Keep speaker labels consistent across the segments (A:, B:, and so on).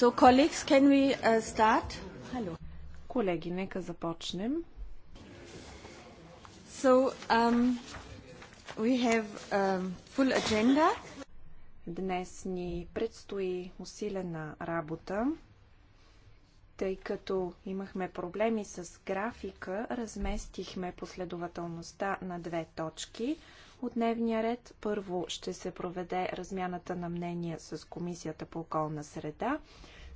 A: So, colleagues, can we uh, start? Hello. Колеги, нека започнем. So, um, we have a um, full agenda. Днес ни предстои усилена работа. Тъй като имахме проблеми с графика, разместихме последователността на две точки – от дневния ред. Първо ще се проведе размяната на мнения с Комисията по околна среда.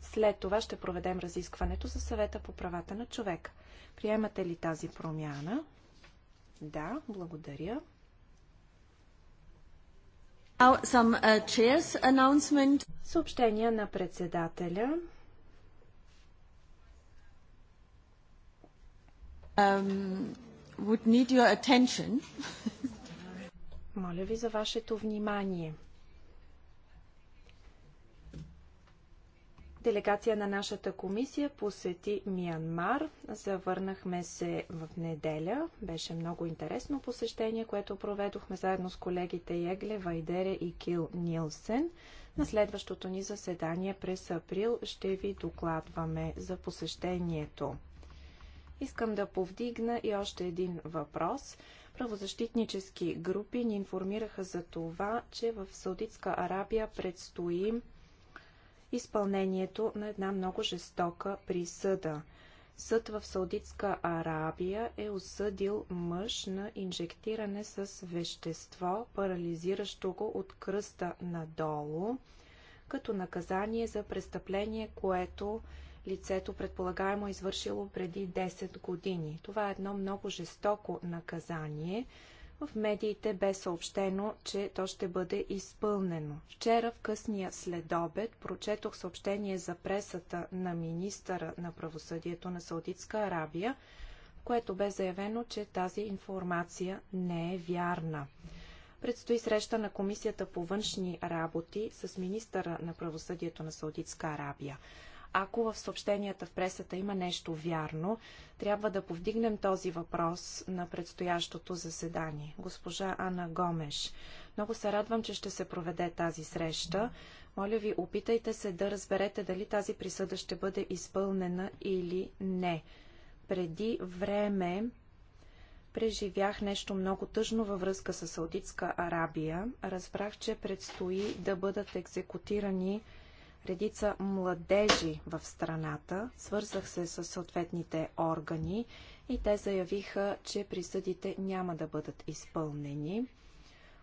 A: След това ще проведем разискването със съвета по правата на човека. Приемате ли тази промяна? Да, благодаря. Uh, Съобщения на председателя. Um, would need your
B: attention.
A: Моля ви за вашето внимание. Делегация на нашата комисия посети Миянмар. Завърнахме се в неделя. Беше много интересно посещение, което проведохме заедно с колегите Егле, Вайдере и Кил Нилсен. На следващото ни заседание през април ще ви докладваме за посещението. Искам да повдигна и още един въпрос – Правозащитнически групи ни информираха за това, че в Саудитска Арабия предстои изпълнението на една много жестока присъда. Съд в Саудитска Арабия е осъдил мъж на инжектиране с вещество, парализиращо го от кръста надолу, като наказание за престъпление, което лицето предполагаемо извършило преди 10 години. Това е едно много жестоко наказание. В медиите бе съобщено, че то ще бъде изпълнено. Вчера в късния следобед прочетох съобщение за пресата на министъра на правосъдието на Саудитска Арабия, в което бе заявено, че тази информация не е вярна. Предстои среща на Комисията по външни работи с министъра на правосъдието на Саудитска Арабия. Ако в съобщенията в пресата има нещо вярно, трябва да повдигнем този въпрос на предстоящото заседание. Госпожа Ана Гомеш, много се радвам, че ще се проведе тази среща. Моля ви, опитайте се да разберете дали тази присъда ще бъде изпълнена или не. Преди време преживях нещо много тъжно във връзка с Саудитска Арабия. Разбрах, че предстои да бъдат екзекутирани редица младежи в страната. Свързах се с съответните органи и те заявиха, че присъдите няма да бъдат изпълнени.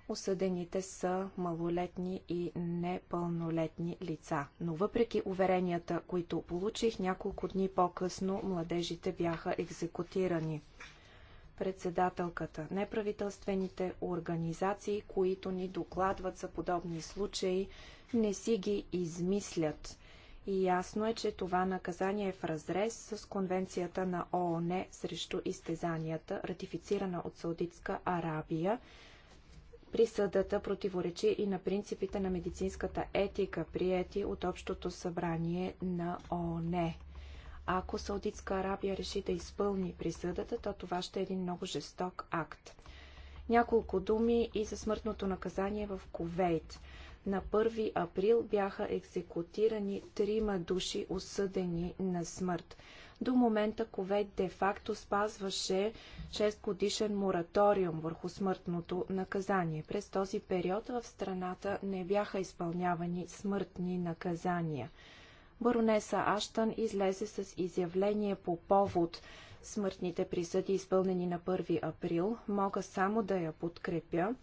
A: Осъдените са малолетни и непълнолетни лица. Но въпреки уверенията, които получих, няколко дни по-късно младежите бяха екзекутирани председателката, неправителствените организации, които ни докладват за подобни случаи, не си ги измислят. И ясно е, че това наказание е в разрез с Конвенцията на ООН срещу изтезанията, ратифицирана от Саудитска Арабия. Присъдата противоречи и на принципите на медицинската етика, приети от Общото събрание на ООН. Ако Саудитска Арабия реши да изпълни присъдата, то това ще е един много жесток акт. Няколко думи и за смъртното наказание в Кувейт. На 1 април бяха екзекутирани трима души, осъдени на смърт. До момента Ковейт де-факто спазваше 6-годишен мораториум върху смъртното наказание. През този период в страната не бяха изпълнявани смъртни наказания. Баронеса Аштън излезе с изявление по повод смъртните присъди, изпълнени на 1 април. Мога само да я подкрепя.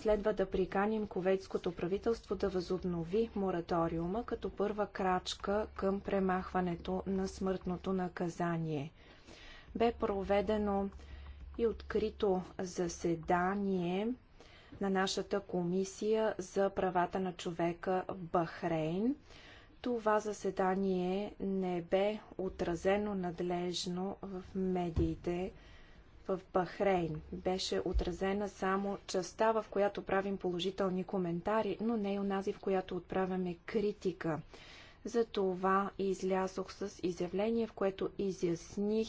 A: Следва да приканим кувейтското правителство да възобнови мораториума като първа крачка към премахването на смъртното наказание. Бе проведено и открито заседание на нашата комисия за правата на човека в Бахрейн. Това заседание не бе отразено надлежно в медиите в Бахрейн. Беше отразена само частта, в която правим положителни коментари, но не и онази, в която отправяме критика. За това излязох с изявление, в което изясних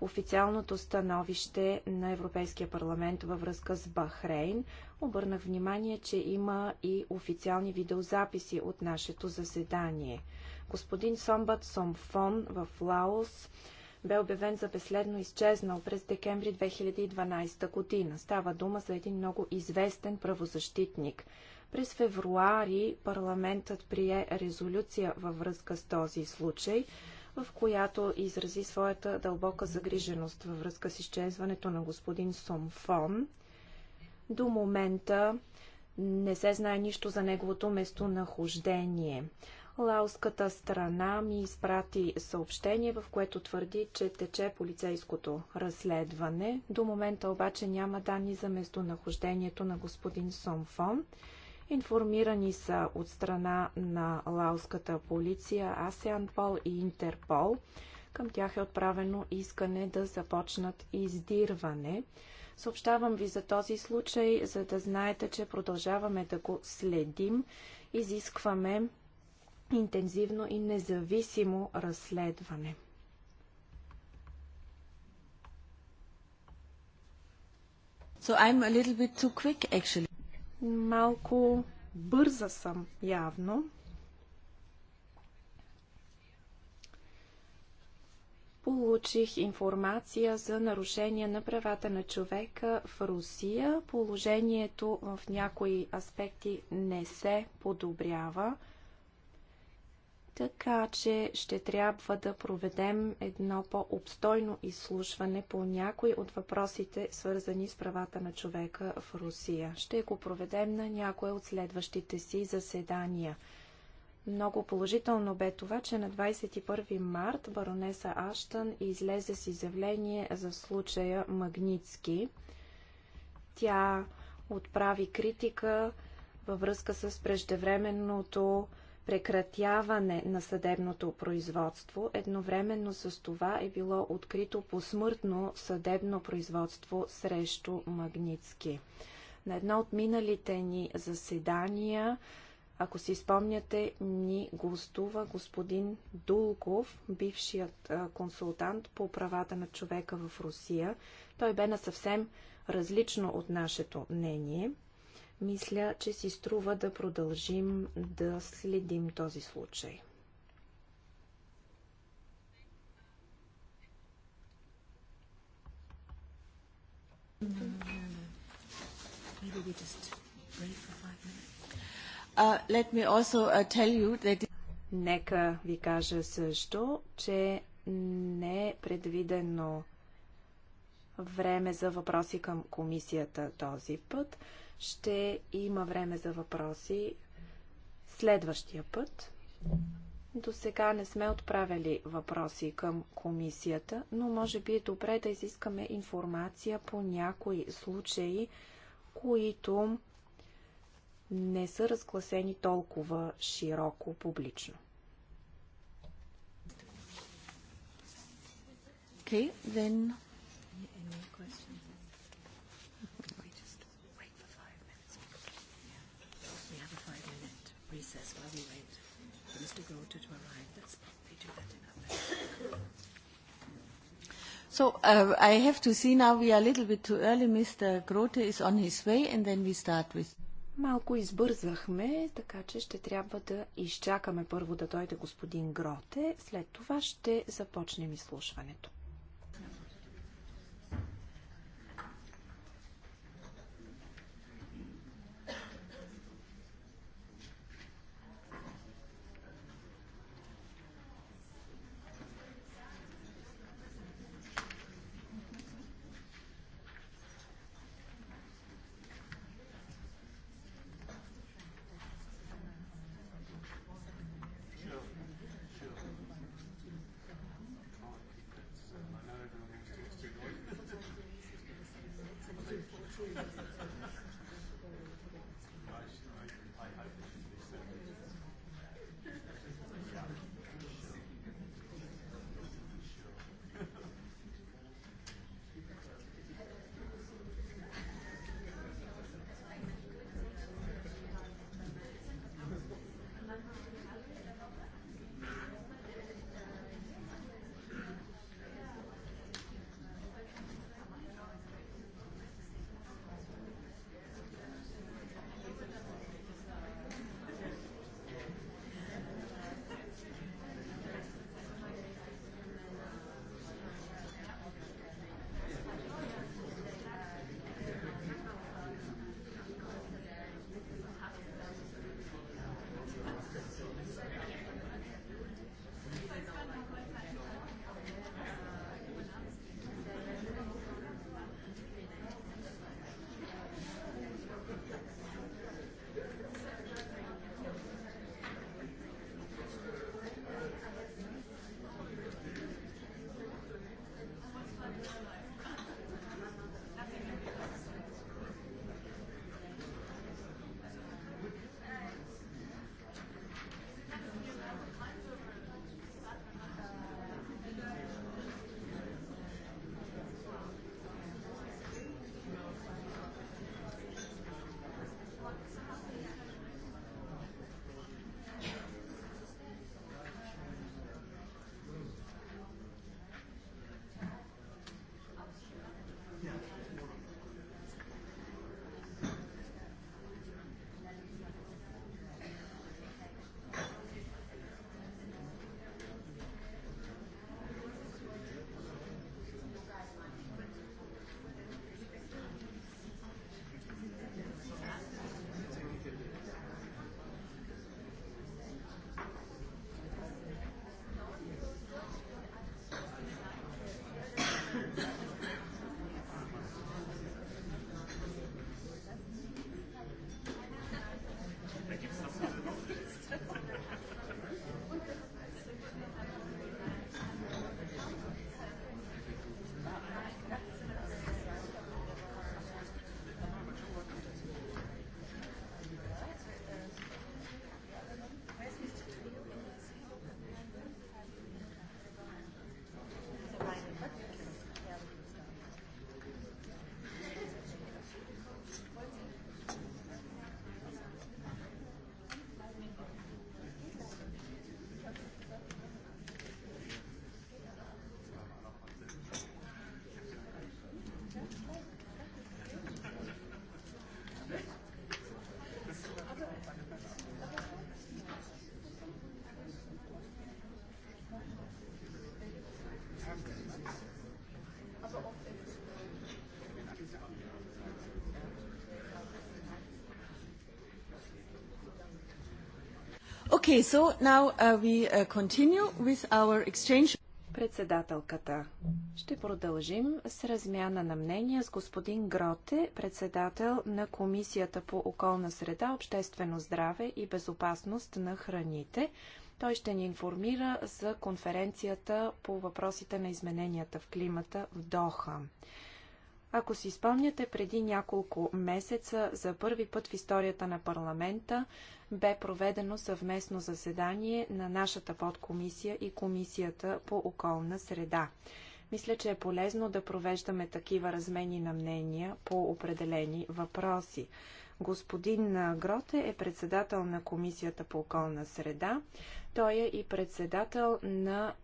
A: официалното становище на Европейския парламент във връзка с Бахрейн. Обърнах внимание, че има и официални видеозаписи от нашето заседание. Господин Сомбат Сомфон в Лаос бе обявен за безследно изчезнал през декември 2012 година. Става дума за един много известен правозащитник. През февруари парламентът прие резолюция във връзка с този случай, в която изрази своята дълбока загриженост във връзка с изчезването на господин Сомфон. До момента не се знае нищо за неговото местонахождение. Лаоската страна ми изпрати съобщение, в което твърди, че тече полицейското разследване. До момента обаче няма данни за местонахождението на господин Сомфон. Информирани са от страна на лаоската полиция, АСЕАНПОЛ и Интерпол. Към тях е отправено искане да започнат издирване. Съобщавам ви за този случай, за да знаете, че продължаваме да го следим. Изискваме интензивно и независимо разследване. So I'm a little bit too quick, actually. Малко бърза съм, явно. Получих информация за нарушение на правата на човека в Русия. Положението в някои аспекти не се подобрява. Така че ще трябва да проведем едно по-обстойно изслушване по някои от въпросите, свързани с правата на човека в Русия. Ще го проведем на някое от следващите си заседания. Много положително бе това, че на 21 март баронеса Аштън излезе с изявление за случая Магницки. Тя отправи критика във връзка с преждевременното прекратяване на съдебното производство. Едновременно с това е било открито посмъртно съдебно производство срещу Магницки. На едно от миналите ни заседания, ако си спомняте, ни гостува господин Дулков, бившият консултант по правата на човека в Русия. Той бе на съвсем различно от нашето мнение. Мисля, че си струва да продължим да следим този случай. Uh, uh, Нека ви кажа също, че не е предвидено време за въпроси към комисията този път. Ще има време за въпроси следващия път. До сега не сме отправили въпроси към комисията, но може би е добре да изискаме информация по някои случаи, които не са разгласени толкова широко публично. Okay, then So uh, I have to see now we are a little bit too early. Mr. Grote is on his way and then we start with... Малко избързахме, така че ще трябва да изчакаме първо да дойде господин Гроте. След това ще започнем изслушването. Okay, so now uh, we uh, continue with our exchange. Председателката. Ще продължим с размяна на мнения с господин Гроте, председател на Комисията по околна среда, обществено здраве и безопасност на храните. Той ще ни информира за конференцията по въпросите на измененията в климата в Доха. Ако си спомняте, преди няколко месеца за първи път в историята на парламента бе проведено съвместно заседание на нашата подкомисия и Комисията по околна среда. Мисля, че е полезно да провеждаме такива размени на мнения по определени въпроси. Господин Гроте е председател на Комисията по околна среда. Той е и председател на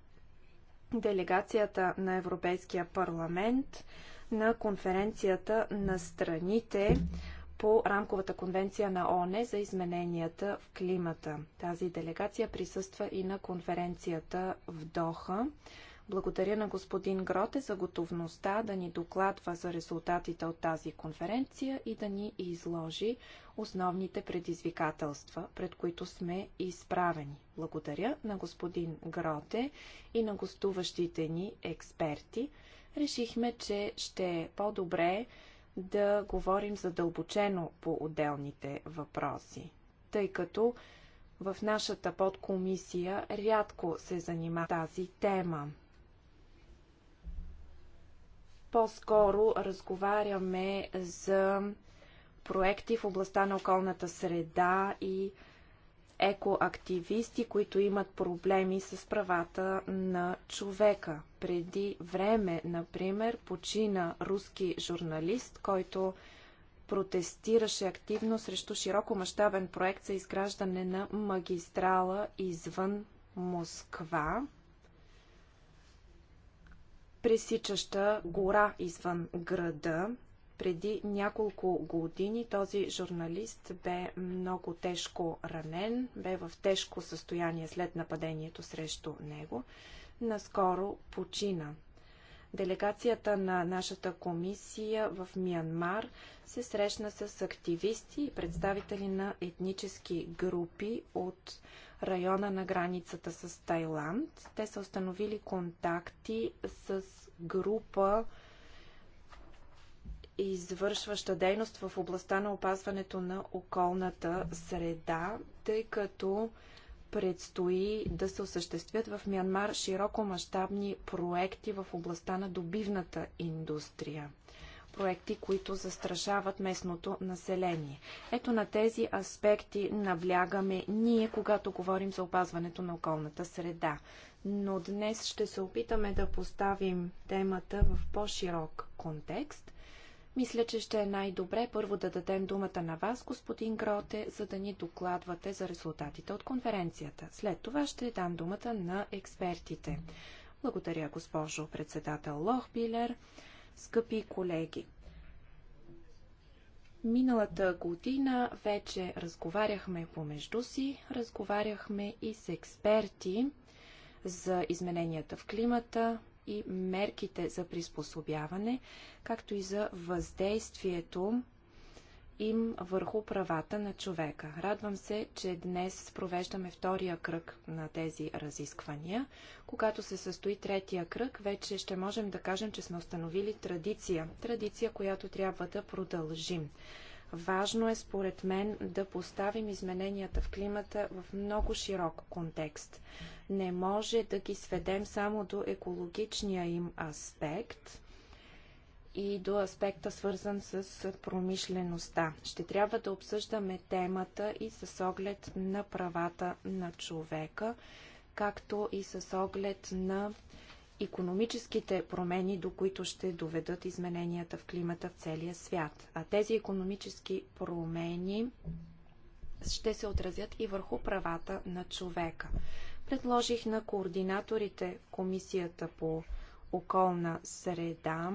A: делегацията на Европейския парламент – на конференцията на страните по рамковата конвенция на ОНЕ за измененията в климата. Тази делегация присъства и на конференцията в Доха. Благодаря на господин Гроте за готовността да ни докладва за резултатите от тази конференция и да ни изложи основните предизвикателства, пред които сме изправени. Благодаря на господин Гроте и на гостуващите ни експерти решихме, че ще е по-добре да говорим задълбочено по отделните въпроси, тъй като в нашата подкомисия рядко се занима тази тема. По-скоро разговаряме за проекти в областта на околната среда и екоактивисти, които имат проблеми с правата на човека. Преди време, например, почина руски журналист, който протестираше активно срещу широкомащабен проект за изграждане на магистрала извън Москва, пресичаща гора извън града. Преди няколко години този журналист бе много тежко ранен, бе в тежко състояние след нападението срещу него. Наскоро почина. Делегацията на нашата комисия в Миянмар се срещна с активисти и представители на етнически групи от района на границата с Тайланд. Те са установили контакти с група извършваща дейност в областта на опазването на околната среда, тъй като предстои да се осъществят в Мянмар широкомащабни проекти в областта на добивната индустрия. Проекти, които застрашават местното население. Ето на тези аспекти наблягаме ние, когато говорим за опазването на околната среда. Но днес ще се опитаме да поставим темата в по-широк контекст – мисля, че ще е най-добре първо да дадем думата на вас, господин Гроте, за да ни докладвате за резултатите от конференцията. След това ще дам думата на експертите. Благодаря, госпожо председател Лохбилер. Скъпи колеги, Миналата година вече разговаряхме помежду си, разговаряхме и с експерти за измененията в климата, и мерките за приспособяване, както и за въздействието им върху правата на човека. Радвам се, че днес провеждаме втория кръг на тези разисквания. Когато се състои третия кръг, вече ще можем да кажем, че сме установили традиция. Традиция, която трябва да продължим. Важно е, според мен, да поставим измененията в климата в много широк контекст. Не може да ги сведем само до екологичния им аспект и до аспекта свързан с промишлеността. Ще трябва да обсъждаме темата и с оглед на правата на човека, както и с оглед на економическите промени, до които ще доведат измененията в климата в целия свят. А тези економически промени ще се отразят и върху правата на човека. Предложих на координаторите Комисията по околна среда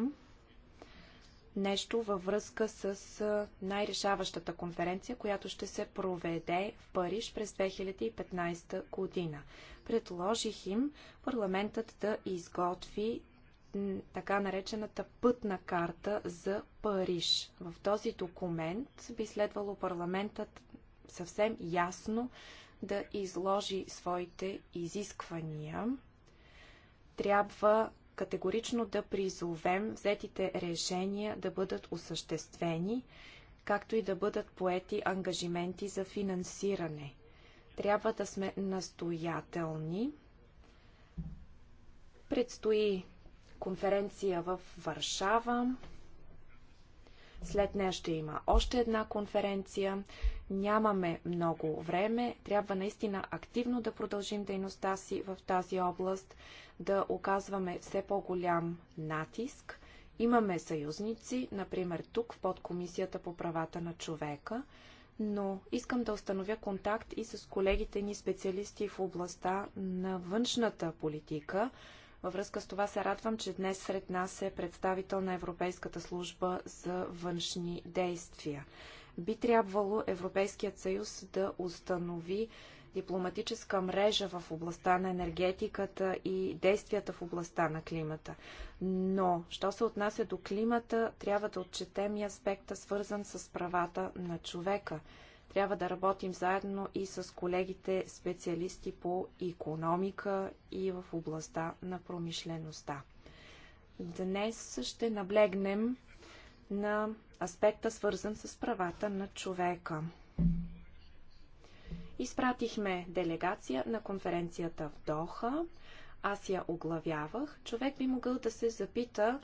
A: нещо във връзка с най-решаващата конференция, която ще се проведе в Париж през 2015 година. Предложих им парламентът да изготви така наречената пътна карта за Париж. В този документ би следвало парламентът съвсем ясно да изложи своите изисквания. Трябва категорично да призовем взетите решения да бъдат осъществени, както и да бъдат поети ангажименти за финансиране. Трябва да сме настоятелни. Предстои конференция в Варшава. След нея ще има още една конференция. Нямаме много време. Трябва наистина активно да продължим дейността си в тази област, да оказваме все по-голям натиск. Имаме съюзници, например тук в подкомисията по правата на човека но искам да установя контакт и с колегите ни специалисти в областта на външната политика. Във връзка с това се радвам, че днес сред нас е представител на Европейската служба за външни действия. Би трябвало Европейският съюз да установи дипломатическа мрежа в областта на енергетиката и действията в областта на климата. Но, що се отнася до климата, трябва да отчетем и аспекта, свързан с правата на човека. Трябва да работим заедно и с колегите специалисти по економика и в областта на промишлеността. Днес ще наблегнем на аспекта, свързан с правата на човека. Изпратихме делегация на конференцията в Доха. Аз я оглавявах. Човек би могъл да се запита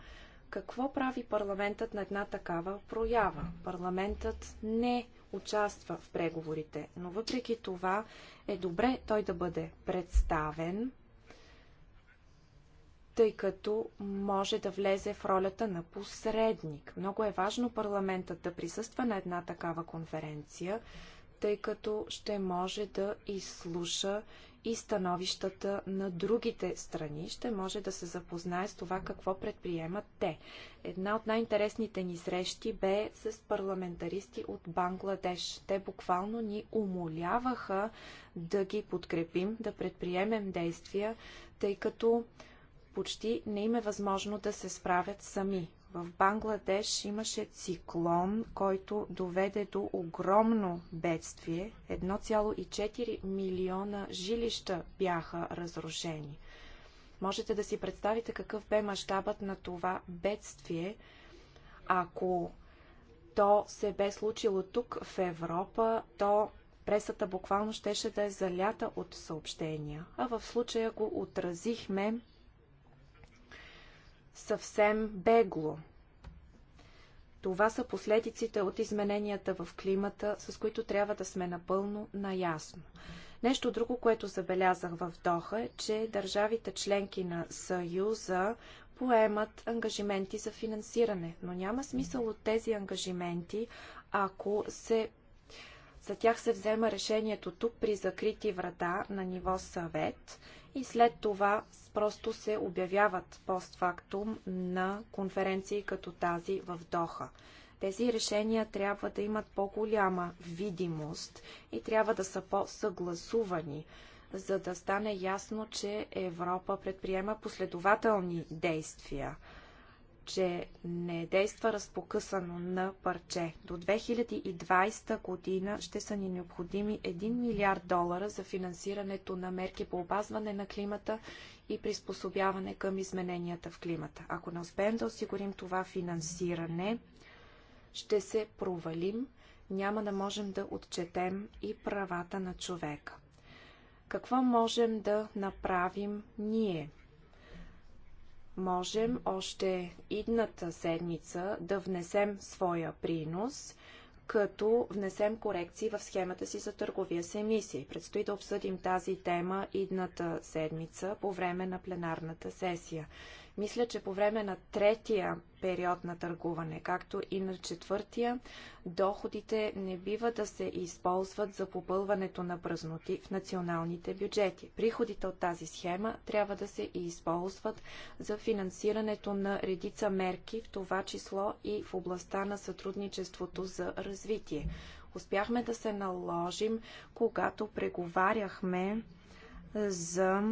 A: какво прави парламентът на една такава проява. Парламентът не участва в преговорите, но въпреки това е добре той да бъде представен, тъй като може да влезе в ролята на посредник. Много е важно парламентът да присъства на една такава конференция, тъй като ще може да изслуша и становищата на другите страни. Ще може да се запознае с това какво предприемат те. Една от най-интересните ни срещи бе с парламентаристи от Бангладеш. Те буквално ни умоляваха да ги подкрепим, да предприемем действия, тъй като почти не им е възможно да се справят сами. В Бангладеш имаше циклон, който доведе до огромно бедствие. 1,4 милиона жилища бяха разрушени. Можете да си представите какъв бе мащабът на това бедствие, ако то се бе случило тук в Европа, то пресата буквално щеше да е залята от съобщения. А в случая го отразихме съвсем бегло. Това са последиците от измененията в климата, с които трябва да сме напълно наясно. Нещо друго, което забелязах в Доха е, че държавите членки на Съюза поемат ангажименти за финансиране, но няма смисъл от тези ангажименти, ако се за тях се взема решението тук при закрити врата на ниво съвет и след това просто се обявяват постфактум на конференции като тази в Доха. Тези решения трябва да имат по-голяма видимост и трябва да са по-съгласувани, за да стане ясно, че Европа предприема последователни действия – че не действа разпокъсано на парче. До 2020 година ще са ни необходими 1 милиард долара за финансирането на мерки по опазване на климата и приспособяване към измененията в климата. Ако не успеем да осигурим това финансиране, ще се провалим, няма да можем да отчетем и правата на човека. Какво можем да направим ние? можем още идната седмица да внесем своя принос, като внесем корекции в схемата си за търговия с емисии. Предстои да обсъдим тази тема идната седмица по време на пленарната сесия. Мисля, че по време на третия период на търгуване, както и на четвъртия, доходите не бива да се използват за попълването на празноти в националните бюджети. Приходите от тази схема трябва да се използват за финансирането на редица мерки, в това число и в областта на сътрудничеството за развитие. Успяхме да се наложим, когато преговаряхме за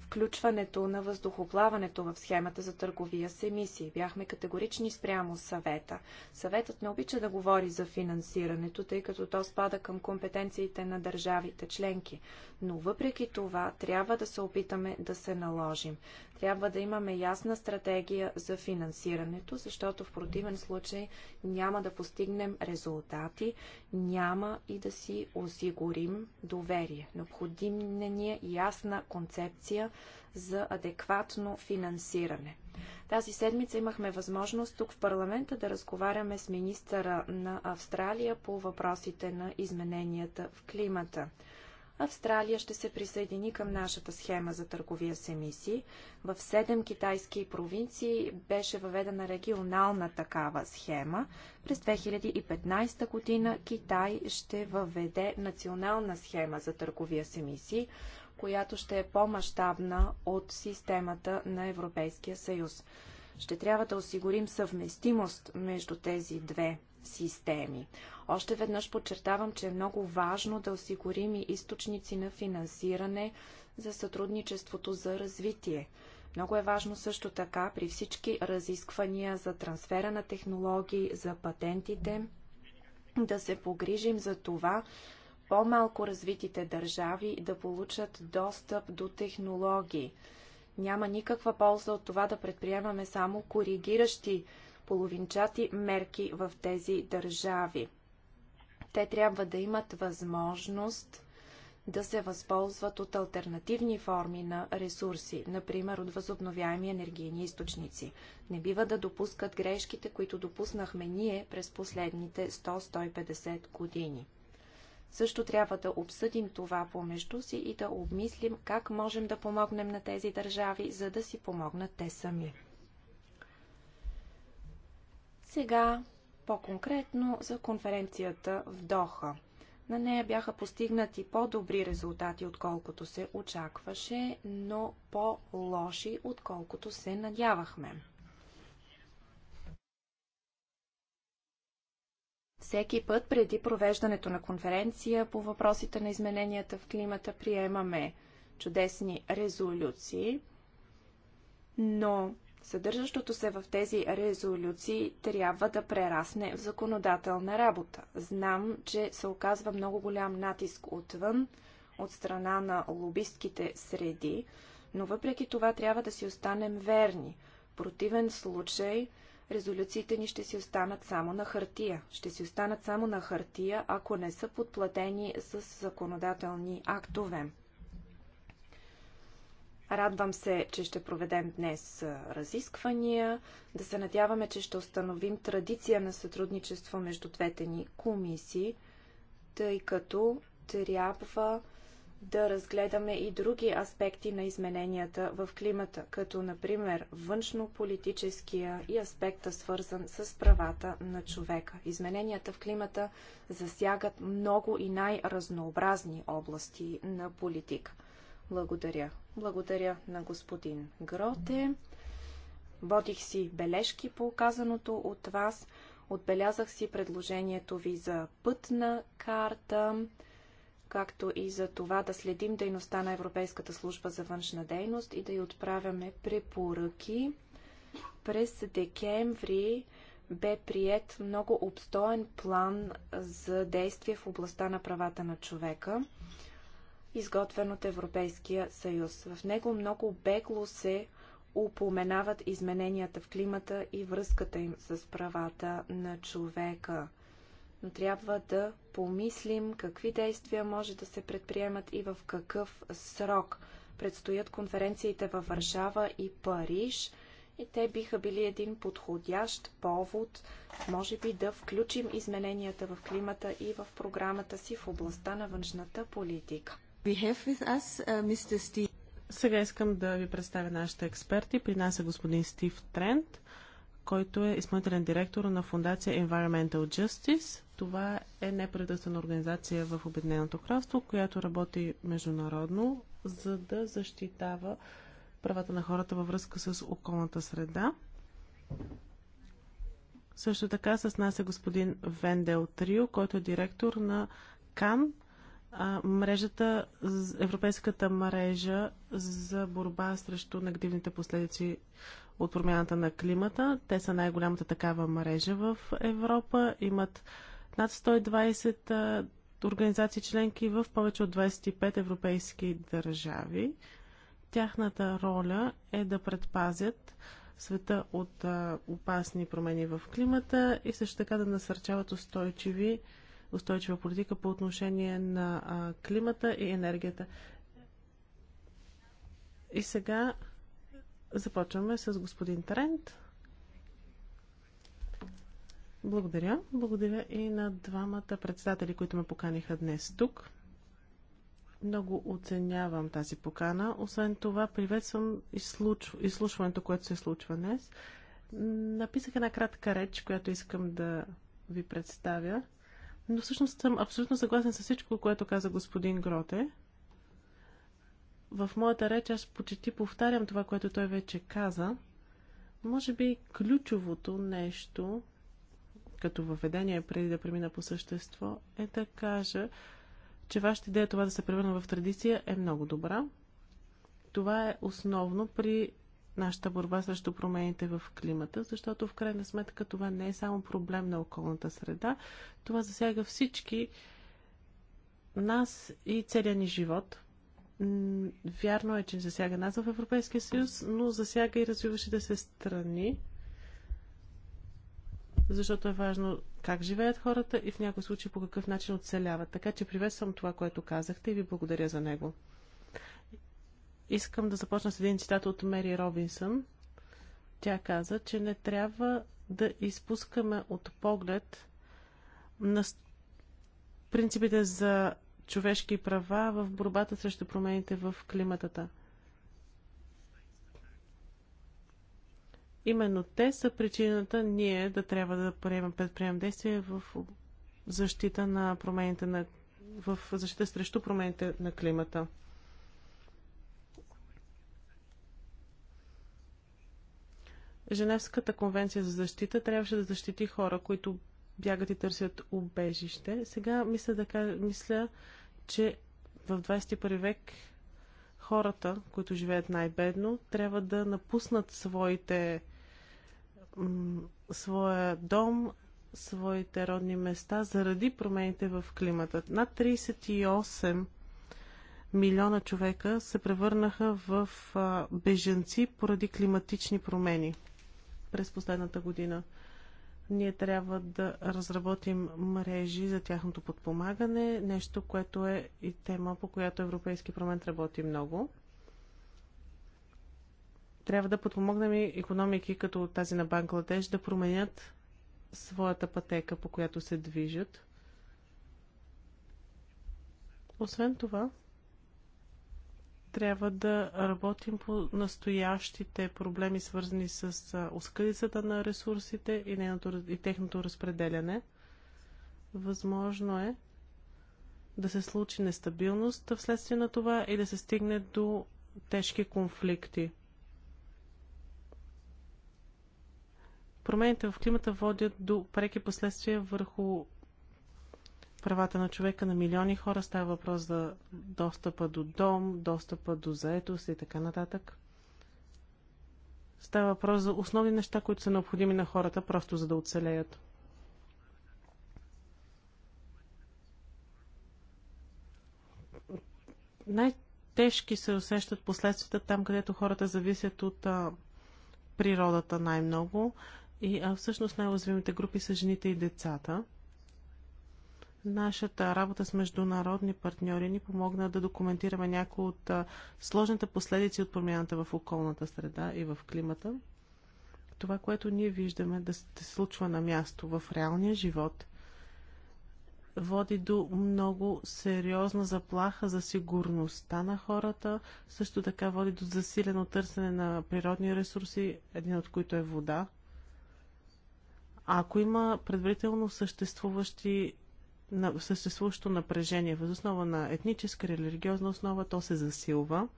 A: включването на въздухоплаването в схемата за търговия с емисии. Бяхме категорични спрямо съвета. Съветът не обича да говори за финансирането, тъй като то спада към компетенциите на държавите членки. Но въпреки това трябва да се опитаме да се наложим. Трябва да имаме ясна стратегия за финансирането, защото в противен случай няма да постигнем резултати, няма и да си осигурим доверие. Необходим не ни е ясна концепция за адекватно финансиране. Тази седмица имахме възможност тук в парламента да разговаряме с министъра на Австралия по въпросите на измененията в климата. Австралия ще се присъедини към нашата схема за търговия с емисии. В седем китайски провинции беше въведена регионална такава схема. През 2015 година Китай ще въведе национална схема за търговия с емисии, която ще е по-масштабна от системата на Европейския съюз. Ще трябва да осигурим съвместимост между тези две системи. Още веднъж подчертавам, че е много важно да осигурим и източници на финансиране за сътрудничеството за развитие. Много е важно също така при всички разисквания за трансфера на технологии, за патентите, да се погрижим за това по-малко развитите държави да получат достъп до технологии. Няма никаква полза от това да предприемаме само коригиращи половинчати мерки в тези държави. Те трябва да имат възможност да се възползват от альтернативни форми на ресурси, например от възобновяеми енергийни източници. Не бива да допускат грешките, които допуснахме ние през последните 100-150 години. Също трябва да обсъдим това помежду си и да обмислим как можем да помогнем на тези държави, за да си помогнат те сами. Сега по-конкретно за конференцията в Доха. На нея бяха постигнати по-добри резултати, отколкото се очакваше, но по-лоши, отколкото се надявахме. Всеки път преди провеждането на конференция по въпросите на измененията в климата приемаме чудесни резолюции, но съдържащото се в тези резолюции трябва да прерасне в законодателна работа. Знам, че се оказва много голям натиск отвън, от страна на лобистките среди, но въпреки това трябва да си останем верни. В противен случай – резолюциите ни ще си останат само на хартия. Ще си останат само на хартия, ако не са подплатени с законодателни актове. Радвам се, че ще проведем днес разисквания, да се надяваме, че ще установим традиция на сътрудничество между двете ни комисии, тъй като трябва да разгледаме и други аспекти на измененията в климата, като например външно-политическия и аспекта свързан с правата на човека. Измененията в климата засягат много и най-разнообразни области на политика. Благодаря. Благодаря на господин Гроте. Водих си бележки по казаното от вас. Отбелязах си предложението ви за пътна карта както и за това да следим дейността на Европейската служба за външна дейност и да й отправяме препоръки. През декември бе прият много обстоен план за действие в областта на правата на човека, изготвен от Европейския съюз. В него много бегло се упоменават измененията в климата и връзката им с правата на човека но трябва да помислим какви действия може да се предприемат и в какъв срок. Предстоят конференциите във Варшава и Париж и те биха били един подходящ повод, може би да включим измененията в климата и в програмата си в областта на външната политика.
B: Us, uh, Сега искам да ви представя нашите експерти. При нас е господин Стив Трент, който е изпълнителен директор на фундация Environmental Justice. Това е неправителствена организация в Обединеното кралство, която работи международно, за да защитава правата на хората във връзка с околната среда. Също така с нас е господин Вендел Трио, който е директор на КАН, мрежата, европейската мрежа за борба срещу негативните последици от промяната на климата. Те са най-голямата такава мрежа в Европа. Имат над 120 организации членки в повече от 25 европейски държави. Тяхната роля е да предпазят света от а, опасни промени в климата и също така да насърчават устойчиви, устойчива политика по отношение на а, климата и енергията. И сега Започваме с господин Тарент. Благодаря. Благодаря и на двамата председатели, които ме поканиха днес тук. Много оценявам тази покана. Освен това, приветствам изслушването, което се случва днес. Написах една кратка реч, която искам да ви представя. Но всъщност съм абсолютно съгласен с всичко, което каза господин Гроте в моята реч аз почти повтарям това, което той вече каза. Може би ключовото нещо, като въведение преди да премина по същество, е да кажа, че вашата идея това да се превърна в традиция е много добра. Това е основно при нашата борба срещу промените в климата, защото в крайна сметка това не е само проблем на околната среда, това засяга всички нас и целия ни живот – Вярно е, че засяга нас в Европейския съюз, но засяга и развиващите се страни, защото е важно как живеят хората и в някои случаи по какъв начин оцеляват. Така че приветствам това, което казахте и ви благодаря за него. Искам да започна с един цитат от Мери Робинсън. Тя каза, че не трябва да изпускаме от поглед на принципите за човешки права в борбата срещу промените в климатата. Именно те са причината ние да трябва да приемем, предприемем действия в защита на промените на, в защита срещу промените на климата. Женевската конвенция за защита трябваше да защити хора, които бягат и търсят убежище. Сега мисля, да кажа, мисля че в 21 век хората, които живеят най-бедно, трябва да напуснат своите, своя дом, своите родни места заради промените в климата. Над 38 милиона човека се превърнаха в беженци поради климатични промени през последната година. Ние трябва да разработим мрежи за тяхното подпомагане, нещо, което е и тема, по която Европейски парламент работи много. Трябва да подпомогнем и економики като тази на Бангладеш да променят своята пътека, по която се движат. Освен това, трябва да работим по настоящите проблеми, свързани с оскъдицата на ресурсите и, нейното, и техното разпределяне. Възможно е да се случи нестабилност вследствие на това и да се стигне до тежки конфликти. Промените в климата водят до преки последствия върху правата на човека на милиони хора. Става въпрос за достъпа до дом, достъпа до заетост и така нататък. Става въпрос за основни неща, които са необходими на хората, просто за да оцелеят. Най-тежки се усещат последствията там, където хората зависят от а, природата най-много. И а, всъщност най-уязвимите групи са жените и децата – Нашата работа с международни партньори ни помогна да документираме някои от сложните последици от промяната в околната среда и в климата. Това, което ние виждаме да се случва на място в реалния живот, води до много сериозна заплаха за сигурността на хората. Също така води до засилено търсене на природни ресурси, един от които е вода. А ако има предварително съществуващи на съществуващо напрежение въз основа на етническа или религиозна основа, то се засилва.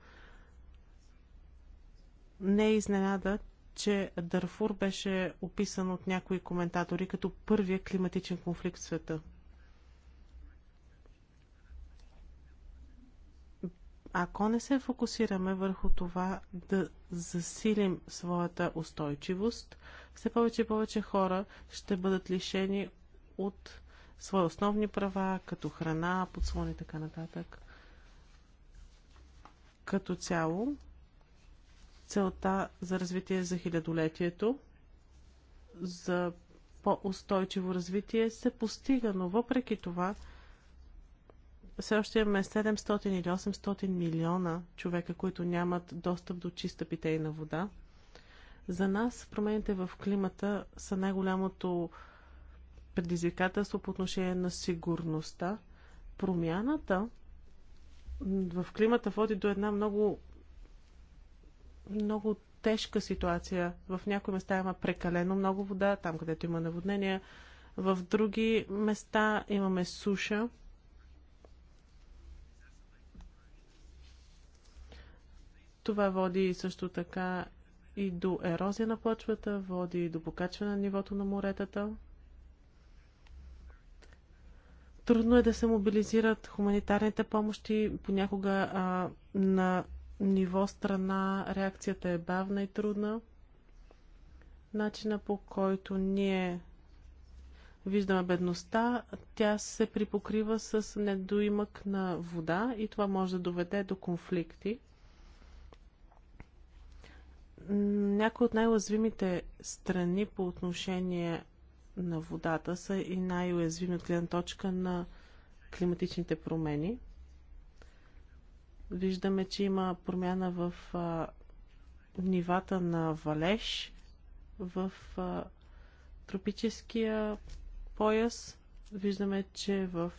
B: Не е изненада, че Дарфур беше описан от някои коментатори като първия климатичен конфликт в света. Ако не се фокусираме върху това да засилим своята устойчивост, все повече и повече хора ще бъдат лишени от свои основни права, като храна, подслон и така нататък. Като цяло, целта за развитие за хилядолетието, за по-устойчиво развитие се постига, но въпреки това все още имаме 700 или 800 милиона човека, които нямат достъп до чиста питейна вода. За нас промените в климата са най-голямото предизвикателство по отношение на сигурността. Промяната в климата води до една много, много тежка ситуация. В някои места има прекалено много вода, там където има наводнения. В други места имаме суша. Това води също така и до ерозия на почвата, води и до покачване на нивото на моретата. Трудно е да се мобилизират хуманитарните помощи. Понякога а, на ниво страна реакцията е бавна и трудна. Начина по който ние виждаме бедността, тя се припокрива с недоимък на вода и това може да доведе до конфликти. Някои от най лъзвимите страни по отношение на водата са и най-уязвими от гледна точка на климатичните промени. Виждаме, че има промяна в а, нивата на валеж в а, тропическия пояс. Виждаме, че в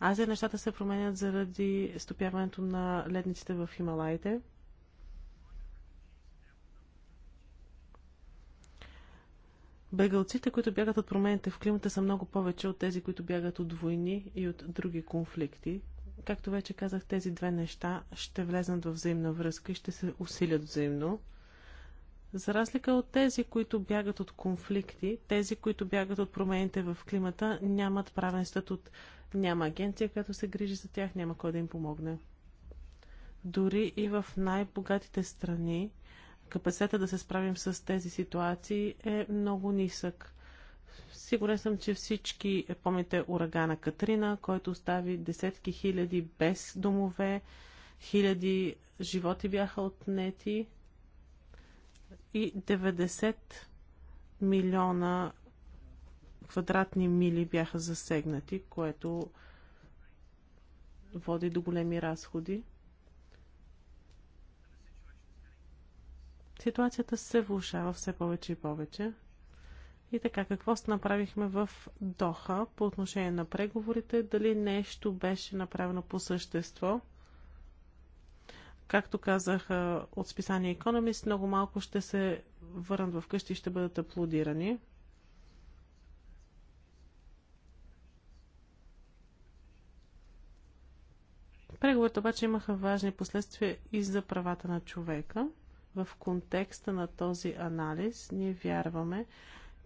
B: Азия нещата се променят заради стопяването на ледниците в Хималаите. Бегалците, които бягат от промените в климата, са много повече от тези, които бягат от войни и от други конфликти. Както вече казах, тези две неща ще влезнат в взаимна връзка и ще се усилят взаимно. За разлика от тези, които бягат от конфликти, тези, които бягат от промените в климата, нямат правен статут. Няма агенция, която се грижи за тях, няма кой да им помогне. Дори и в най-богатите страни, капацитета да се справим с тези ситуации е много нисък. Сигурен съм, че всички помните урагана Катрина, който остави десетки хиляди без домове, хиляди животи бяха отнети и 90 милиона квадратни мили бяха засегнати, което води до големи разходи. Ситуацията се влушава все повече и повече. И така, какво направихме в Доха по отношение на преговорите? Дали нещо беше направено по същество? Както казах от списание Economist, много малко ще се върнат вкъщи и ще бъдат аплодирани. Преговорите обаче имаха важни последствия и за правата на човека. В контекста на този анализ ние вярваме,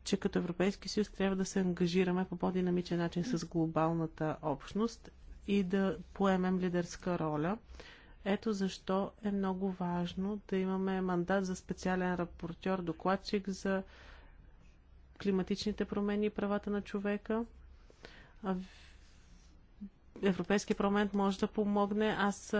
B: че като Европейски съюз трябва да се ангажираме по по-динамичен начин с глобалната общност и да поемем лидерска роля. Ето защо е много важно да имаме мандат за специален рапортьор, докладчик за климатичните промени и правата на човека. Европейския парламент може да помогне. Аз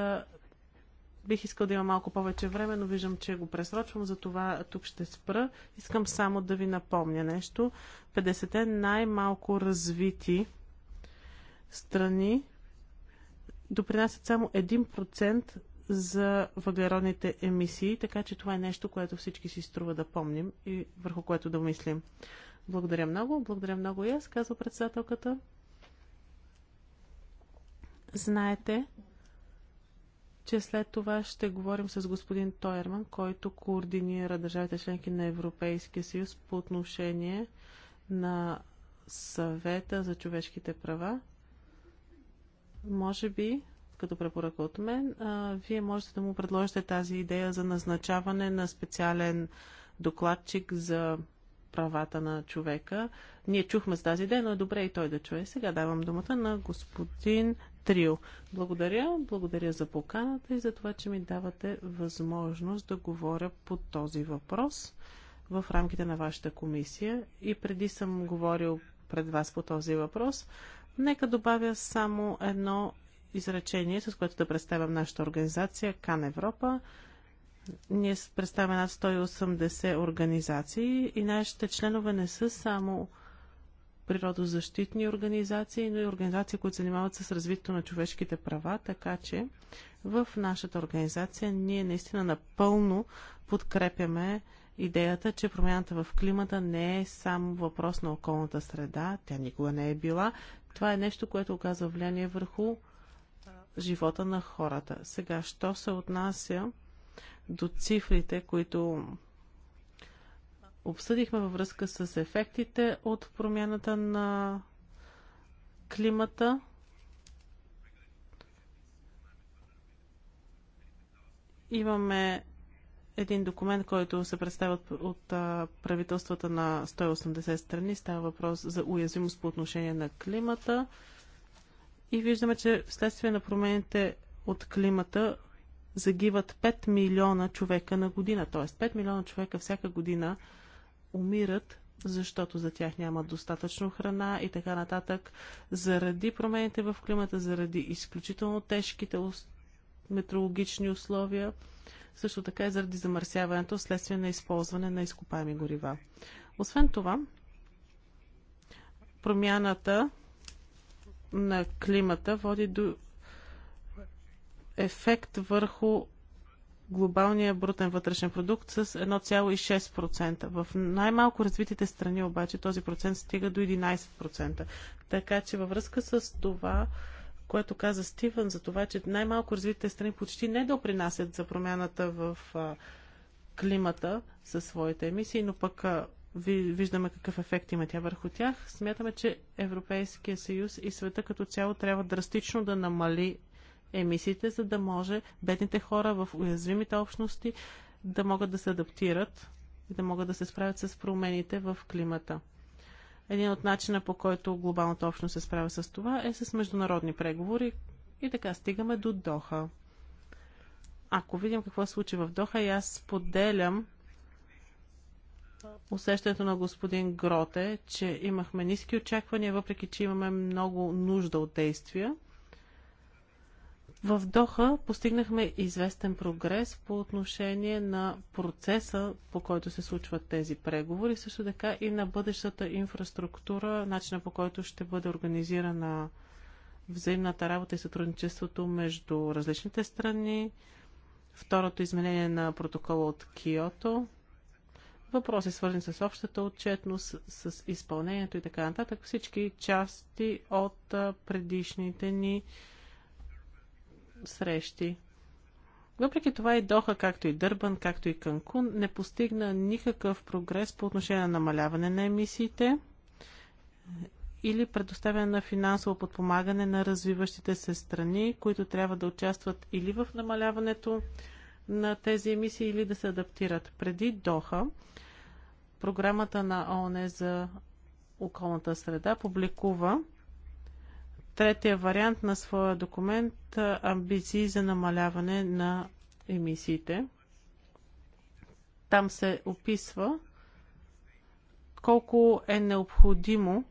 B: Бих искал да има малко повече време, но виждам, че го пресрочвам, затова тук ще спра. Искам само да ви напомня нещо. 50-те най-малко развити страни допринасят само 1% за въглеродните емисии, така че това е нещо, което всички си струва да помним и върху което да мислим. Благодаря много, благодаря много и аз, казва председателката. Знаете, че след това ще говорим с господин Тойерман, който координира държавите членки на Европейския съюз по отношение на съвета за човешките права. Може би, като препоръка от мен, а, вие можете да му предложите тази идея за назначаване на специален докладчик за правата на човека. Ние чухме с тази идея, но е добре и той да чуе. Сега давам думата на господин трио. Благодаря, благодаря за поканата и за това, че ми давате възможност да говоря по този въпрос в рамките на вашата комисия. И преди съм говорил пред вас по този въпрос. Нека добавя само едно изречение, с което да представям нашата организация Кан Европа. Ние представяме над 180 организации и нашите членове не са само природозащитни организации, но и организации, които се занимават с развитието на човешките права, така че в нашата организация ние наистина напълно подкрепяме идеята, че промяната в климата не е само въпрос на околната среда, тя никога не е била. Това е нещо, което оказва влияние върху живота на хората. Сега, що се отнася до цифрите, които обсъдихме във връзка с ефектите от промяната на климата. Имаме един документ, който се представя от правителствата на 180 страни. Става въпрос за уязвимост по отношение на климата. И виждаме, че вследствие на промените от климата загиват 5 милиона човека на година. Тоест 5 милиона човека всяка година умират, защото за тях няма достатъчно храна и така нататък, заради промените в климата, заради изключително тежките метеорологични условия, също така и заради замърсяването следствие на използване на изкопаеми горива. Освен това, промяната на климата води до ефект върху глобалния брутен вътрешен продукт с 1,6%. В най-малко развитите страни обаче този процент стига до 11%. Така че във връзка с това, което каза Стивън за това, че най-малко развитите страни почти не допринасят за промяната в климата със своите емисии, но пък виждаме какъв ефект има тя върху тях. Смятаме, че Европейския съюз и света като цяло трябва драстично да намали емисиите, за да може бедните хора в уязвимите общности да могат да се адаптират и да могат да се справят с промените в климата. Един от начина по който глобалната общност се справя с това е с международни преговори и така стигаме до Доха. Ако видим какво се случи в Доха и аз споделям усещането на господин Гроте, че имахме ниски очаквания, въпреки че имаме много нужда от действия – в Доха постигнахме известен прогрес по отношение на процеса, по който се случват тези преговори, също така и на бъдещата инфраструктура, начина по който ще бъде организирана взаимната работа и сътрудничеството между различните страни, второто изменение на протокола от Киото, въпроси свързани с общата отчетност, с изпълнението и така нататък, всички части от предишните ни срещи. Въпреки това и Доха, както и Дърбан, както и Канкун, не постигна никакъв прогрес по отношение на намаляване на емисиите или предоставяне на финансово подпомагане на развиващите се страни, които трябва да участват или в намаляването на тези емисии, или да се адаптират. Преди Доха, програмата на ООН за околната среда публикува третия вариант на своя документ амбиции за намаляване на емисиите. Там се описва колко е необходимо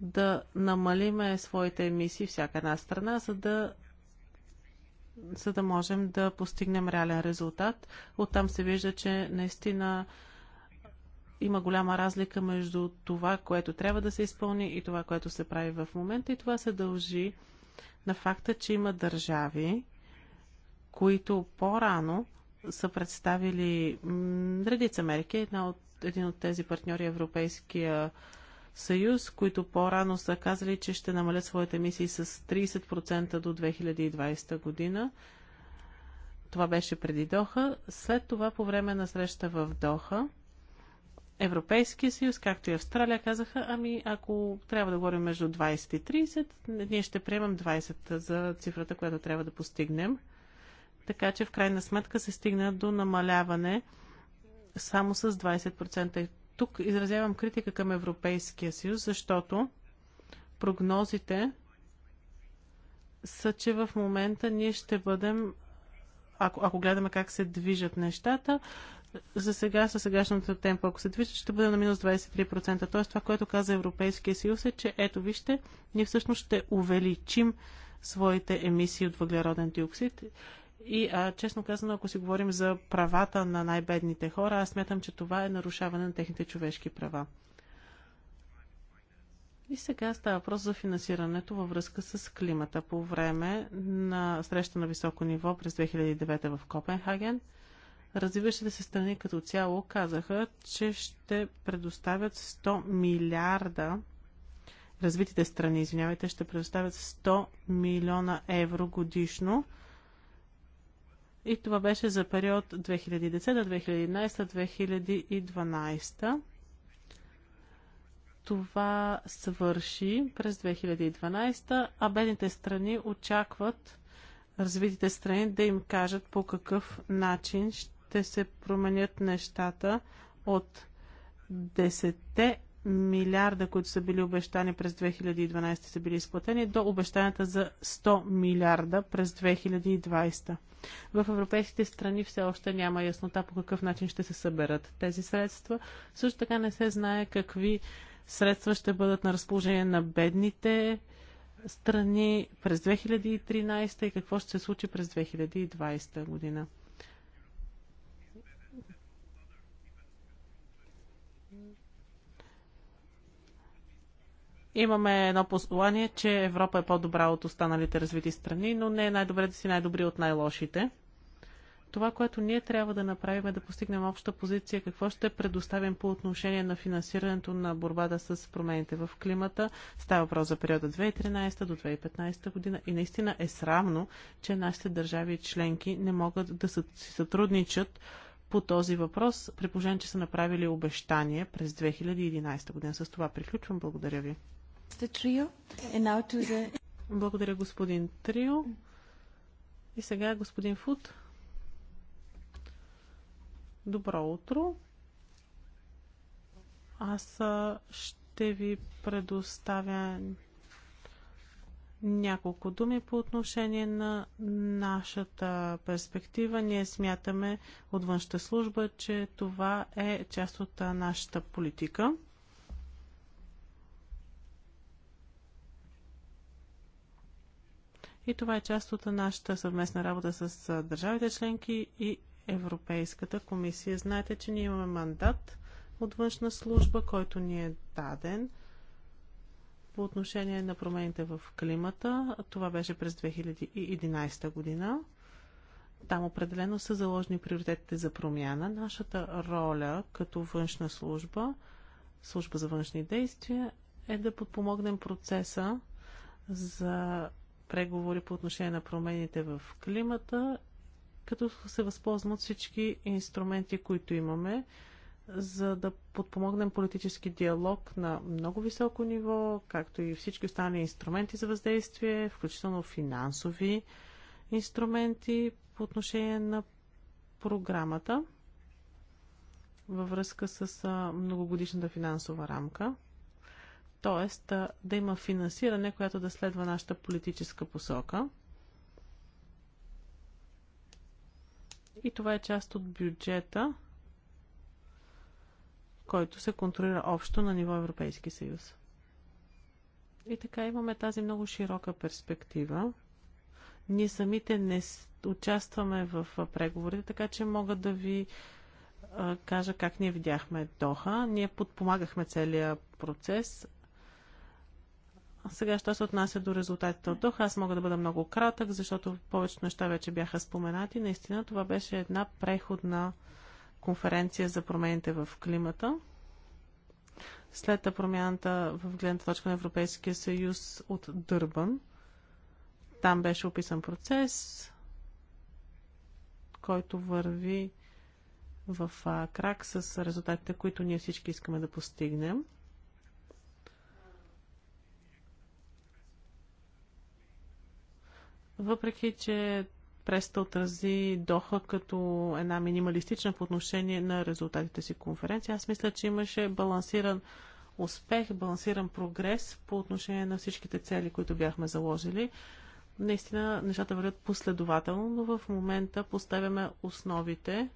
B: да намалиме своите емисии всяка една страна, за да, за да можем да постигнем реален резултат. Оттам се вижда, че наистина има голяма разлика между това, което трябва да се изпълни и това, което се прави в момента. И това се дължи на факта, че има държави, които по-рано са представили редица мерки. Една от, един от тези партньори е Европейския съюз, които по-рано са казали, че ще намалят своите емисии с 30% до 2020 година. Това беше преди Доха. След това, по време на среща в Доха, Европейския съюз, както и Австралия, казаха, ами ако трябва да говорим между 20 и 30, ние ще приемам 20 за цифрата, която трябва да постигнем. Така че в крайна сметка се стигна до намаляване само с 20%. И тук изразявам критика към Европейския съюз, защото прогнозите са, че в момента ние ще бъдем, ако, ако гледаме как се движат нещата, за сега, със сегашното темпо, ако се движи, ще бъде на минус 23%. Тоест това, което каза Европейския съюз е, че ето вижте, ние всъщност ще увеличим своите емисии от въглероден диоксид. И а, честно казано, ако си говорим за правата на най-бедните хора, аз смятам, че това е нарушаване на техните човешки права. И сега става въпрос за финансирането във връзка с климата по време на среща на високо ниво през 2009 в Копенхаген – развиващите се страни като цяло казаха, че ще предоставят 100 милиарда развитите страни, извинявайте, ще предоставят 100 милиона евро годишно. И това беше за период 2010-2011-2012. Това свърши през 2012, а бедните страни очакват развитите страни да им кажат по какъв начин ще ще се променят нещата от 10 милиарда, които са били обещани през 2012 са били изплатени, до обещанията за 100 милиарда през 2020. В европейските страни все още няма яснота по какъв начин ще се съберат тези средства. Също така не се знае какви средства ще бъдат на разположение на бедните страни през 2013 и какво ще се случи през 2020 година. Имаме едно послание, че Европа е по-добра от останалите развити страни, но не е най-добре да си най-добри от най-лошите. Това, което ние трябва да направим е да постигнем обща позиция, какво ще предоставим по отношение на финансирането на борбата с промените в климата. Става въпрос за периода 2013 до 2015 година и наистина е срамно, че нашите държави и членки не могат да си сътрудничат по този въпрос, при положение, че са направили обещание през 2011 година. С това приключвам. Благодаря ви. Благодаря, господин Трио. И сега господин Фуд. Добро утро. Аз ще ви предоставя няколко думи по отношение на нашата перспектива. Ние смятаме от външната служба, че това е част от нашата политика. И това е част от нашата съвместна работа с държавите членки и Европейската комисия. Знаете, че ние имаме мандат от външна служба, който ни е даден по отношение на промените в климата. Това беше през 2011 година. Там определено са заложени приоритетите за промяна. Нашата роля като външна служба, служба за външни действия, е да подпомогнем процеса за преговори по отношение на промените в климата, като се възползвам от всички инструменти, които имаме, за да подпомогнем политически диалог на много високо ниво, както и всички останали инструменти за въздействие, включително финансови инструменти по отношение на програмата във връзка с многогодишната финансова рамка. Т.е. да има финансиране, което да следва нашата политическа посока. И това е част от бюджета, който се контролира общо на ниво Европейски съюз. И така имаме тази много широка перспектива. Ние самите не участваме в преговорите, така че мога да ви кажа как ние видяхме Доха. Ние подпомагахме целия процес. Сега, що се отнася до резултатите от дух, аз мога да бъда много кратък, защото повечето неща вече бяха споменати. Наистина това беше една преходна конференция за промените в климата. След промяната в гледната точка на Европейския съюз от Дърбан, там беше описан процес, който върви в крак с резултатите, които ние всички искаме да постигнем. въпреки че преста отрази Доха като една минималистична по отношение на резултатите си конференция. Аз мисля, че имаше балансиран успех, балансиран прогрес по отношение на всичките цели, които бяхме заложили. Наистина нещата вървят последователно, но в момента поставяме основите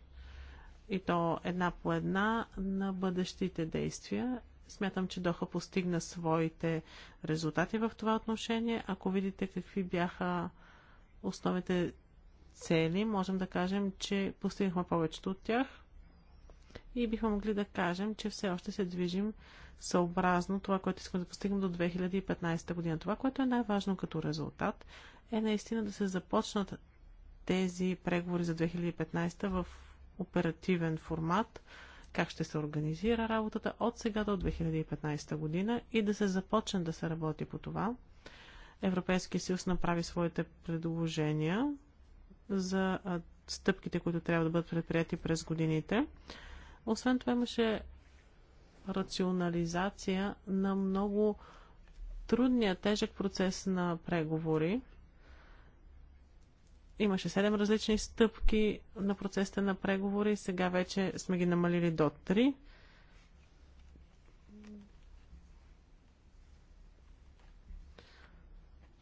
B: и то една по една на бъдещите действия. Смятам, че Доха постигна своите резултати в това отношение. Ако видите какви бяха основните цели, можем да кажем, че постигнахме повечето от тях и бихме могли да кажем, че все още се движим съобразно това, което искаме да постигнем до 2015 година. Това, което е най-важно като резултат, е наистина да се започнат тези преговори за 2015 в оперативен формат, как ще се организира работата от сега до 2015 година и да се започне да се работи по това. Европейския съюз направи своите предложения за стъпките, които трябва да бъдат предприяти през годините. Освен това имаше рационализация на много трудния, тежък процес на преговори. Имаше седем различни стъпки на процесите на преговори, сега вече сме ги намалили до 3.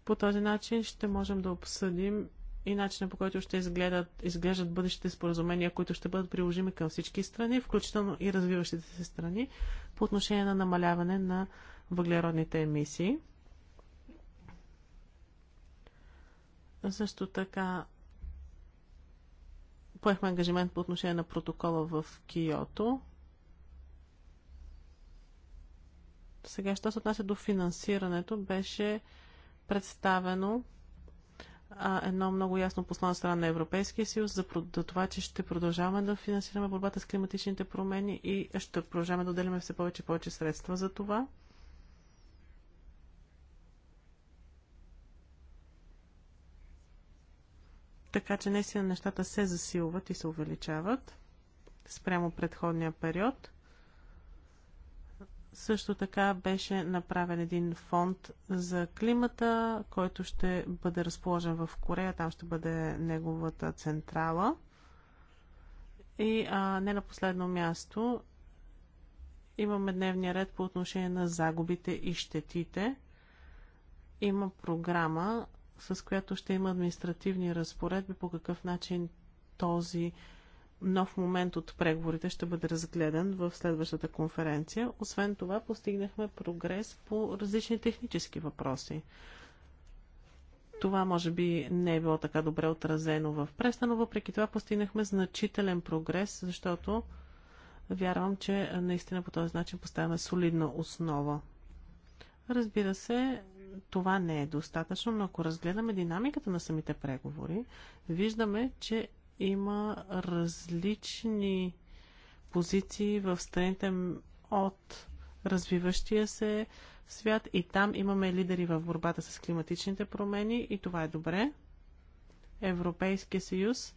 B: По този начин ще можем да обсъдим и начина по който ще изгледат, изглеждат бъдещите споразумения, които ще бъдат приложими към всички страни, включително и развиващите се страни, по отношение на намаляване на въглеродните емисии. Също така поехме ангажимент по отношение на протокола в Киото. Сега, що се отнася до финансирането, беше представено а, едно много ясно послание от страна на Европейския съюз за, за това, че ще продължаваме да финансираме борбата с климатичните промени и ще продължаваме да отделяме все повече и повече средства за това. Така че наистина нещата се засилват и се увеличават спрямо предходния период – също така беше направен един фонд за климата, който ще бъде разположен в Корея. Там ще бъде неговата централа. И а, не на последно място имаме дневния ред по отношение на загубите и щетите. Има програма, с която ще има административни разпоредби по какъв начин този нов момент от преговорите ще бъде разгледан в следващата конференция. Освен това, постигнахме прогрес по различни технически въпроси. Това може би не е било така добре отразено в преста, но въпреки това постигнахме значителен прогрес, защото вярвам, че наистина по този начин поставяме солидна основа. Разбира се, това не е достатъчно, но ако разгледаме динамиката на самите преговори, виждаме, че има различни позиции в страните от развиващия се свят и там имаме лидери в борбата с климатичните промени и това е добре. Европейския съюз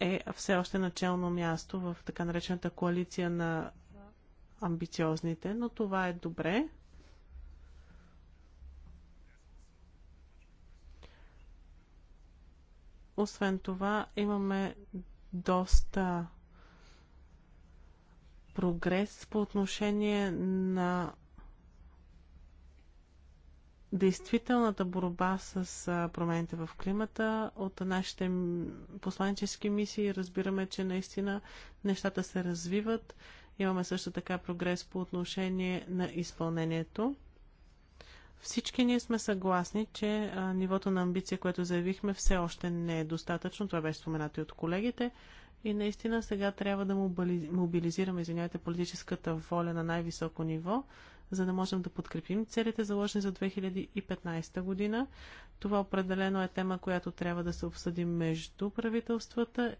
B: е все още начално място в така наречената коалиция на амбициозните, но това е добре. Освен това, имаме доста прогрес по отношение на действителната борба с промените в климата. От нашите посланчески мисии разбираме, че наистина нещата се развиват. Имаме също така прогрес по отношение на изпълнението. Всички ние сме съгласни, че а, нивото на амбиция, което заявихме, все още не е достатъчно. Това беше споменато и от колегите. И наистина сега трябва да мобилизираме, извинявайте, политическата воля на най-високо ниво, за да можем да подкрепим целите заложени за 2015 година. Това определено е тема, която трябва да се обсъдим между правителствата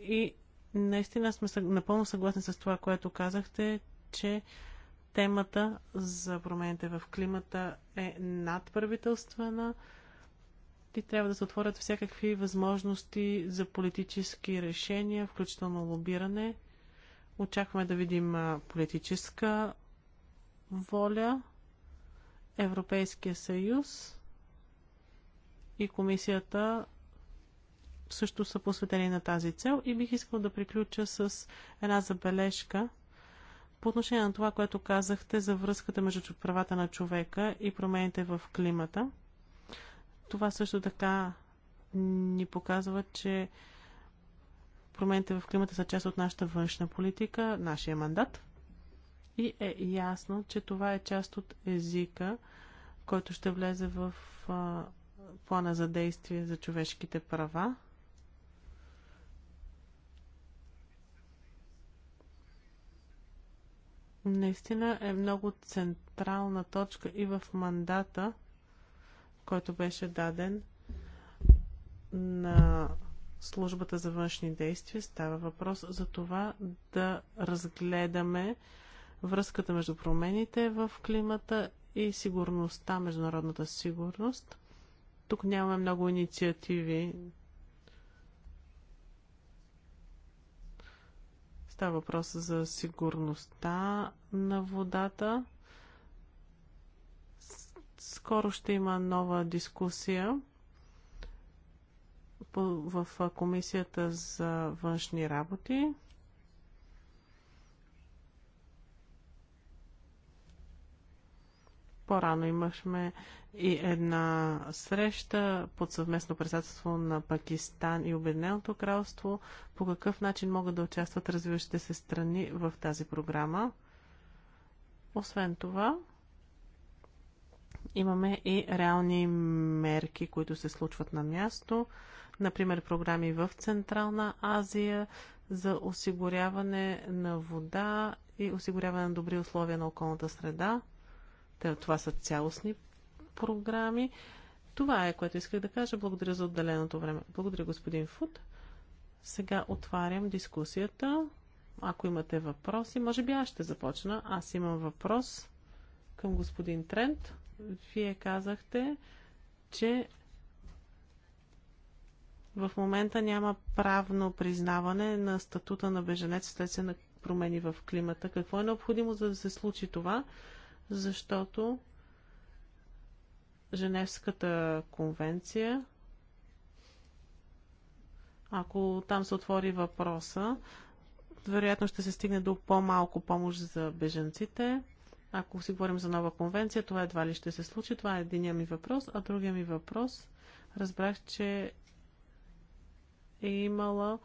B: и наистина сме напълно съгласни с това, което казахте, че Темата за промените в климата е надправителствена и трябва да се отворят всякакви възможности за политически решения, включително лобиране. Очакваме да видим политическа воля, Европейския съюз и комисията също са посветени на тази цел и бих искал да приключа с една забележка – по отношение на това, което казахте за връзката между правата на човека и промените в климата, това също така ни показва, че промените в климата са част от нашата външна политика, нашия мандат. И е ясно, че това е част от езика, който ще влезе в а, плана за действие за човешките права. наистина е много централна точка и в мандата, който беше даден на службата за външни действия. Става въпрос за това да разгледаме връзката между промените в климата и сигурността, международната сигурност. Тук нямаме много инициативи Става въпрос за сигурността на водата. Скоро ще има нова дискусия в Комисията за външни работи. По-рано имахме и една среща под съвместно председателство на Пакистан и Обединеното кралство. По какъв начин могат да участват развиващите се страни в тази програма? Освен това, имаме и реални мерки, които се случват на място. Например, програми в Централна Азия за осигуряване на вода и осигуряване на добри условия на околната среда. Това са цялостни програми. Това е, което исках да кажа. Благодаря за отделеното време. Благодаря, господин Фуд. Сега отварям дискусията. Ако имате въпроси, може би аз ще започна. Аз имам въпрос към господин Трент. Вие казахте, че в момента няма правно признаване на статута на беженец се на промени в климата. Какво е необходимо за да се случи това? защото Женевската конвенция, ако там се отвори въпроса, вероятно ще се стигне до по-малко помощ за беженците. Ако си говорим за нова конвенция, това едва ли ще се случи. Това е единия ми въпрос. А другия ми въпрос, разбрах, че е имала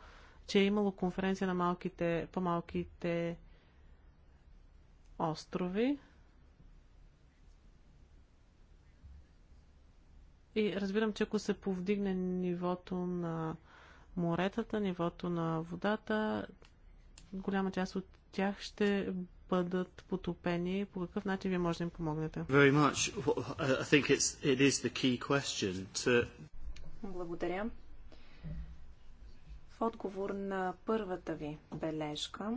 B: че е имало конференция на малките, по-малките острови. И разбирам, че ако се повдигне нивото на моретата, нивото на водата, голяма част от тях ще бъдат потопени. По какъв начин вие може да им помогнете? To...
A: Благодаря. В отговор на първата ви бележка,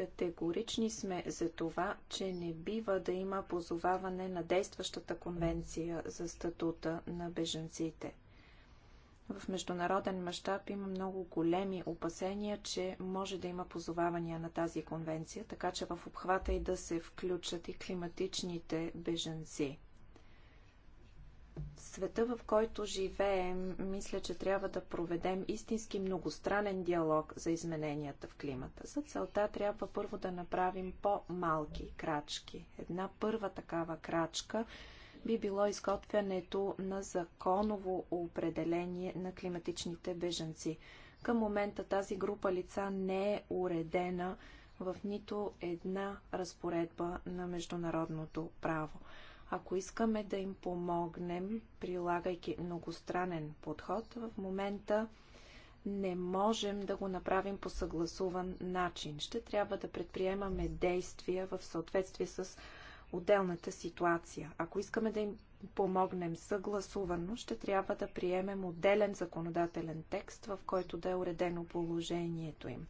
A: Категорични сме за това, че не бива да има позоваване на действащата конвенция за статута на бежанците. В международен мащаб има много големи опасения, че може да има позовавания на тази конвенция, така че в обхвата и да се включат и климатичните бежанци. В света, в който живеем, мисля, че трябва да проведем истински многостранен диалог за измененията в климата. За целта трябва първо да направим по-малки крачки. Една първа такава крачка би било изготвянето на законово определение на климатичните бежанци. Към момента тази група лица не е уредена в нито една разпоредба на международното право. Ако искаме да им помогнем, прилагайки многостранен подход, в момента не можем да го направим по съгласуван начин. Ще трябва да предприемаме действия в съответствие с отделната ситуация. Ако искаме да им помогнем съгласувано, ще трябва да приемем отделен законодателен текст, в който да е уредено положението им.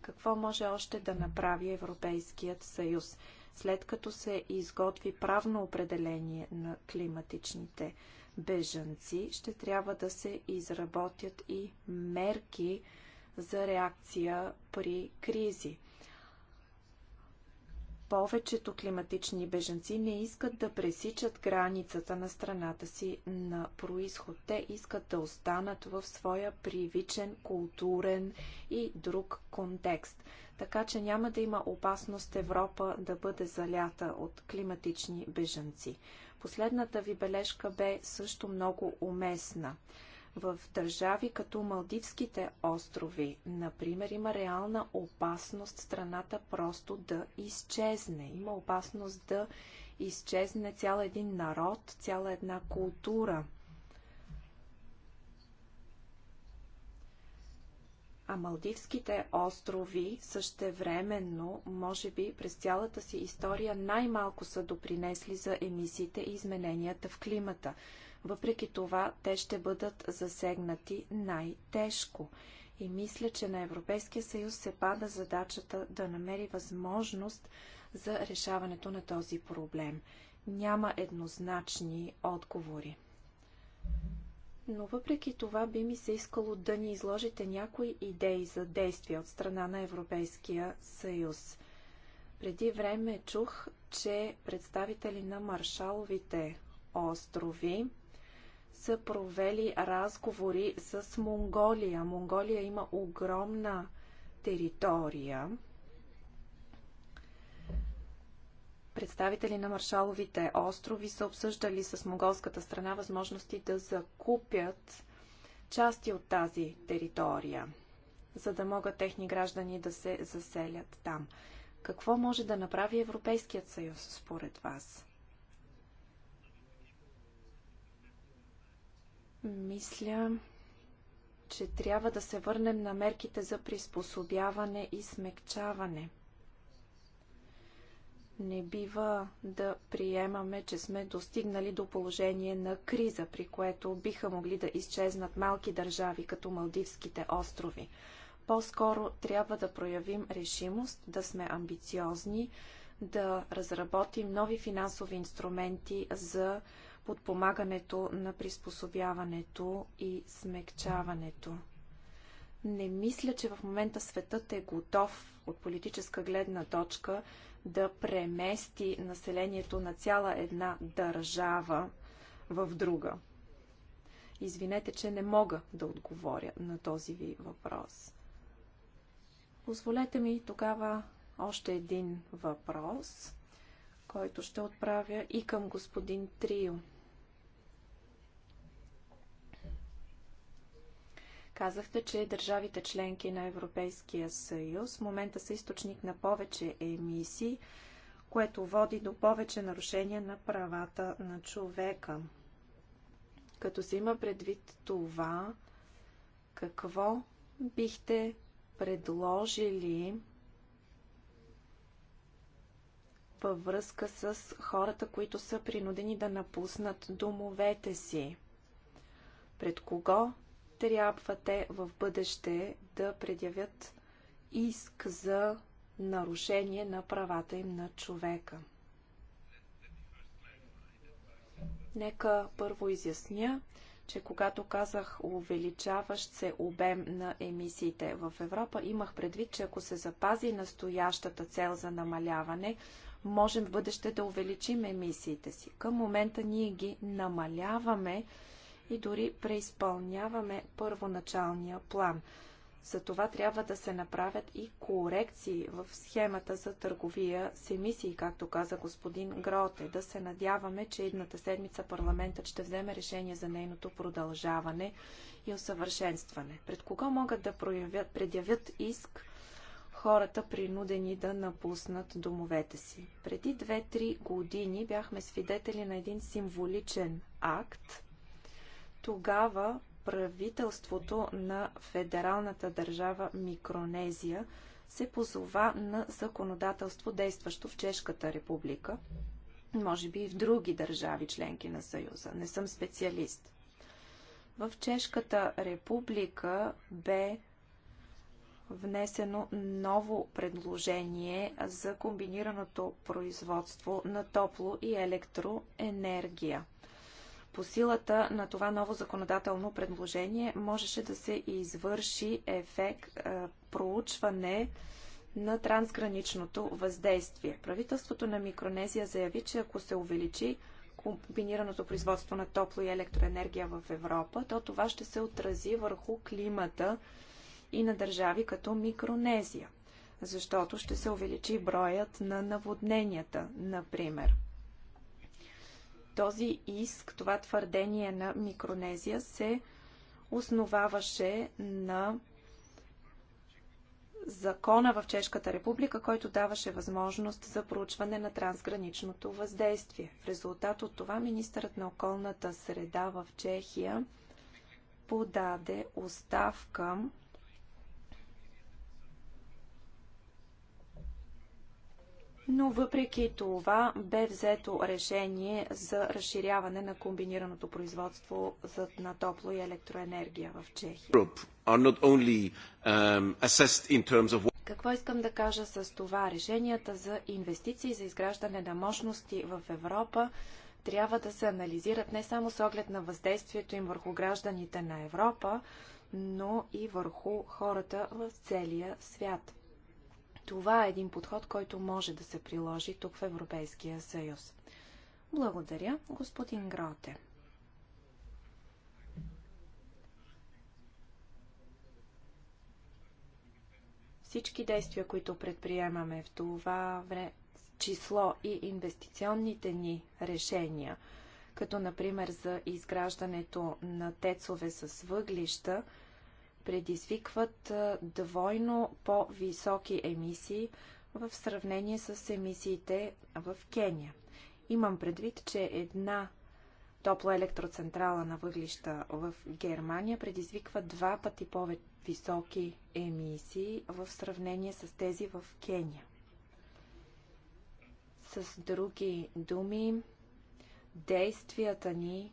A: Какво може още да направи Европейският съюз? След като се изготви правно определение на климатичните бежанци, ще трябва да се изработят и мерки за реакция при кризи повечето климатични бежанци не искат да пресичат границата на страната си на происход. Те искат да останат в своя привичен културен и друг контекст така че няма да има опасност Европа да бъде залята от климатични бежанци. Последната ви бележка бе също много уместна. В държави като Малдивските острови, например, има реална опасност страната просто да изчезне. Има опасност да изчезне цял един народ, цяла една култура – А Малдивските острови същевременно, може би през цялата си история, най-малко са допринесли за емисиите и измененията в климата. Въпреки това, те ще бъдат засегнати най-тежко. И мисля, че на Европейския съюз се пада задачата да намери възможност за решаването на този проблем. Няма еднозначни отговори но въпреки това би ми се искало да ни изложите някои идеи за действия от страна на Европейския съюз. Преди време чух, че представители на Маршаловите острови са провели разговори с Монголия. Монголия има огромна територия, Представители на Маршаловите острови са обсъждали с монголската страна възможности да закупят части от тази територия, за да могат техни граждани да се заселят там. Какво може да направи Европейският съюз, според вас? Мисля, че трябва да се върнем на мерките за приспособяване и смекчаване – не бива да приемаме, че сме достигнали до положение на криза, при което биха могли да изчезнат малки държави, като Малдивските острови. По-скоро трябва да проявим решимост, да сме амбициозни, да разработим нови финансови инструменти за подпомагането на приспособяването и смекчаването. Не мисля, че в момента светът е готов от политическа гледна точка да премести населението на цяла една държава в друга? Извинете, че не мога да отговоря на този ви въпрос. Позволете ми тогава още един въпрос, който ще отправя и към господин Трио. Казахте, че държавите членки на Европейския съюз в момента са източник на повече емисии, което води до повече нарушения на правата на човека. Като се има предвид това, какво бихте предложили във връзка с хората, които са принудени да напуснат домовете си? Пред кого трябва те в бъдеще да предявят иск за нарушение на правата им на човека. Нека първо изясня, че когато казах увеличаващ се обем на емисиите в Европа, имах предвид, че ако се запази настоящата цел за намаляване, можем в бъдеще да увеличим емисиите си. Към момента ние ги намаляваме и дори преизпълняваме първоначалния план. За това трябва да се направят и корекции в схемата за търговия с емисии, както каза господин Гроте. Да се надяваме, че едната седмица парламентът ще вземе решение за нейното продължаване и усъвършенстване. Пред кого могат да проявят, предявят иск хората принудени да напуснат домовете си? Преди 2-3 години бяхме свидетели на един символичен акт – тогава правителството на федералната държава Микронезия се позова на законодателство, действащо в Чешката република, може би и в други държави, членки на Съюза. Не съм специалист. В Чешката република бе внесено ново предложение за комбинираното производство на топло и електроенергия. По силата на това ново законодателно предложение можеше да се извърши ефект проучване на трансграничното въздействие. Правителството на Микронезия заяви, че ако се увеличи комбинираното производство на топло и електроенергия в Европа, то това ще се отрази върху климата и на държави като Микронезия, защото ще се увеличи броят на наводненията, например. Този иск, това твърдение на Микронезия се основаваше на закона в Чешката република, който даваше възможност за проучване на трансграничното въздействие. В резултат от това министърът на околната среда в Чехия подаде оставка но въпреки това бе взето решение за разширяване на комбинираното производство на топло и електроенергия в Чехия.
C: Um,
A: Какво искам да кажа с това? Решенията за инвестиции за изграждане на мощности в Европа трябва да се анализират не само с оглед на въздействието им върху гражданите на Европа, но и върху хората в целия свят. Това е един подход, който може да се приложи тук в Европейския съюз. Благодаря, господин Гроте. Всички действия, които предприемаме в това вре... число и инвестиционните ни решения, като например за изграждането на тецове с въглища, предизвикват двойно по-високи емисии в сравнение с емисиите в Кения. Имам предвид, че една топла електроцентрала на въглища в Германия предизвиква два пъти по-високи емисии в сравнение с тези в Кения. С други думи, действията ни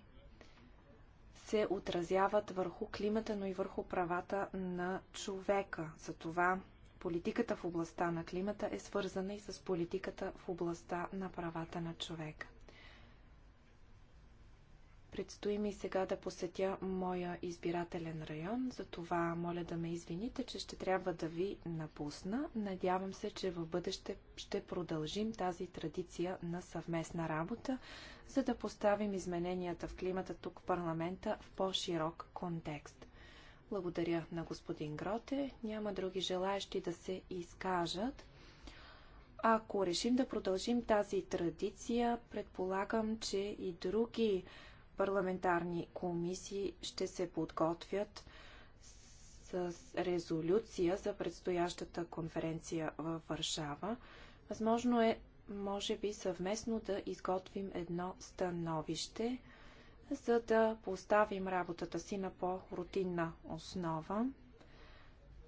A: се отразяват върху климата, но и върху правата на човека. Затова политиката в областта на климата е свързана и с политиката в областта на правата на човека. Предстои ми сега да посетя моя избирателен район, затова моля да ме извините, че ще трябва да ви напусна. Надявам се, че в бъдеще ще продължим тази традиция на съвместна работа, за да поставим измененията в климата тук в парламента в по-широк контекст. Благодаря на господин Гроте. Няма други желаящи да се изкажат. Ако решим да продължим тази традиция, предполагам, че и други парламентарни комисии ще се подготвят с резолюция за предстоящата конференция във Варшава. Възможно е, може би, съвместно да изготвим едно становище, за да поставим работата си на по-рутинна основа.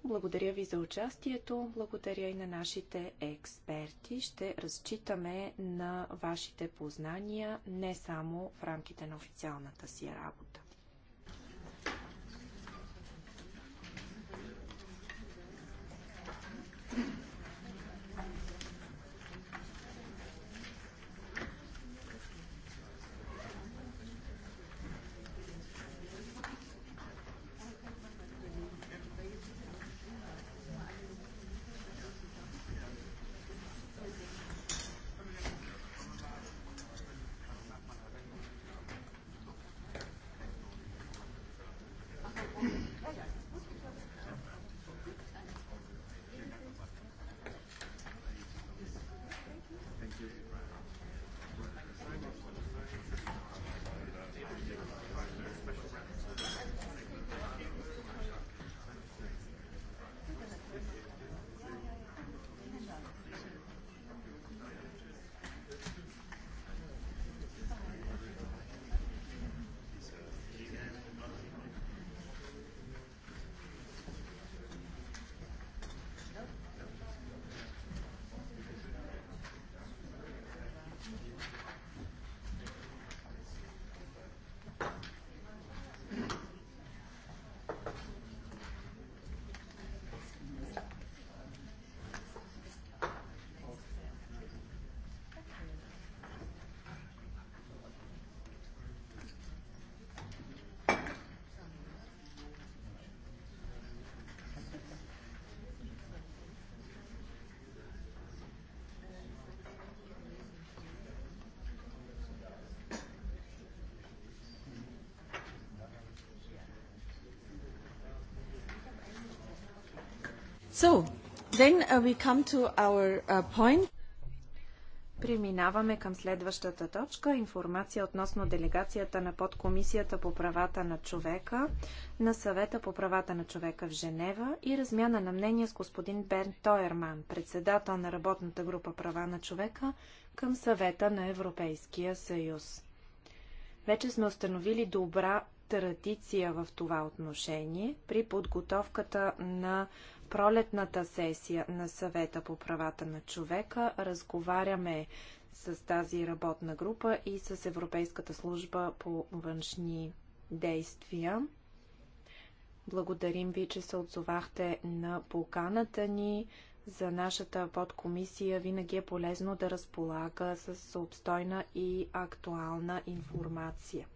A: Благодаря ви за участието, благодаря и на нашите експерти. Ще разчитаме на вашите познания не само в рамките на официалната си работа. Uh, uh, Преминаваме към следващата точка информация относно делегацията на подкомисията по правата на човека на съвета по правата на човека в Женева и размяна на мнение с господин Бен Тойерман, председател на работната група права на човека към съвета на Европейския съюз. Вече сме установили добра традиция в това отношение при подготовката на пролетната сесия на съвета по правата на човека разговаряме с тази работна група и с Европейската служба по външни действия. Благодарим ви, че се отзовахте на поканата ни. За нашата подкомисия винаги е полезно да разполага с обстойна и актуална информация.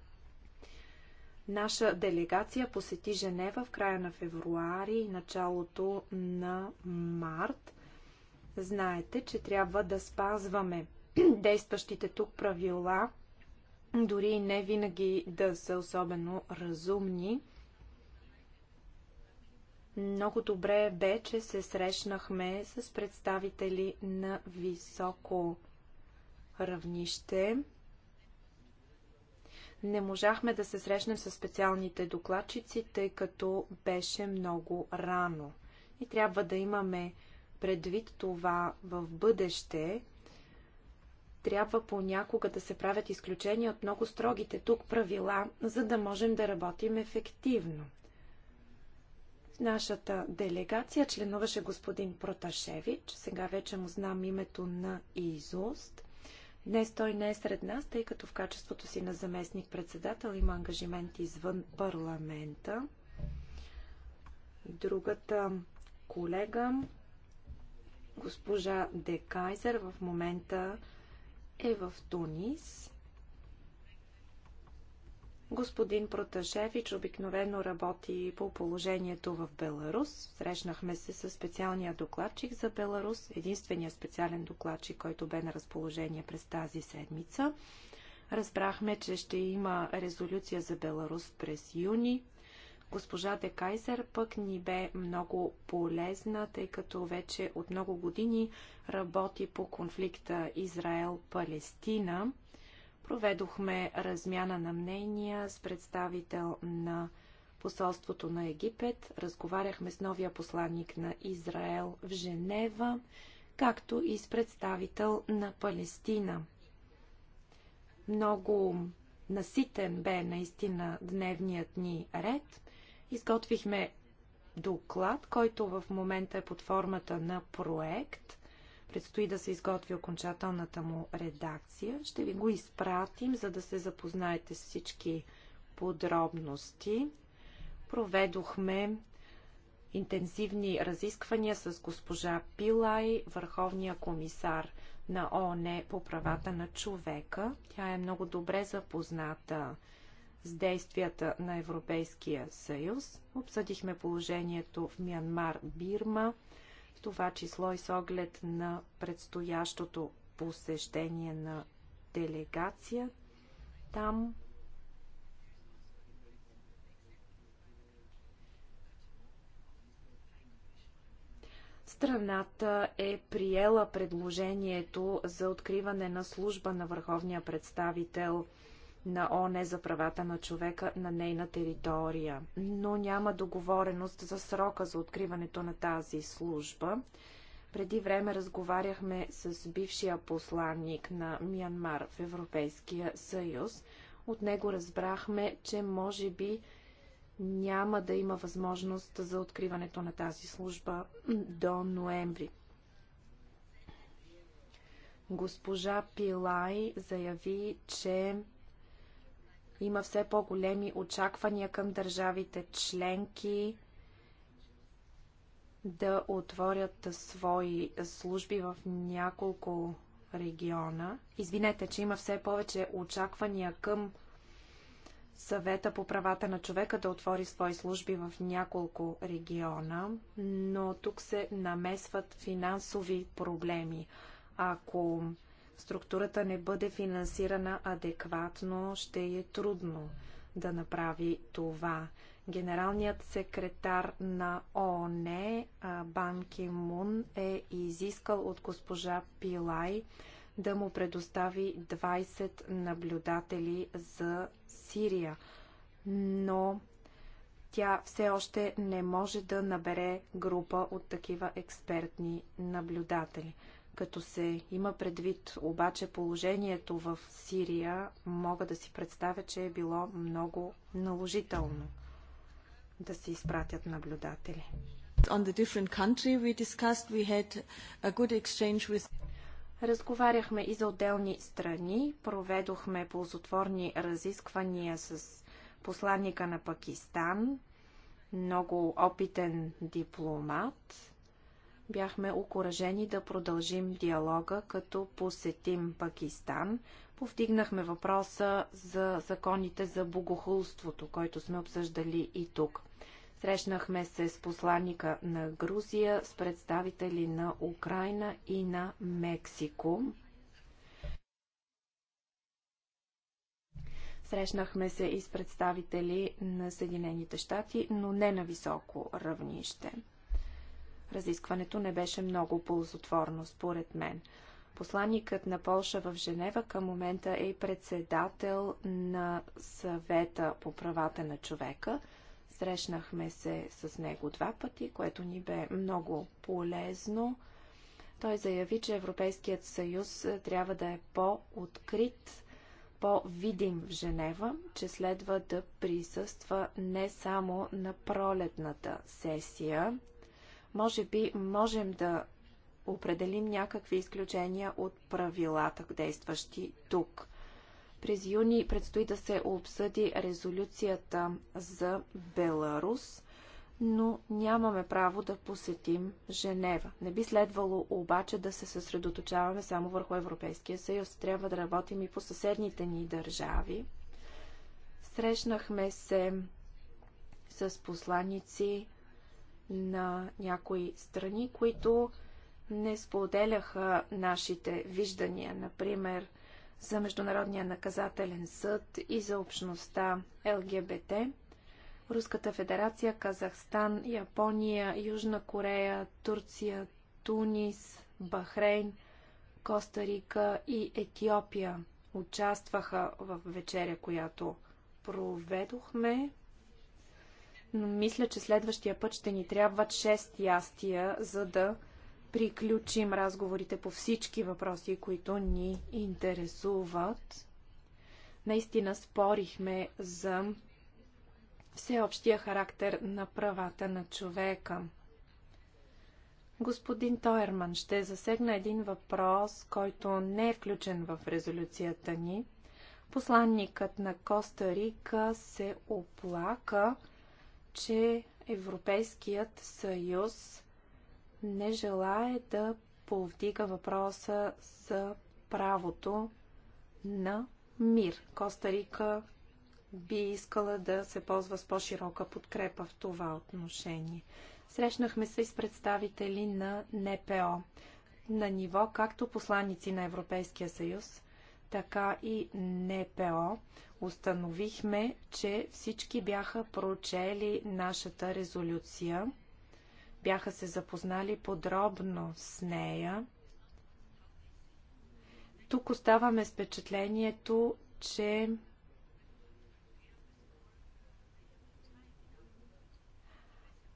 A: Наша делегация посети Женева в края на февруари и началото на март. Знаете, че трябва да спазваме действащите тук правила, дори не винаги да са особено разумни. Много добре бе, че се срещнахме с представители на високо равнище. Не можахме да се срещнем с специалните докладчици, тъй като беше много рано. И трябва да имаме предвид това в бъдеще. Трябва понякога да се правят изключения от много строгите тук правила, за да можем да работим ефективно. нашата делегация членуваше господин Проташевич, сега вече му знам името на Изуст. Днес той не е сред нас, тъй като в качеството си на заместник-председател има ангажименти извън парламента. Другата колега, госпожа Декайзер, в момента е в Тунис. Господин Проташевич обикновено работи по положението в Беларус. Срещнахме се с специалния докладчик за Беларус, единствения специален докладчик, който бе на разположение през тази седмица. Разбрахме, че ще има резолюция за Беларус през юни. Госпожа Де Кайзер пък ни бе много полезна, тъй като вече от много години работи по конфликта Израел-Палестина. Проведохме размяна на мнения с представител на посолството на Египет, разговаряхме с новия посланник на Израел в Женева, както и с представител на Палестина. Много наситен бе наистина дневният ни ред. Изготвихме доклад, който в момента е под формата на проект. Предстои да се изготви окончателната му редакция. Ще ви го изпратим, за да се запознаете с всички подробности. Проведохме интензивни разисквания с госпожа Пилай, върховния комисар на ООН по правата на човека. Тя е много добре запозната с действията на Европейския съюз. Обсъдихме положението в Мянмар, Бирма, в това число и с оглед на предстоящото посещение на делегация там. Страната е приела предложението за откриване на служба на върховния представител – на ОНЕ за правата на човека на нейна територия. Но няма договореност за срока за откриването на тази служба. Преди време разговаряхме с бившия посланник на Миянмар в Европейския съюз. От него разбрахме, че може би няма да има възможност за откриването на тази служба до ноември. Госпожа Пилай заяви, че има все по-големи очаквания към държавите членки да отворят свои служби в няколко региона. Извинете, че има все повече очаквания към съвета по правата на човека да отвори свои служби в няколко региона, но тук се намесват финансови проблеми. Ако структурата не бъде финансирана адекватно, ще е трудно да направи това. Генералният секретар на ООН Бан Ки Мун е изискал от госпожа Пилай да му предостави 20 наблюдатели за Сирия, но тя все още не може да набере група от такива експертни наблюдатели. Като се има предвид обаче положението в Сирия, мога да си представя, че е било много наложително да се изпратят наблюдатели. Разговаряхме и за отделни страни, проведохме ползотворни разисквания с посланника на Пакистан, много опитен дипломат бяхме окоръжени да продължим диалога, като посетим Пакистан. Повдигнахме въпроса за законите за богохулството, който сме обсъждали и тук. Срещнахме се с посланника на Грузия, с представители на Украина и на Мексико. Срещнахме се и с представители на Съединените щати, но не на високо равнище разискването не беше много ползотворно, според мен. Посланникът на Полша в Женева към момента е председател на съвета по правата на човека. Срещнахме се с него два пъти, което ни бе много полезно. Той заяви, че Европейският съюз е, трябва да е по-открит, по-видим в Женева, че следва да присъства не само на пролетната сесия, може би можем да определим някакви изключения от правилата, действащи тук. През юни предстои да се обсъди резолюцията за Беларус, но нямаме право да посетим Женева. Не би следвало обаче да се съсредоточаваме само върху Европейския съюз. Трябва да работим и по съседните ни държави. Срещнахме се с посланици на някои страни, които не споделяха нашите виждания, например за Международния наказателен съд и за общността ЛГБТ. Руската федерация, Казахстан, Япония, Южна Корея, Турция, Тунис, Бахрейн, Коста Рика и Етиопия участваха в вечеря, която проведохме но мисля, че следващия път ще ни трябват 6 ястия, за да приключим разговорите по всички въпроси, които ни интересуват. Наистина спорихме за всеобщия характер на правата на човека. Господин Тойерман ще засегна един въпрос, който не е включен в резолюцията ни. Посланникът на Коста Рика се оплака, че Европейският съюз не желае да повдига въпроса за правото на мир. Коста Рика би искала да се ползва с по-широка подкрепа в това отношение. Срещнахме се с представители на НПО на ниво както посланици на Европейския съюз, така и НПО, установихме, че всички бяха прочели нашата резолюция, бяха се запознали подробно с нея. Тук оставаме с впечатлението, че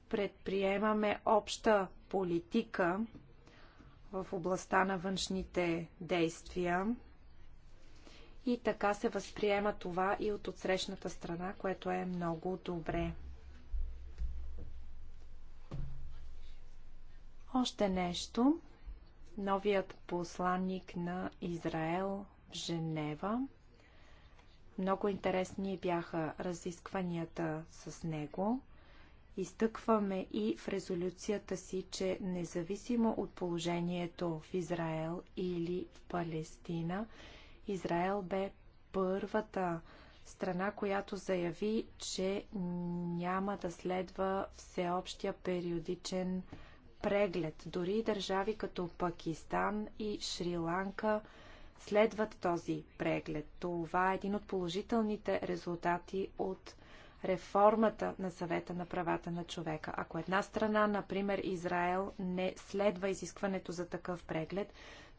A: предприемаме обща политика в областта на външните действия и така се възприема това и от отсрещната страна, което е много добре. Още нещо. Новият посланник на Израел в Женева. Много интересни бяха разискванията с него. Изтъкваме и в резолюцията си, че независимо от положението в Израел или в Палестина, Израел бе първата страна, която заяви, че няма да следва всеобщия периодичен преглед. Дори държави като Пакистан и Шри-Ланка следват този преглед. Това е един от положителните резултати от реформата на съвета на правата на човека. Ако една страна, например Израел, не следва изискването за такъв преглед,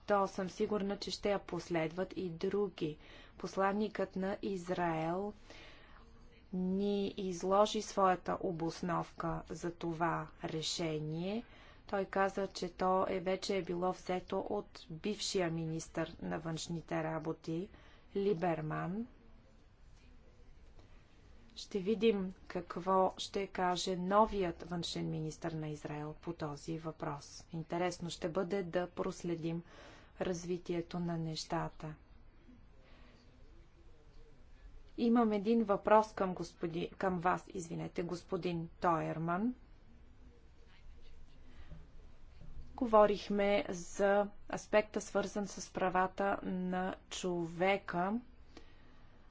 A: то съм сигурна, че ще я последват и други. Посланникът на Израел ни изложи своята обосновка за това решение. Той каза, че то е вече е било взето от бившия министър на външните работи Либерман. Ще видим какво ще каже новият външен министр на Израел по този въпрос. Интересно ще бъде да проследим развитието на нещата. Имам един въпрос към, господи, към вас, извинете, господин Тойерман. Говорихме за аспекта, свързан с правата на човека,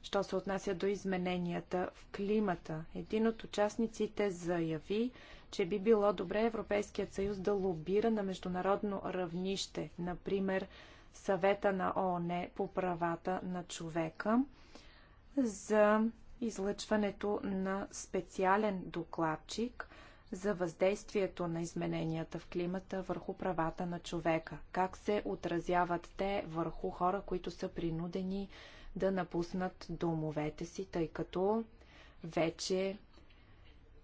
A: що се отнася до измененията в климата. Един от участниците заяви, че би било добре Европейският съюз да лобира на международно равнище, например съвета на ООН по правата на човека за излъчването на специален докладчик за въздействието на измененията в климата върху правата на човека. Как се отразяват те върху хора, които са принудени да напуснат домовете си, тъй като вече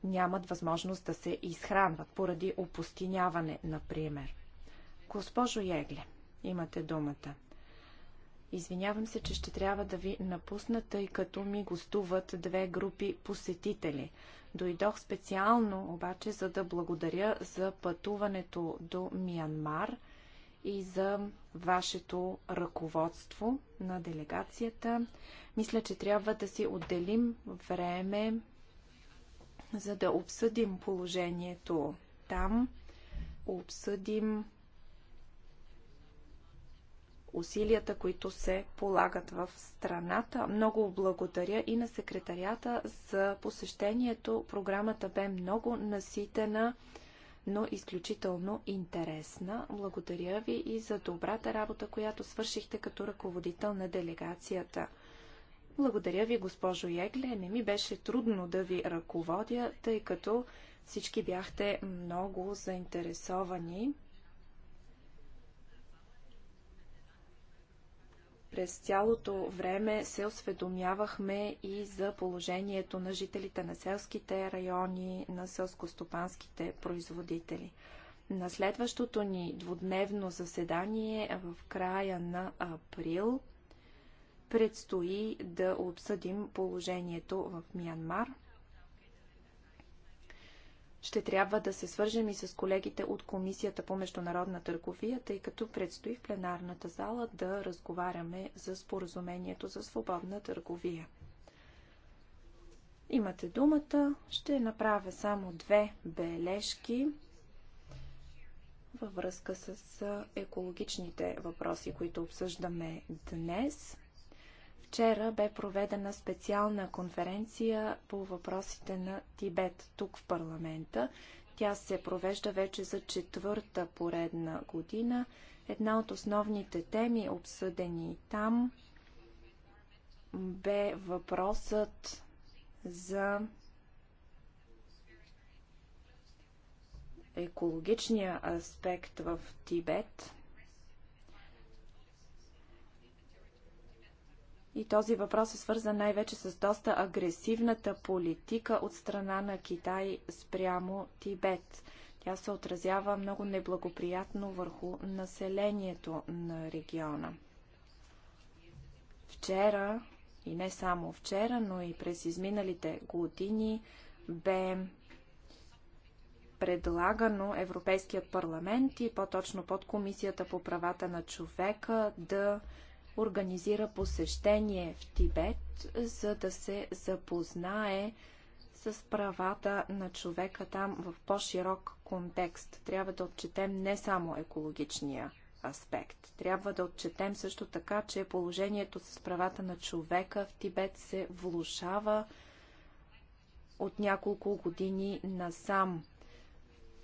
A: нямат възможност да се изхранват поради опустиняване, например. Госпожо Егле, имате думата. Извинявам се, че ще трябва да ви напусна, тъй като ми гостуват две групи посетители. Дойдох специално, обаче, за да благодаря за пътуването до Миянмар и за вашето ръководство на делегацията. Мисля, че трябва да си отделим време за да обсъдим положението там, обсъдим усилията, които се полагат в страната. Много благодаря и на секретарията за посещението. Програмата бе много наситена, но изключително интересна. Благодаря ви и за добрата работа, която свършихте като ръководител на делегацията. Благодаря ви, госпожо Егле. Не ми беше трудно да ви ръководя, тъй като всички бяхте много заинтересовани. През цялото време се осведомявахме и за положението на жителите на селските райони, на селскостопанските производители. На следващото ни двудневно заседание в края на април – Предстои да обсъдим положението в Миянмар. Ще трябва да се свържем и с колегите от Комисията по международна търговия, тъй като предстои в пленарната зала да разговаряме за споразумението за свободна търговия. Имате думата. Ще направя само две бележки във връзка с екологичните въпроси, които обсъждаме днес. Вчера бе проведена специална конференция по въпросите на Тибет тук в парламента. Тя се провежда вече за четвърта поредна година. Една от основните теми, обсъдени там, бе въпросът за екологичния аспект в Тибет. И този въпрос е свързан най-вече с доста агресивната политика от страна на Китай спрямо Тибет. Тя се отразява много неблагоприятно върху населението на региона. Вчера, и не само вчера, но и през изминалите години, бе предлагано Европейският парламент и по-точно под Комисията по правата на човека да организира посещение в Тибет, за да се запознае с правата на човека там в по-широк контекст. Трябва да отчетем не само екологичния аспект. Трябва да отчетем също така, че положението с правата на човека в Тибет се влушава от няколко години насам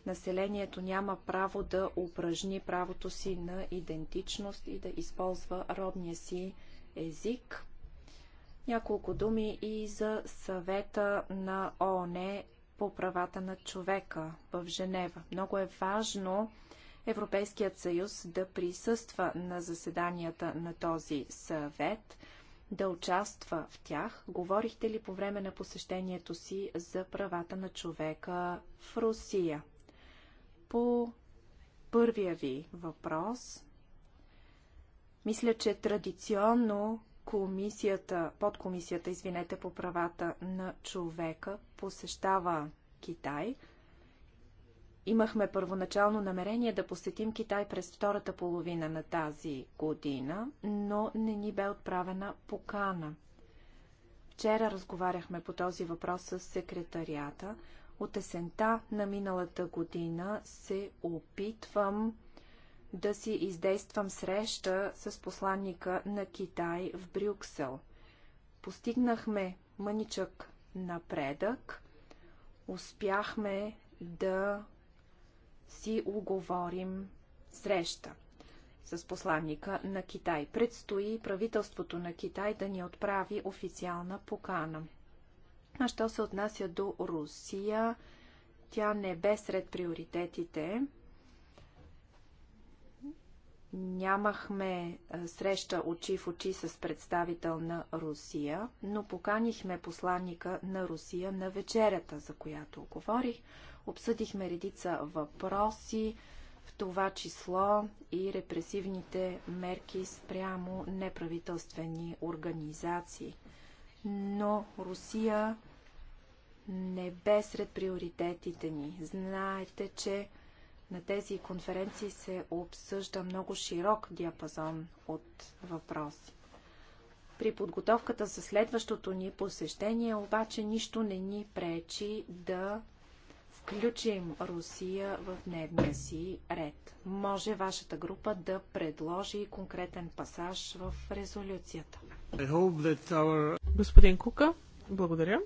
A: населението няма право да упражни правото си на идентичност и да използва родния си език. Няколко думи и за съвета на ООН по правата на човека в Женева. Много е важно Европейският съюз да присъства на заседанията на този съвет, да участва в тях. Говорихте ли по време на посещението си за правата на човека в Русия? По първия ви въпрос, мисля, че традиционно комисията, подкомисията, извинете, по правата на човека посещава Китай. Имахме първоначално намерение да посетим Китай през втората половина на тази година, но не ни бе отправена покана. Вчера разговаряхме по този въпрос с секретарията. От есента на миналата година се опитвам да си издействам среща с посланника на Китай в Брюксел. Постигнахме мъничък напредък. Успяхме да си уговорим среща с посланника на Китай. Предстои правителството на Китай да ни отправи официална покана. А що се отнася до Русия, тя не бе сред приоритетите. Нямахме е, среща очи в очи с представител на Русия, но поканихме посланника на Русия на вечерята, за която говорих. Обсъдихме редица въпроси, в това число и репресивните мерки спрямо неправителствени организации но Русия не бе сред приоритетите ни. Знаете, че на тези конференции се обсъжда много широк диапазон от въпроси. При подготовката за следващото ни посещение обаче нищо не ни пречи да включим Русия в дневния си ред. Може вашата група да предложи конкретен пасаж в резолюцията.
B: Господин Кука, благодаря.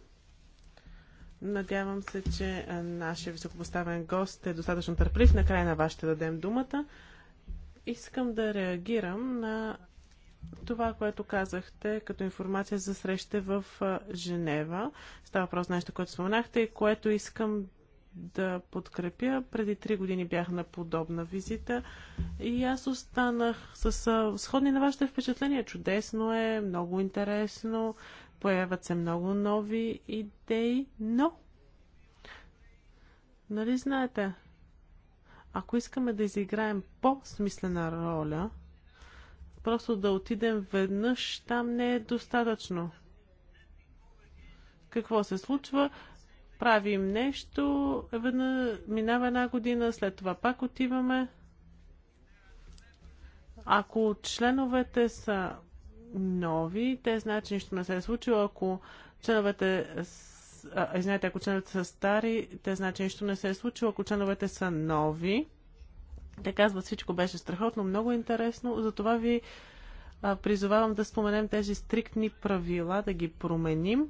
B: Надявам се, че нашия високопоставен гост е достатъчно търплив. Накрая на вас ще дадем думата. Искам да реагирам на това, което казахте като информация за среща в Женева. Става въпрос нещо, което споменахте и което искам да подкрепя. Преди три години бях на подобна визита и аз останах с сходни на вашите впечатления. Чудесно е, много интересно, появят се много нови идеи, но нали знаете, ако искаме да изиграем по-смислена роля, просто да отидем веднъж там не е достатъчно. Какво се случва? правим нещо, една, минава една година, след това пак отиваме. Ако членовете са нови, те знаят, че нищо не се е случило. Ако членовете а, знаете, ако членовете са стари, те знаят, че нищо не се е случило. Ако членовете са нови, те казват, всичко беше страхотно, много интересно. Затова ви а, призовавам да споменем тези стриктни правила, да ги променим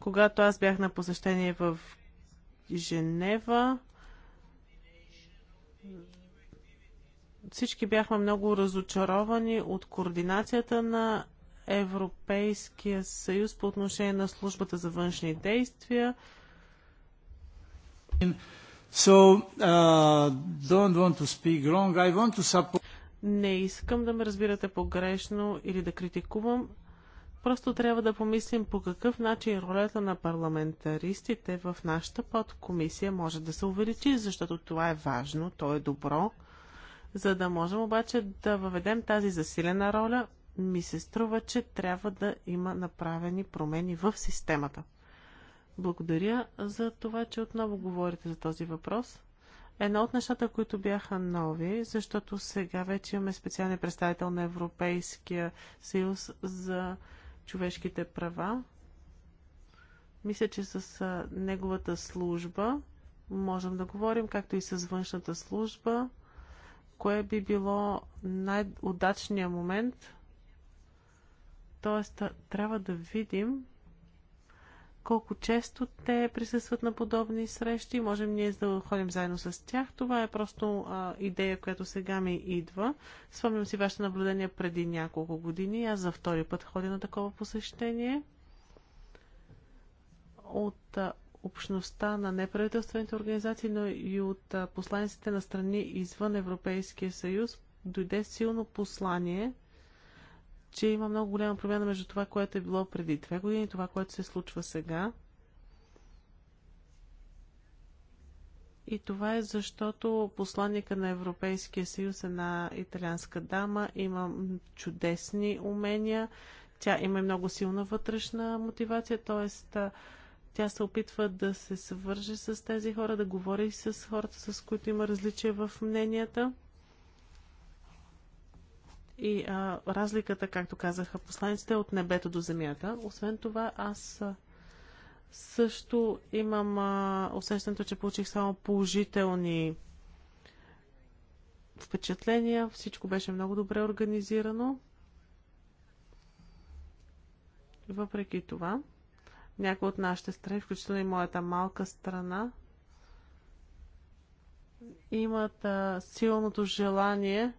B: когато аз бях на посещение в Женева, всички бяхме много разочаровани от координацията на Европейския съюз по отношение на службата за външни действия. So, uh, don't want to speak wrong. I want to support... Не искам да ме разбирате погрешно или да критикувам. Просто трябва да помислим по какъв начин ролята на парламентаристите в нашата подкомисия може да се увеличи, защото това е важно, то е добро. За да можем обаче да въведем тази засилена роля, ми се струва, че трябва да има направени промени в системата. Благодаря за това, че отново говорите за този въпрос. Едно от нещата, които бяха нови, защото сега вече имаме специален представител на Европейския съюз за човешките права. Мисля, че с неговата служба можем да говорим, както и с външната служба, кое би било най-удачният момент. Тоест, трябва да видим колко често те присъстват на подобни срещи. Можем ние да ходим заедно с тях. Това е просто а, идея, която сега ми идва. Спомням си вашето наблюдение преди няколко години. Аз за втори път ходя на такова посещение. От а, общността на неправителствените организации, но и от а, посланиците на страни извън Европейския съюз дойде силно послание – че има много голяма промяна между това, което е било преди две години и това, което се случва сега. И това е защото посланника на Европейския съюз, една италианска дама, има чудесни умения. Тя има и много силна вътрешна мотивация, т.е. тя се опитва да се свърже с тези хора, да говори с хората, с които има различия в мненията и а, разликата, както казаха посланиците, от небето до земята. Освен това, аз също имам а, усещането, че получих само положителни впечатления. Всичко беше много добре организирано. Въпреки това, някои от нашите страни, включително и моята малка страна, имат а, силното желание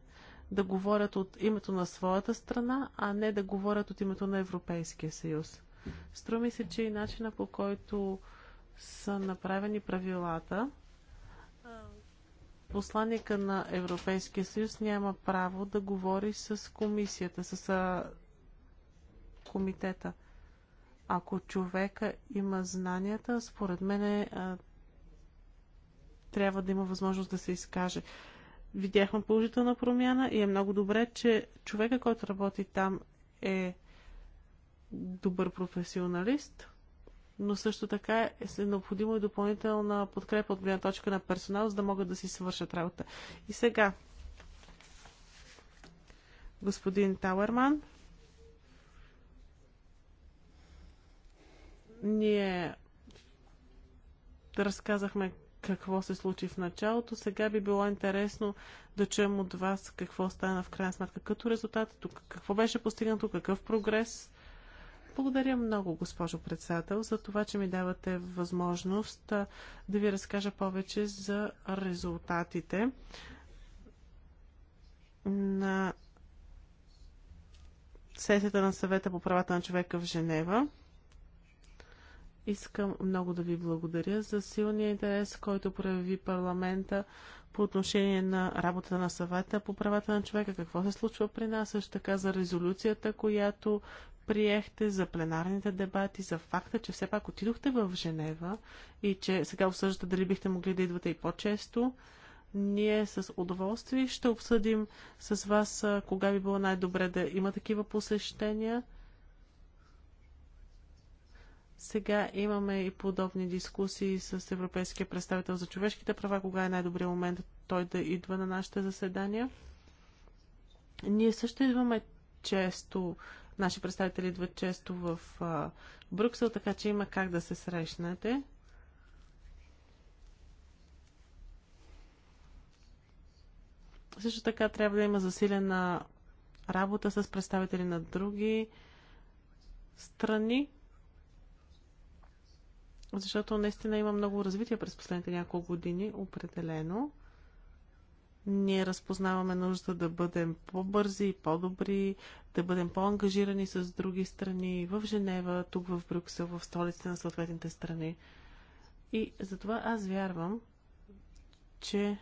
B: да говорят от името на своята страна, а не да говорят от името на Европейския съюз. Струми се, че и начина по който са направени правилата, посланника на Европейския съюз няма право да говори с комисията, с комитета. Ако човека има знанията, според мен трябва да има възможност да се изкаже видяхме положителна промяна и е много добре, че човека, който работи там е добър професионалист, но също така е, е необходимо и допълнителна подкрепа от гледна точка на персонал, за да могат да си свършат работа. И сега, господин Тауерман, ние разказахме какво се случи в началото. Сега би било интересно да чуем от вас какво стана в крайна сметка като резултат, тук какво беше постигнато, какъв прогрес. Благодаря много, госпожо председател, за това, че ми давате възможност да ви разкажа повече за резултатите на сесията на съвета по правата на човека в Женева. Искам много да ви благодаря за силния интерес, който прояви парламента по отношение на работата на съвета по правата на човека, какво се случва при нас, също така за резолюцията, която приехте, за пленарните дебати, за факта, че все пак отидохте в Женева и че сега обсъждате дали бихте могли да идвате и по-често. Ние с удоволствие ще обсъдим с вас кога би било най-добре да има такива посещения. Сега имаме и подобни дискусии с Европейския представител за човешките права, кога е най-добрият момент той да идва на нашите заседания. Ние също идваме често, наши представители идват често в а, Брюксел, така че има как да се срещнете. Също така трябва да има засилена работа с представители на други страни, защото наистина има много развитие през последните няколко години, определено. Ние разпознаваме нужда да бъдем по-бързи и по-добри, да бъдем по-ангажирани с други страни в Женева, тук в Брюксел, в столиците на съответните страни. И затова аз вярвам, че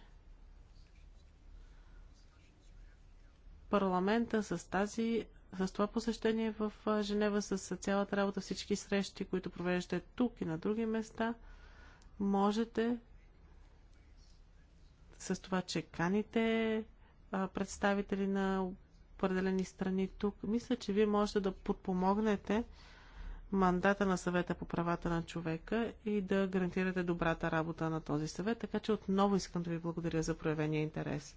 B: парламента с тази с това посещение в Женева, с цялата работа, всички срещи, които провеждате тук и на други места, можете с това, че каните представители на определени страни тук, мисля, че вие можете да подпомогнете мандата на съвета по правата на човека и да гарантирате добрата работа на този съвет. Така че отново искам да ви благодаря за проявения интерес.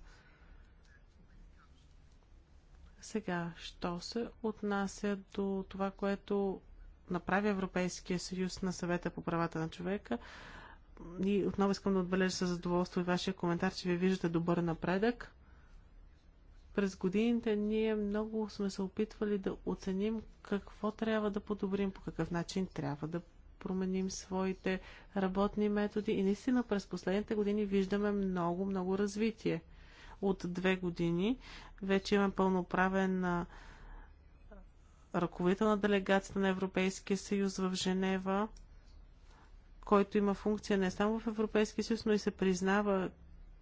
B: Сега, що се отнася до това, което направи Европейския съюз на съвета по правата на човека, и отново искам да отбележа със задоволство и вашия коментар, че ви виждате добър напредък. През годините ние много сме се опитвали да оценим какво трябва да подобрим, по какъв начин трябва да променим своите работни методи и наистина през последните години виждаме много, много развитие – от две години. Вече имаме пълноправен ръководител на делегацията на Европейския съюз в Женева, който има функция не само в Европейския съюз, но и се признава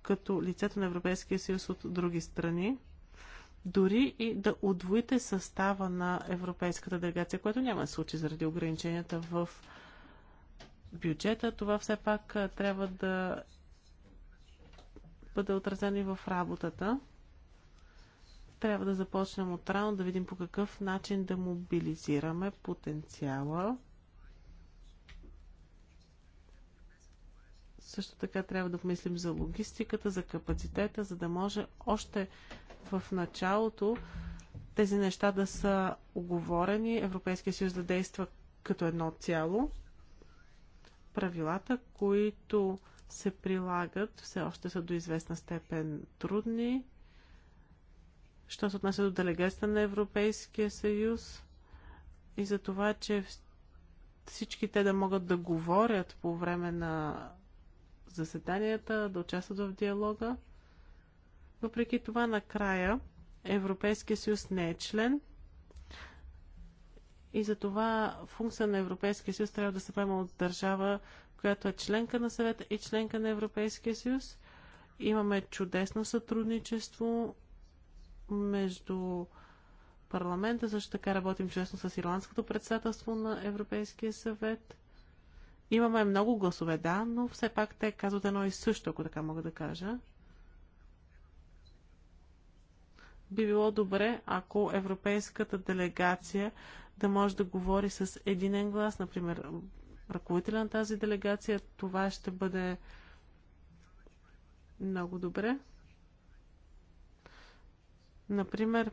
B: като лицето на Европейския съюз от други страни. Дори и да удвоите състава на Европейската делегация, което няма да случи заради ограниченията в бюджета, това все пак трябва да бъде отразено и в работата. Трябва да започнем от рано, да видим по какъв начин да мобилизираме потенциала. Също така трябва да помислим за логистиката, за капацитета, за да може още в началото тези неща да са оговорени, Европейския съюз да действа като едно цяло. Правилата, които се прилагат, все още са до известна степен трудни. Що се отнася до делегацията на Европейския съюз и за това, че всички те да могат да говорят по време на заседанията, да участват в диалога. Въпреки това, накрая Европейския съюз не е член и за това функция на Европейския съюз трябва да се поема от държава която е членка на съвета и членка на Европейския съюз. Имаме чудесно сътрудничество между парламента. Също така работим чудесно с Ирландското председателство на Европейския съвет. Имаме много гласове, да, но все пак те казват едно и също, ако така мога да кажа. Би било добре, ако европейската делегация да може да говори с единен глас, например, ръководителя на тази делегация. Това ще бъде много добре. Например,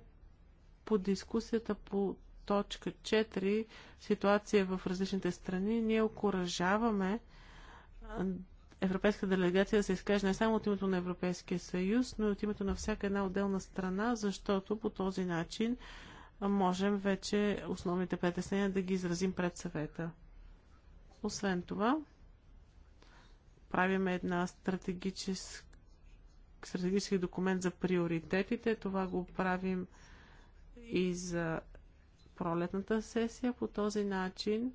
B: по дискусията по точка 4, ситуация в различните страни, ние окоръжаваме европейска делегация да се изкаже не само от името на Европейския съюз, но и от името на всяка една отделна страна, защото по този начин можем вече основните притеснения да ги изразим пред съвета. Освен това, правим една стратегическа стратегически документ за приоритетите. Това го правим и за пролетната сесия. По този начин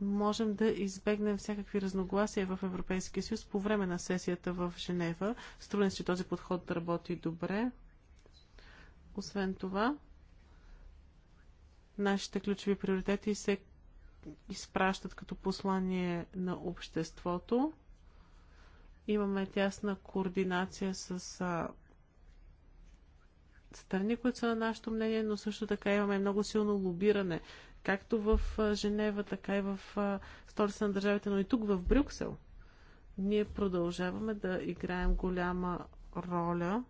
B: можем да избегнем всякакви разногласия в Европейския съюз по време на сесията в Женева. Струден че този подход да работи добре. Освен това, нашите ключови приоритети се изпращат като послание на обществото. Имаме тясна координация с а, страни, които са на нашето мнение, но също така имаме много силно лобиране, както в Женева, така и в столица на държавите, но и тук в Брюксел. Ние продължаваме да играем голяма роля,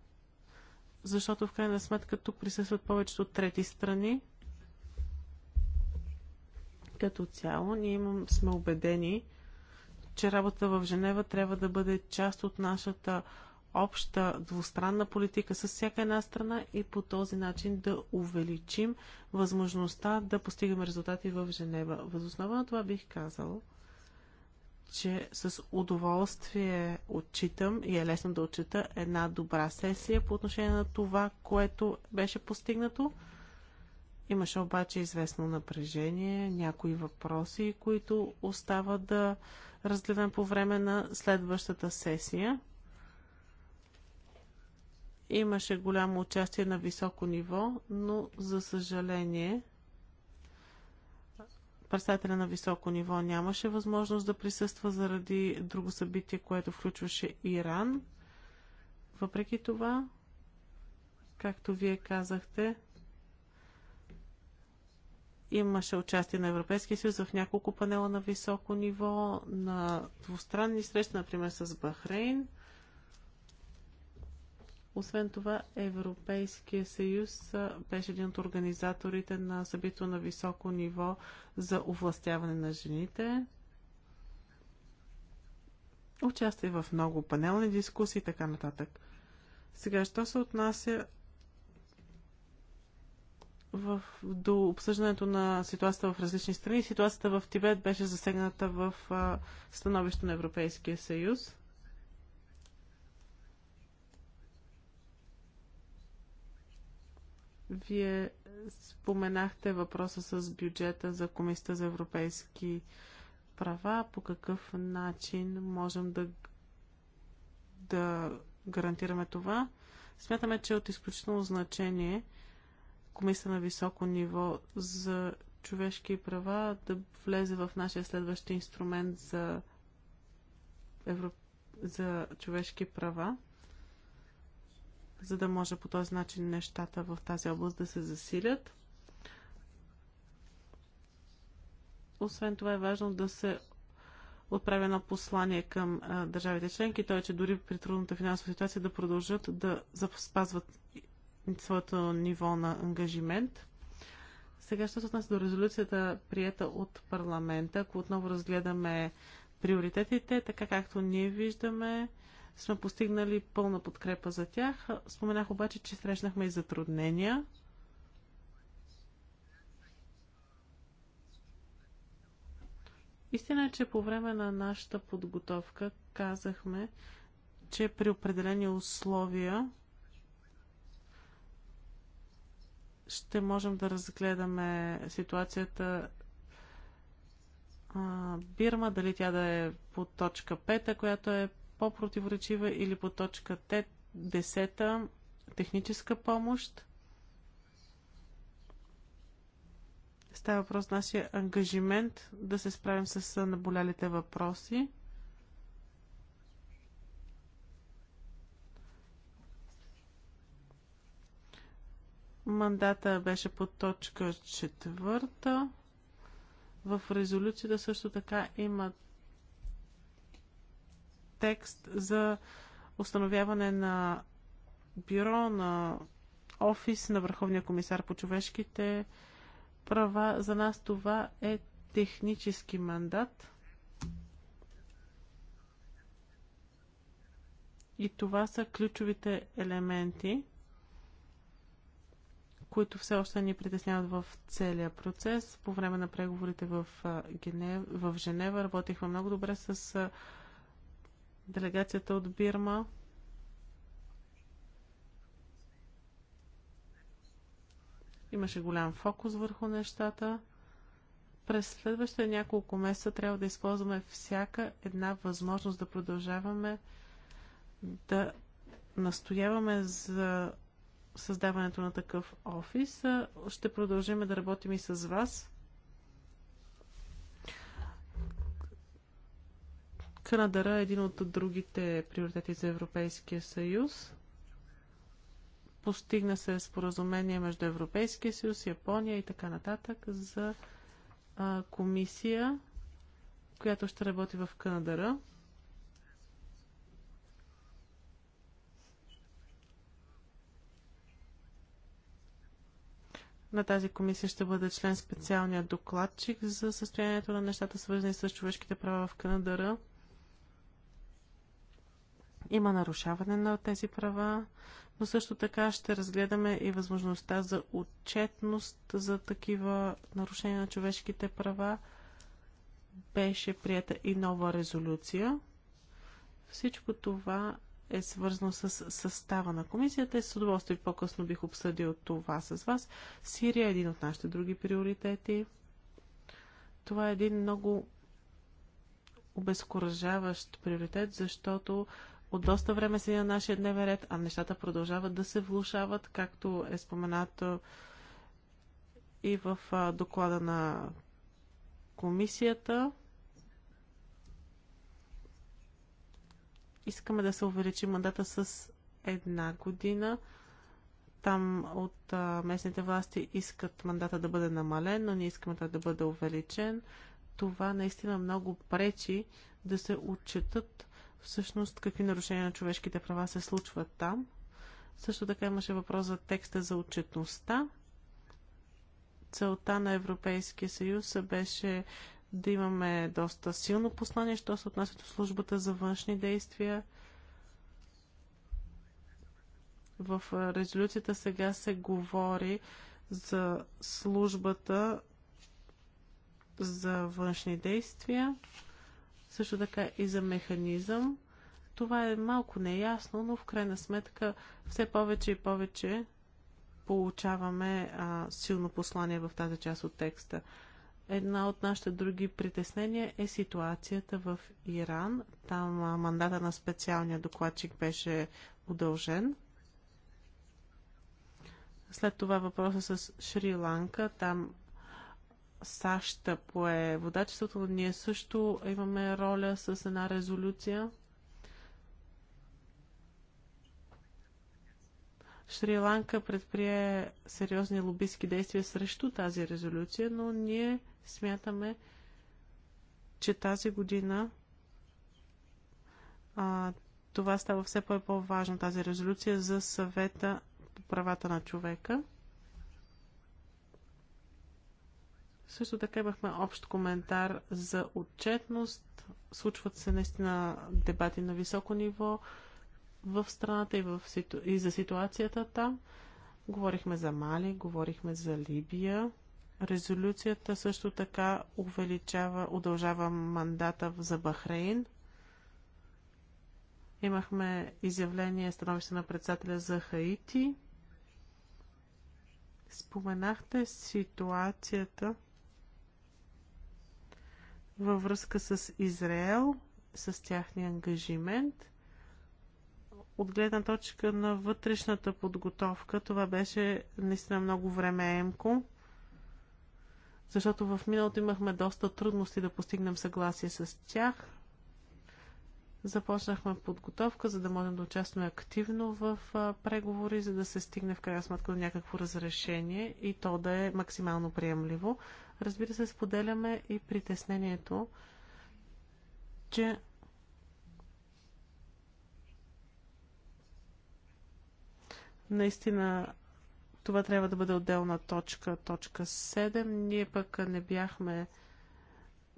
B: защото в крайна сметка тук присъстват повечето трети страни, като цяло ние имам, сме убедени, че работата в Женева трябва да бъде част от нашата обща двустранна политика с всяка една страна и по този начин да увеличим възможността да постигаме резултати в Женева. Възоснова на това бих казал, че с удоволствие отчитам и е лесно да отчита една добра сесия по отношение на това, което беше постигнато. Имаше обаче известно напрежение, някои въпроси, които остава да разгледам по време на следващата сесия. Имаше голямо участие на високо ниво, но за съжаление представителя на високо ниво нямаше възможност да присъства заради друго събитие, което включваше Иран. Въпреки това, както вие казахте, Имаше участие на Европейския съюз в няколко панела на високо ниво, на двустранни срещи, например с Бахрейн. Освен това, Европейския съюз беше един от организаторите на събитието на високо ниво за овластяване на жените. Участие в много панелни дискусии и така нататък. Сега, що се отнася в, до обсъждането на ситуацията в различни страни. Ситуацията в Тибет беше засегната в а, становище на Европейския съюз. Вие споменахте въпроса с бюджета за Комисията за европейски права. По какъв начин можем да, да гарантираме това? Смятаме, че е от изключително значение – комисия на високо ниво за човешки права да влезе в нашия следващ инструмент за, Евро... за човешки права, за да може по този начин нещата в тази област да се засилят. Освен това е важно да се отправя едно послание към а, държавите членки, той, е, че дори при трудната финансова ситуация да продължат да спазват своето ниво на ангажимент. Сега, що се отнася до резолюцията, прията от парламента, ако отново разгледаме приоритетите, така както ние виждаме, сме постигнали пълна подкрепа за тях. Споменах обаче, че срещнахме и затруднения. Истина е, че по време на нашата подготовка казахме, че при определени условия ще можем да разгледаме ситуацията Бирма, дали тя да е по точка 5, която е по-противоречива, или по точка 10, техническа помощ. Става въпрос нашия ангажимент да се справим с наболялите въпроси. Мандата беше по точка четвърта. В резолюцията също така има текст за установяване на бюро, на офис на Върховния комисар по човешките права. За нас това е технически мандат. И това са ключовите елементи които все още ни притесняват в целия процес. По време на преговорите в, Генев, в Женева работихме много добре с делегацията от Бирма. Имаше голям фокус върху нещата. През следващите няколко месеца трябва да използваме всяка една възможност да продължаваме да настояваме за създаването на такъв офис. Ще продължим да работим и с вас. Канадара е един от другите приоритети за Европейския съюз. Постигна се споразумение между Европейския съюз, Япония и така нататък за а, комисия, която ще работи в Канадара. на тази комисия ще бъде член специалният докладчик за състоянието на нещата, свързани с човешките права в Канадара. Има нарушаване на тези права, но също така ще разгледаме и възможността за отчетност за такива нарушения на човешките права. Беше прията и нова резолюция. Всичко това е свързано с състава на комисията и с удоволствие по-късно бих обсъдил това с вас. Сирия е един от нашите други приоритети. Това е един много обезкуражаващ приоритет, защото от доста време се е на нашия дневен ред, а нещата продължават да се влушават, както е споменато и в доклада на комисията. искаме да се увеличи мандата с една година. Там от а, местните власти искат мандата да бъде намален, но ние искаме той да бъде увеличен. Това наистина много пречи да се отчетат всъщност какви нарушения на човешките права се случват там. Също така имаше въпрос за текста за отчетността. Целта на Европейския съюз беше да имаме доста силно послание, що се отнася до службата за външни действия. В резолюцията сега се говори за службата за външни действия, също така и за механизъм. Това е малко неясно, но в крайна сметка все повече и повече получаваме а, силно послание в тази част от текста. Една от нашите други притеснения е ситуацията в Иран. Там а, мандата на специалния докладчик беше удължен. След това въпроса с Шри-Ланка. Там САЩ пое водачеството, но ние също имаме роля с една резолюция. Шри-Ланка предприе сериозни лобистки действия срещу тази резолюция, но ние Смятаме, че тази година а, това става все по-важно, тази резолюция за съвета по правата на човека. Също така имахме общ коментар за отчетност. Случват се наистина дебати на високо ниво в страната и, в ситу... и за ситуацията там. Говорихме за Мали, говорихме за Либия. Резолюцията също така увеличава, удължава мандата за Бахрейн. Имахме изявление, становище на председателя за Хаити. Споменахте ситуацията във връзка с Израел, с тяхния ангажимент. От гледна точка на вътрешната подготовка, това беше наистина много емко защото в миналото имахме доста трудности да постигнем съгласие с тях. Започнахме подготовка, за да можем да участваме активно в преговори, за да се стигне в крайна сметка до някакво разрешение и то да е максимално приемливо. Разбира се, споделяме и притеснението, че наистина това трябва да бъде отделна точка, точка 7. Ние пък не бяхме.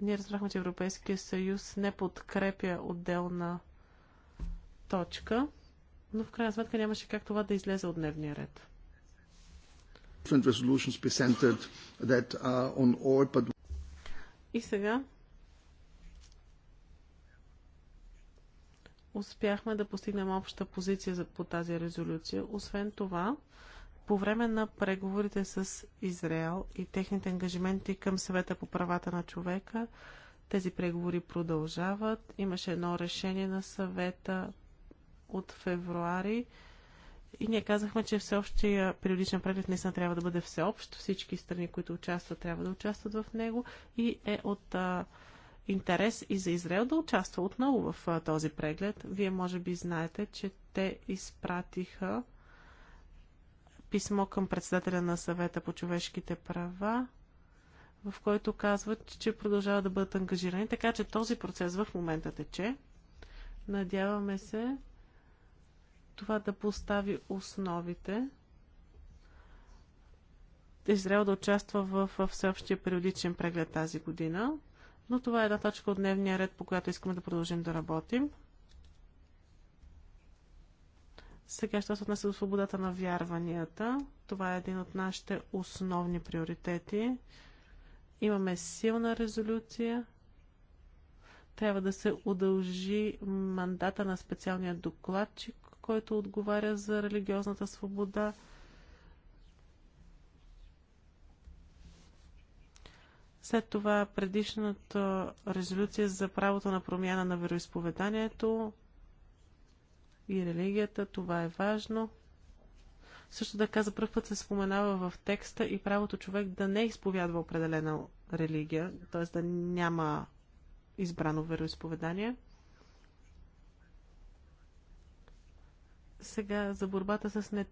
B: Ние разбрахме, че Европейския съюз не подкрепя отделна точка, но в крайна сметка нямаше как това да излезе от дневния ред. И сега успяхме да постигнем обща позиция по тази резолюция. Освен това, по време на преговорите с Израел и техните ангажименти към съвета по правата на човека, тези преговори продължават. Имаше едно решение на съвета от февруари и ние казахме, че всеобщия периодичен преглед са трябва да бъде всеобщ. Всички страни, които участват, трябва да участват в него и е от а, интерес и за Израел да участва отново в а, този преглед. Вие може би знаете, че те изпратиха писмо към председателя на съвета по човешките права, в който казват, че продължават да бъдат ангажирани. Така че този процес в момента тече. Надяваме се това да постави основите. Израел да участва в, в всеобщия периодичен преглед тази година. Но това е една точка от дневния ред, по която искаме да продължим да работим. Сега ще се отнесе до свободата на вярванията. Това е един от нашите основни приоритети. Имаме силна резолюция. Трябва да се удължи мандата на специалния докладчик, който отговаря за религиозната свобода. След това предишната резолюция за правото на промяна на вероисповеданието и религията. Това е важно. Също така за първ път се споменава в текста и правото човек да не изповядва определена религия, т.е. да няма избрано вероисповедание. Сега за борбата с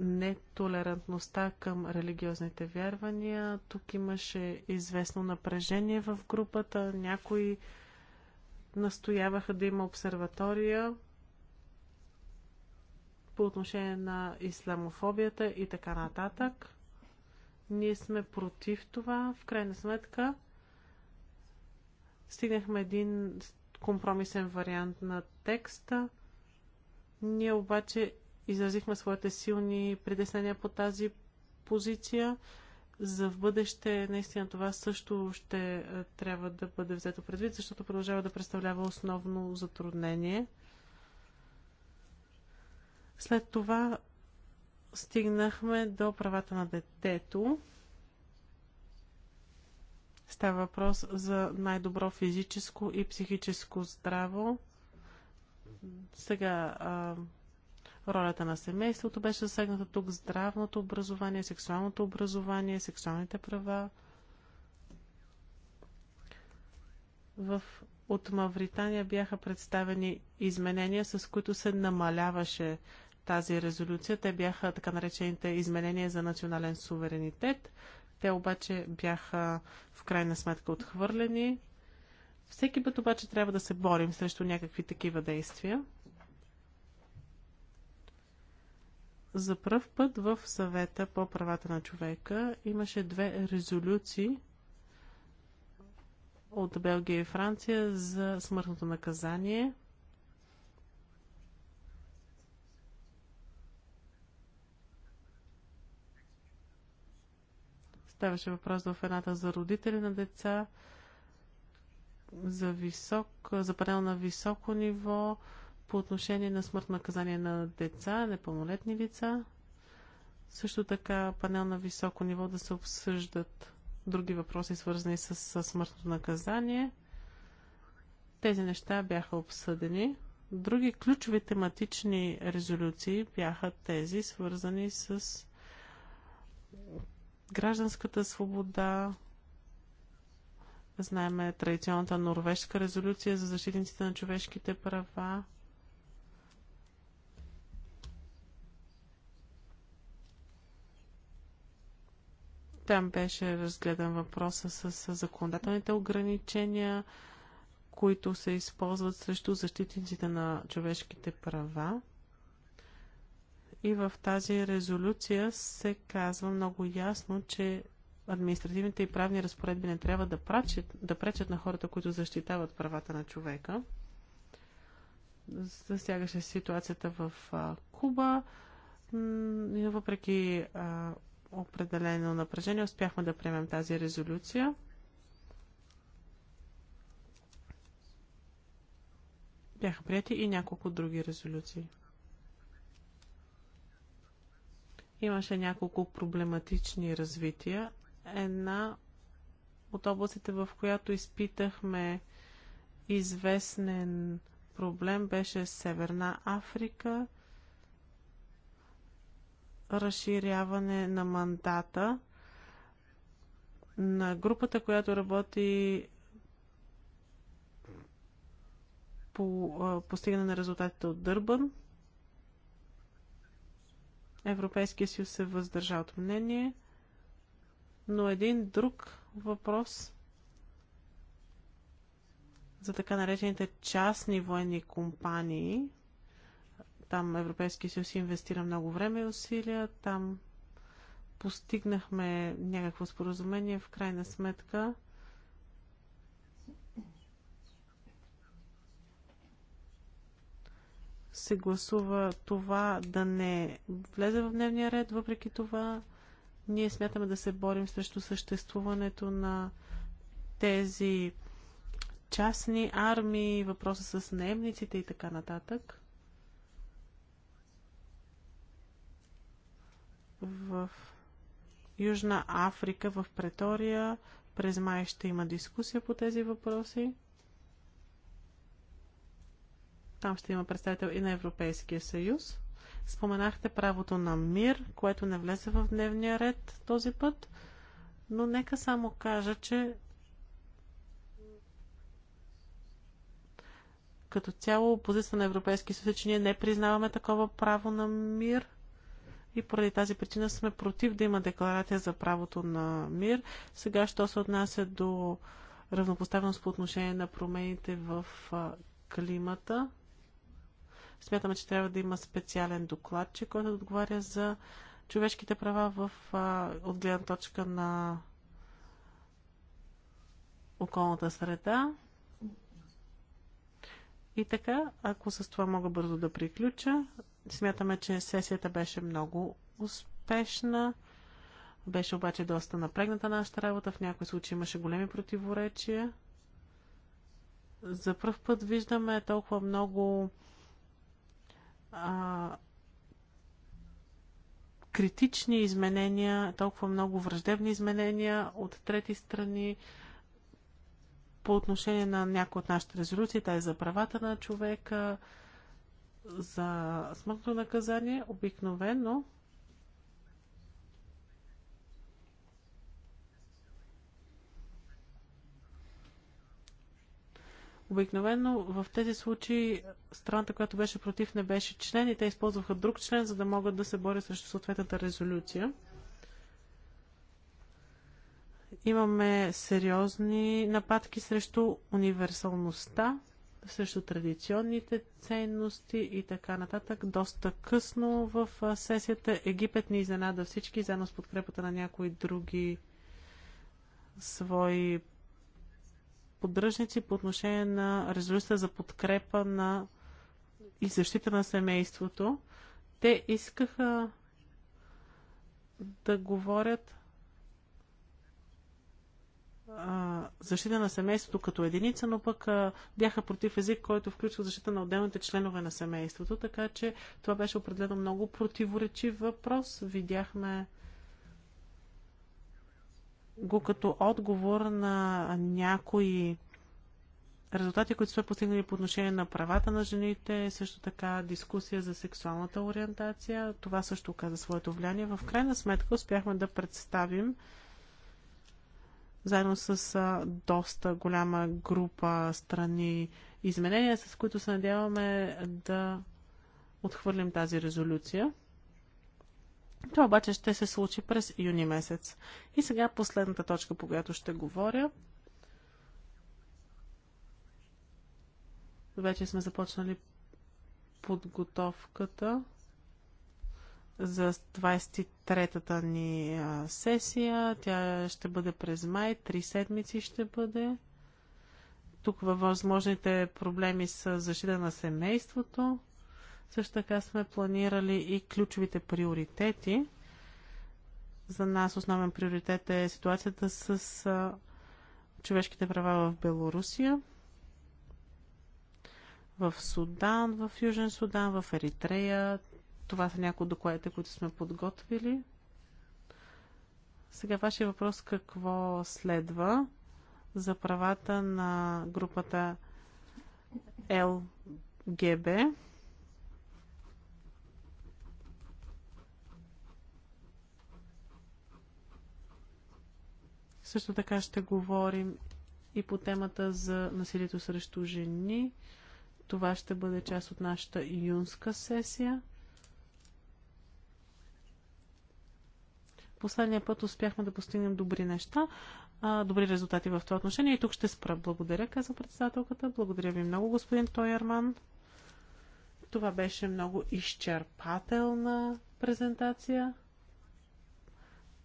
B: нетолерантността към религиозните вярвания. Тук имаше известно напрежение в групата. Някои настояваха да има обсерватория по отношение на исламофобията и така нататък. Ние сме против това. В крайна сметка стигнахме един компромисен вариант на текста. Ние обаче изразихме своите силни притеснения по тази позиция. За в бъдеще наистина това също ще е, трябва да бъде взето предвид, защото продължава да представлява основно затруднение. След това стигнахме до правата на детето. Става въпрос за най-добро физическо и психическо здраво. Сега а, ролята на семейството беше засегната тук здравното образование, сексуалното образование, сексуалните права. В, от Мавритания бяха представени изменения, с които се намаляваше тази резолюция. Те бяха така наречените изменения за национален суверенитет. Те обаче бяха в крайна сметка отхвърлени. Всеки път обаче трябва да се борим срещу някакви такива действия. За пръв път в съвета по правата на човека имаше две резолюции от Белгия и Франция за смъртното наказание – Ставаше въпрос в едната за родители на деца, за, висок, за панел на високо ниво по отношение на смъртно наказание на деца, непълнолетни лица. Също така панел на високо ниво да се обсъждат други въпроси, свързани с, с смъртното наказание. Тези неща бяха обсъдени. Други ключови тематични резолюции бяха тези, свързани с гражданската свобода. Знаеме традиционната норвежка резолюция за защитниците на човешките права. Там беше разгледан въпроса с законодателните ограничения, които се използват срещу защитниците на човешките права. И в тази резолюция се казва много ясно, че административните и правни разпоредби не трябва да, прачат, да пречат на хората, които защитават правата на човека. Засягаше ситуацията в а, Куба. И въпреки а, определено напрежение успяхме да приемем тази резолюция. Бяха прияти и няколко други резолюции. Имаше няколко проблематични развития. Една от областите, в която изпитахме известен проблем, беше Северна Африка, разширяване на мандата на групата, която работи по постигане на резултатите от Дърбан. Европейския съюз се въздържа от мнение. Но един друг въпрос за така наречените частни военни компании. Там Европейския съюз инвестира много време и усилия. Там постигнахме някакво споразумение. В крайна сметка се гласува това да не влезе в дневния ред. Въпреки това, ние смятаме да се борим срещу съществуването на тези частни армии, въпроса с наемниците и така нататък. В Южна Африка, в Претория, през май ще има дискусия по тези въпроси. Там ще има представител и на Европейския съюз. Споменахте правото на мир, което не влезе в дневния ред този път, но нека само кажа, че като цяло позиция на Европейския съюз е, че ние не признаваме такова право на мир и поради тази причина сме против да има декларация за правото на мир. Сега, що се отнася до равнопоставеност по отношение на промените в климата, Смятаме, че трябва да има специален докладчик, който да отговаря за човешките права в, а, от гледна точка на околната среда. И така, ако с това мога бързо да приключа, смятаме, че сесията беше много успешна. Беше обаче доста напрегната нашата работа. В някои случаи имаше големи противоречия. За първ път виждаме толкова много а, критични изменения, толкова много враждебни изменения от трети страни по отношение на някои от нашите резолюции, тази е за правата на човека, за смъртно наказание, обикновено Обикновено в тези случаи страната, която беше против, не беше член и те използваха друг член, за да могат да се борят срещу съответната резолюция. Имаме сериозни нападки срещу универсалността, срещу традиционните ценности и така нататък. Доста късно в сесията Египет ни изненада всички, заедно с подкрепата на някои други свои поддръжници по отношение на резолюцията за подкрепа на и защита на семейството. Те искаха да говорят а, защита на семейството като единица, но пък а, бяха против език, който включва защита на отделните членове на семейството, така че това беше определено много противоречив въпрос. Видяхме го като отговор на някои резултати, които сме постигнали по отношение на правата на жените, също така дискусия за сексуалната ориентация. Това също оказа своето влияние. В крайна сметка успяхме да представим заедно с а, доста голяма група страни изменения, с които се надяваме да отхвърлим тази резолюция. Това обаче ще се случи през юни месец. И сега последната точка, по която ще говоря. Вече сме започнали подготовката за 23-та ни а, сесия. Тя ще бъде през май, три седмици ще бъде. Тук във възможните проблеми са защита на семейството. Също така сме планирали и ключовите приоритети. За нас основен приоритет е ситуацията с човешките права в Белорусия, в Судан, в Южен Судан, в Еритрея. Това са някои от докладите, които сме подготвили. Сега вашия въпрос какво следва за правата на групата ЛГБ. Също така ще говорим и по темата за насилието срещу жени. Това ще бъде част от нашата юнска сесия. Последния път успяхме да постигнем добри неща, добри резултати в това отношение и тук ще спра. Благодаря, каза председателката. Благодаря ви много, господин Тойерман. Това беше много изчерпателна презентация.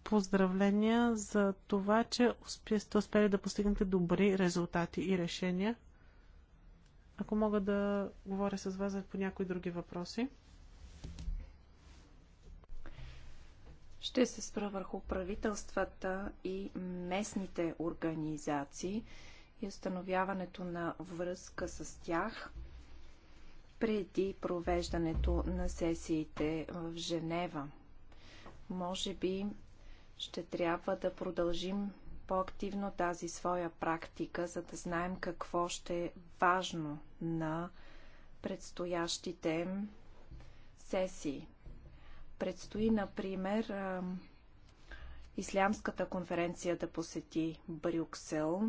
B: Поздравления за това, че сте успели да постигнете добри резултати и решения. Ако мога да говоря с вас по някои други въпроси.
A: Ще се спра върху правителствата и местните организации и установяването на връзка с тях преди провеждането на сесиите в Женева. Може би ще трябва да продължим по-активно тази своя практика, за да знаем какво ще е важно на предстоящите сесии. Предстои, например, Ислямската конференция да посети Брюксел.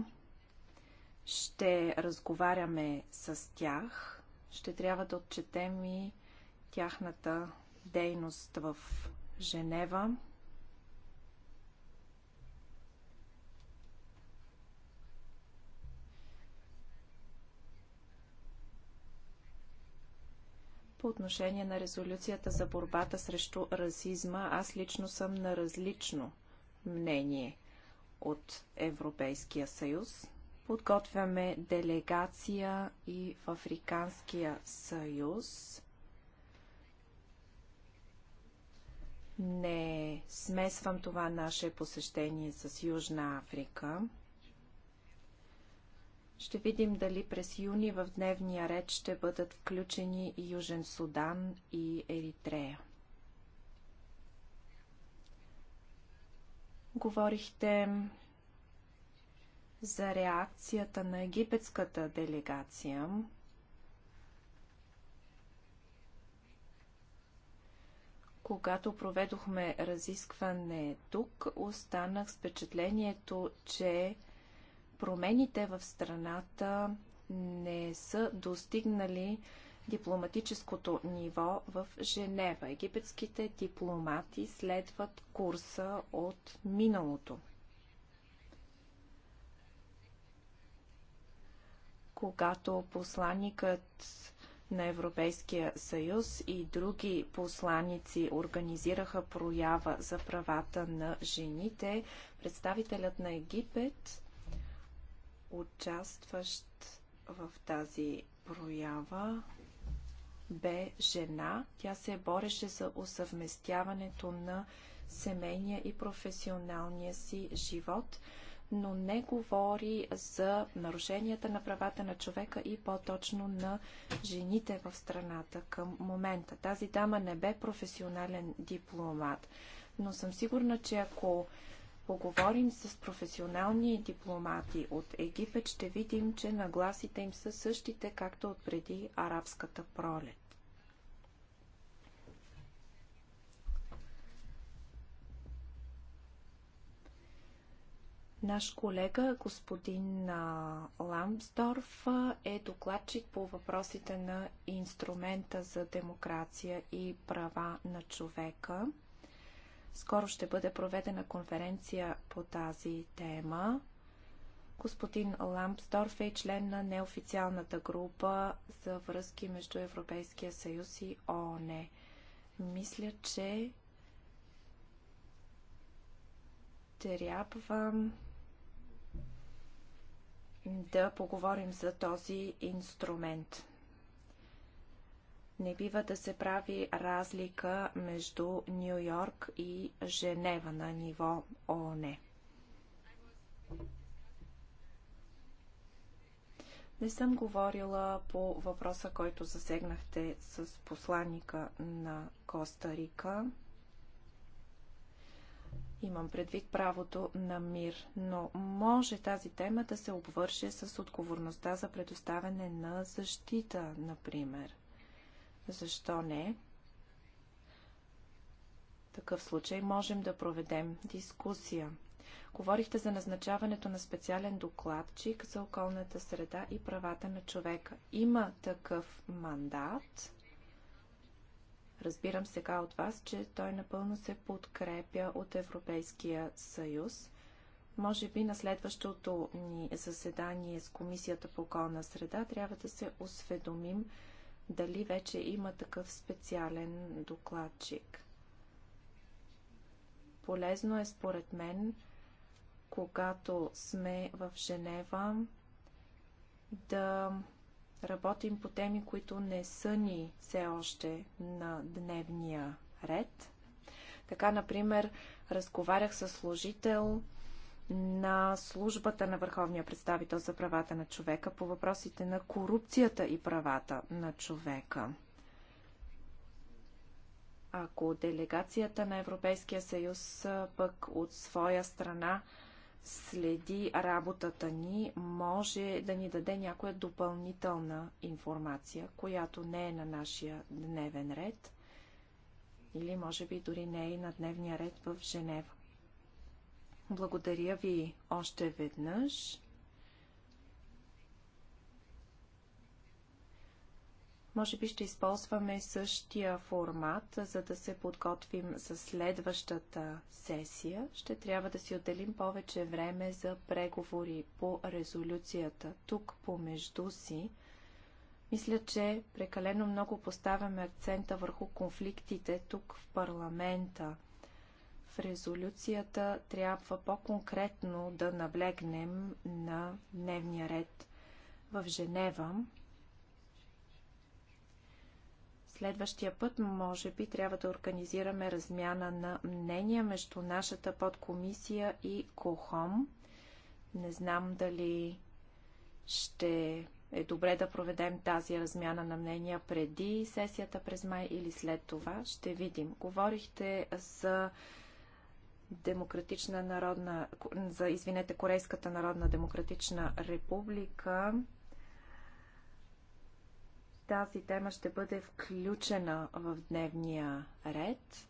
A: Ще разговаряме с тях. Ще трябва да отчетем и тяхната дейност в Женева. По отношение на резолюцията за борбата срещу расизма, аз лично съм на различно мнение от Европейския съюз. Подготвяме делегация и в Африканския съюз. Не смесвам това наше посещение с Южна Африка. Ще видим дали през юни в дневния ред ще бъдат включени и Южен Судан и Еритрея. Говорихте за реакцията на египетската делегация. Когато проведохме разискване тук, останах с впечатлението, че промените в страната не са достигнали дипломатическото ниво в Женева. Египетските дипломати следват курса от миналото. Когато посланникът на Европейския съюз и други посланици организираха проява за правата на жените, представителят на Египет Участващ в тази проява бе жена. Тя се бореше за усъвместяването на семейния и професионалния си живот, но не говори за нарушенията на правата на човека и по-точно на жените в страната към момента. Тази дама не бе професионален дипломат, но съм сигурна, че ако поговорим с професионални дипломати от Египет, ще видим, че нагласите им са същите, както от преди арабската пролет. Наш колега, господин Ламсдорф, е докладчик по въпросите на инструмента за демокрация и права на човека. Скоро ще бъде проведена конференция по тази тема. Господин Лампсдорф е член на неофициалната група за връзки между Европейския съюз и ООН. Мисля, че трябва да поговорим за този инструмент. Не бива да се прави разлика между Нью Йорк и Женева на ниво ООН. Не съм говорила по въпроса, който засегнахте с посланника на Коста Рика. Имам предвид правото на мир, но може тази тема да се обвърже с отговорността за предоставяне на защита, например. Защо не? В такъв случай можем да проведем дискусия. Говорихте за назначаването на специален докладчик за околната среда и правата на човека. Има такъв мандат. Разбирам сега от вас, че той напълно се подкрепя от Европейския съюз. Може би на следващото ни заседание с Комисията по околна среда трябва да се осведомим дали вече има такъв специален докладчик. Полезно е според мен, когато сме в Женева, да работим по теми, които не са ни все още на дневния ред. Така, например, разговарях с служител, на службата на Върховния представител за правата на човека по въпросите на корупцията и правата на човека. Ако делегацията на Европейския съюз пък от своя страна следи работата ни, може да ни даде някоя допълнителна информация, която не е на нашия дневен ред или може би дори не е и на дневния ред в Женева. Благодаря ви още веднъж. Може би ще използваме същия формат, за да се подготвим за следващата сесия. Ще трябва да си отделим повече време за преговори по резолюцията тук помежду си. Мисля, че прекалено много поставяме акцента върху конфликтите тук в парламента – резолюцията трябва по-конкретно да наблегнем на дневния ред в Женева. Следващия път, може би, трябва да организираме размяна на мнения между нашата подкомисия и КОХОМ. Не знам дали ще е добре да проведем тази размяна на мнения преди сесията през май или след това. Ще видим. Говорихте за Демократична народна, за, извинете, Корейската народна демократична република. Тази тема ще бъде включена в дневния ред.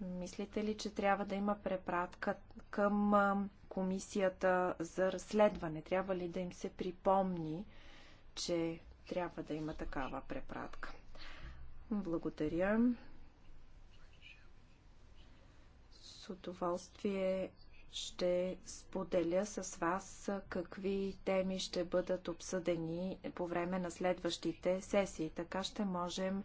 A: Мислите ли, че трябва да има препратка към комисията за разследване? Трябва ли да им се припомни, че трябва да има такава препратка? Благодаря. С удоволствие ще споделя с вас какви теми ще бъдат обсъдени по време на следващите сесии. Така ще можем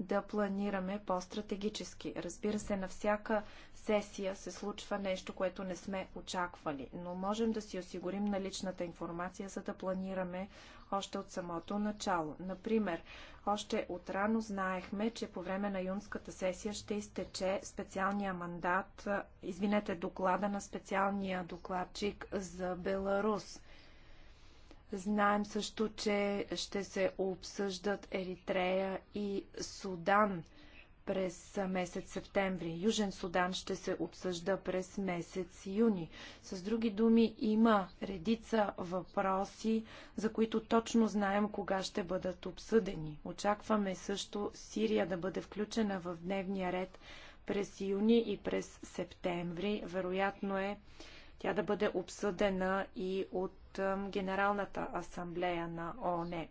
A: да планираме по-стратегически. Разбира се, на всяка сесия се случва нещо, което не сме очаквали, но можем да си осигурим наличната информация, за да планираме още от самото начало. Например, още отрано знаехме, че по време на юнската сесия ще изтече специалния мандат, извинете, доклада на специалния докладчик за Беларус. Знаем също, че ще се обсъждат Еритрея и Судан – през месец септември. Южен Судан ще се обсъжда през месец юни. С други думи, има редица въпроси, за които точно знаем кога ще бъдат обсъдени. Очакваме също Сирия да бъде включена в дневния ред през юни и през септември. Вероятно е тя да бъде обсъдена и от Генералната асамблея на ОНЕ.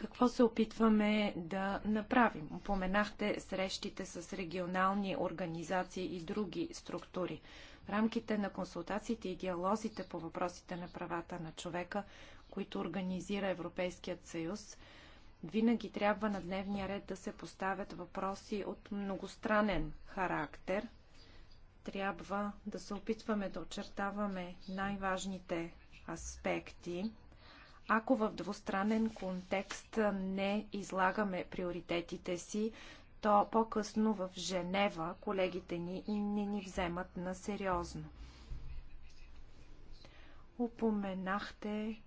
A: Какво се опитваме да направим? Упоменахте срещите с регионални организации и други структури. В рамките на консултациите и диалозите по въпросите на правата на човека, които организира Европейският съюз, винаги трябва на дневния ред да се поставят въпроси от многостранен характер. Трябва да се опитваме да очертаваме най-важните аспекти ако в двустранен контекст не излагаме приоритетите си, то по-късно в Женева колегите ни не ни вземат на сериозно. Упоменахте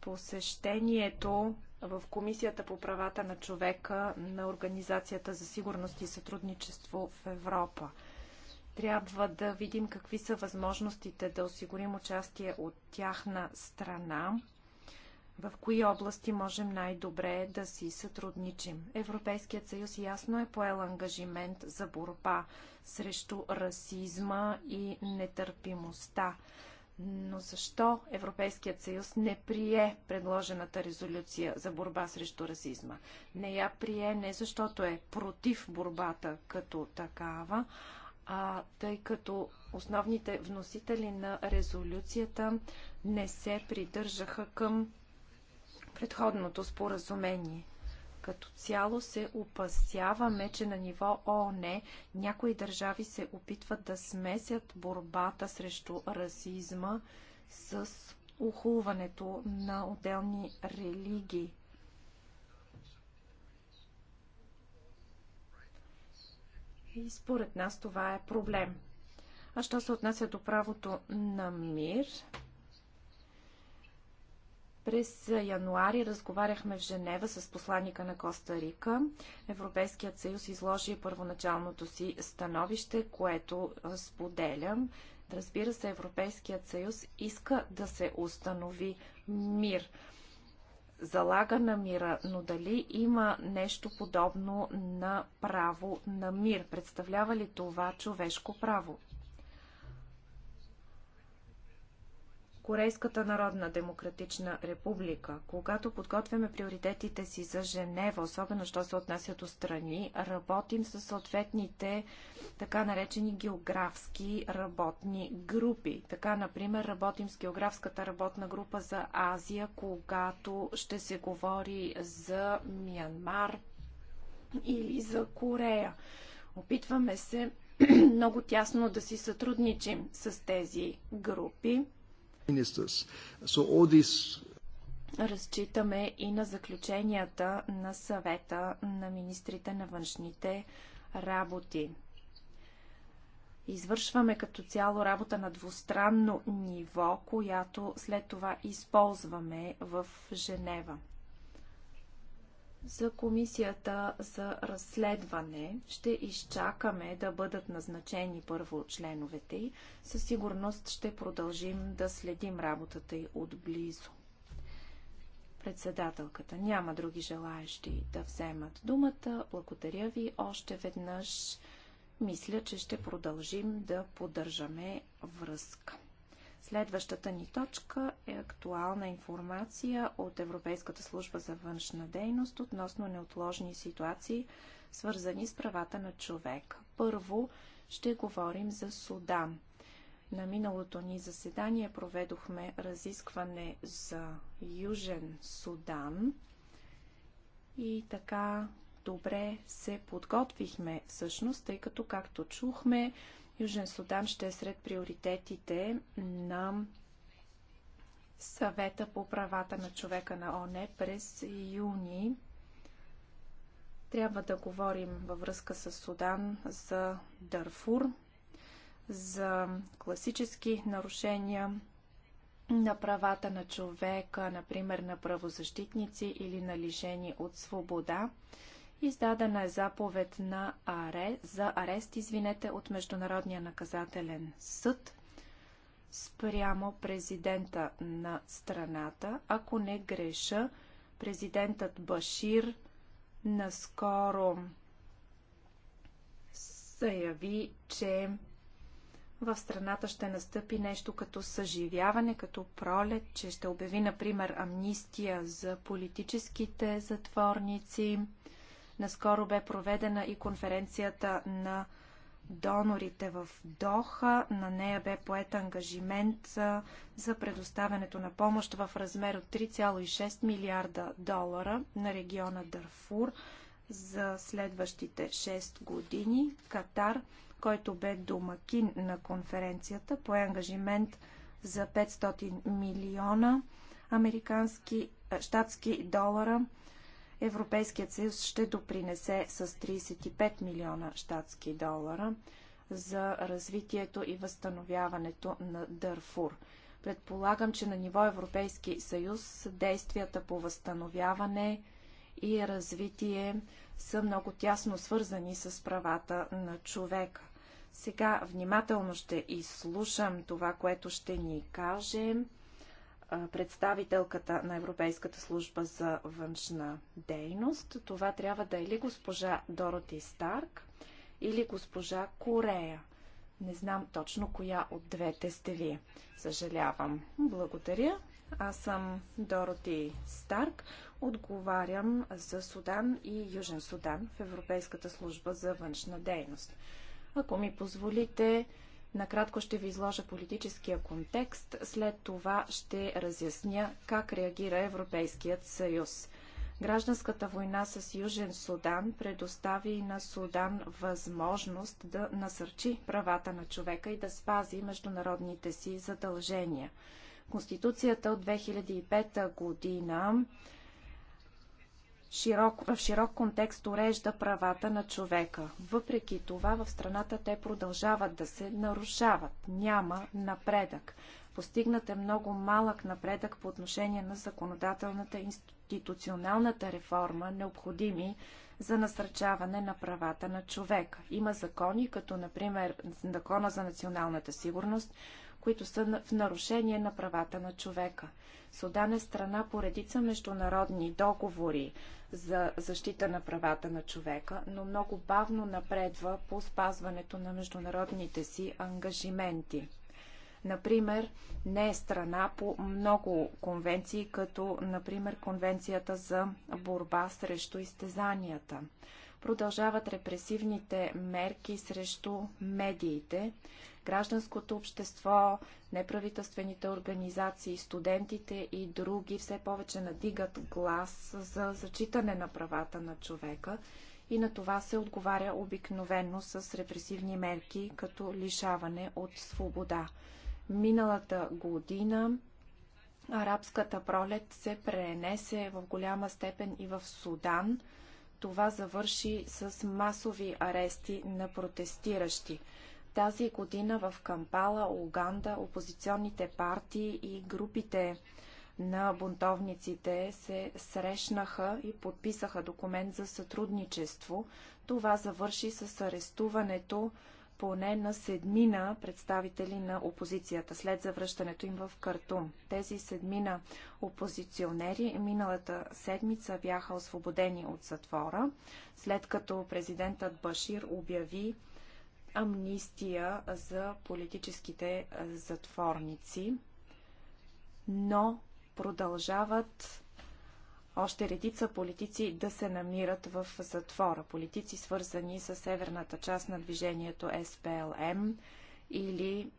A: посещението в Комисията по правата на човека на Организацията за сигурност и сътрудничество в Европа – трябва да видим какви са възможностите да осигурим участие от тяхна страна, в кои области можем най-добре да си сътрудничим. Европейският съюз ясно е поел ангажимент за борба срещу расизма и нетърпимостта. Но защо Европейският съюз не прие предложената резолюция за борба срещу расизма? Не я прие не защото е против борбата като такава, а, тъй като основните вносители на резолюцията не се придържаха към предходното споразумение. Като цяло се опасяваме, че на ниво ООН някои държави се опитват да смесят борбата срещу расизма с ухулването на отделни религии. И според нас това е проблем. А що се отнася до правото на мир, през януари разговаряхме в Женева с посланника на Коста Рика. Европейският съюз изложи първоначалното си становище, което споделям. Разбира се, Европейският съюз иска да се установи мир залага на мира, но дали има нещо подобно на право на мир? Представлява ли това човешко право? Корейската народна демократична република. Когато подготвяме приоритетите си за Женева, особено що се отнася до страни, работим с съответните така наречени географски работни групи. Така, например, работим с географската работна група за Азия, когато ще се говори за Миянмар или за Корея. Опитваме се много тясно да си сътрудничим с тези групи. Разчитаме и на заключенията на съвета на министрите на външните работи. Извършваме като цяло работа на двустранно ниво, която след това използваме в Женева. За комисията за разследване ще изчакаме да бъдат назначени първо членовете й. Със сигурност ще продължим да следим работата й отблизо. Председателката няма други желаящи да вземат думата. Благодаря ви още веднъж. Мисля, че ще продължим да поддържаме връзка. Следващата ни точка е актуална информация от Европейската служба за външна дейност относно неотложни ситуации, свързани с правата на човек. Първо ще говорим за Судан. На миналото ни заседание проведохме разискване за Южен Судан и така добре се подготвихме всъщност, тъй като, както чухме, Южен Судан ще е сред приоритетите на съвета по правата на човека на ОНЕ през юни. Трябва да говорим във връзка с Судан за Дарфур, за класически нарушения на правата на човека, например на правозащитници или на лишени от свобода. Издадена е заповед на аре, за арест, извинете, от Международния наказателен съд спрямо президента на страната. Ако не греша, президентът Башир наскоро заяви, че в страната ще настъпи нещо като съживяване, като пролет, че ще обяви, например, амнистия за политическите затворници – Наскоро бе проведена и конференцията на донорите в Доха. На нея бе поет ангажимент за предоставянето на помощ в размер от 3,6 милиарда долара на региона Дарфур за следващите 6 години. Катар, който бе домакин на конференцията, пое ангажимент за 500 милиона американски щатски долара – Европейският съюз ще допринесе с 35 милиона щатски долара за развитието и възстановяването на Дърфур. Предполагам, че на ниво Европейски съюз действията по възстановяване и развитие са много тясно свързани с правата на човека. Сега внимателно ще изслушам това, което ще ни кажем представителката на Европейската служба за външна дейност. Това трябва да е ли госпожа Дороти Старк или госпожа Корея. Не знам точно коя от двете сте ви. Съжалявам. Благодаря. Аз съм Дороти Старк. Отговарям за Судан и Южен Судан в Европейската служба за външна дейност. Ако ми позволите, Накратко ще ви изложа политическия контекст, след това ще разясня как реагира Европейският съюз. Гражданската война с Южен Судан предостави на Судан възможност да насърчи правата на човека и да спази международните си задължения. Конституцията от 2005 година широк, в широк контекст урежда правата на човека. Въпреки това в страната те продължават да се нарушават. Няма напредък. Постигнат е много малък напредък по отношение на законодателната институционалната реформа, необходими за насърчаване на правата на човека. Има закони, като например Закона за националната сигурност, които са в нарушение на правата на човека. Судан е страна по редица международни договори, за защита на правата на човека, но много бавно напредва по спазването на международните си ангажименти. Например, не е страна по много конвенции, като например Конвенцията за борба срещу изтезанията. Продължават репресивните мерки срещу медиите, гражданското общество, неправителствените организации, студентите и други все повече надигат глас за зачитане на правата на човека и на това се отговаря обикновено с репресивни мерки, като лишаване от свобода. Миналата година арабската пролет се пренесе в голяма степен и в Судан. Това завърши с масови арести на протестиращи. Тази година в Кампала, Уганда, опозиционните партии и групите на бунтовниците се срещнаха и подписаха документ за сътрудничество. Това завърши с арестуването поне на седмина представители на опозицията след завръщането им в Картум. Тези седмина опозиционери миналата седмица бяха освободени от затвора, след като президентът Башир обяви амнистия за политическите затворници, но продължават още редица политици да се намират в затвора. Политици свързани с северната част на движението СПЛМ или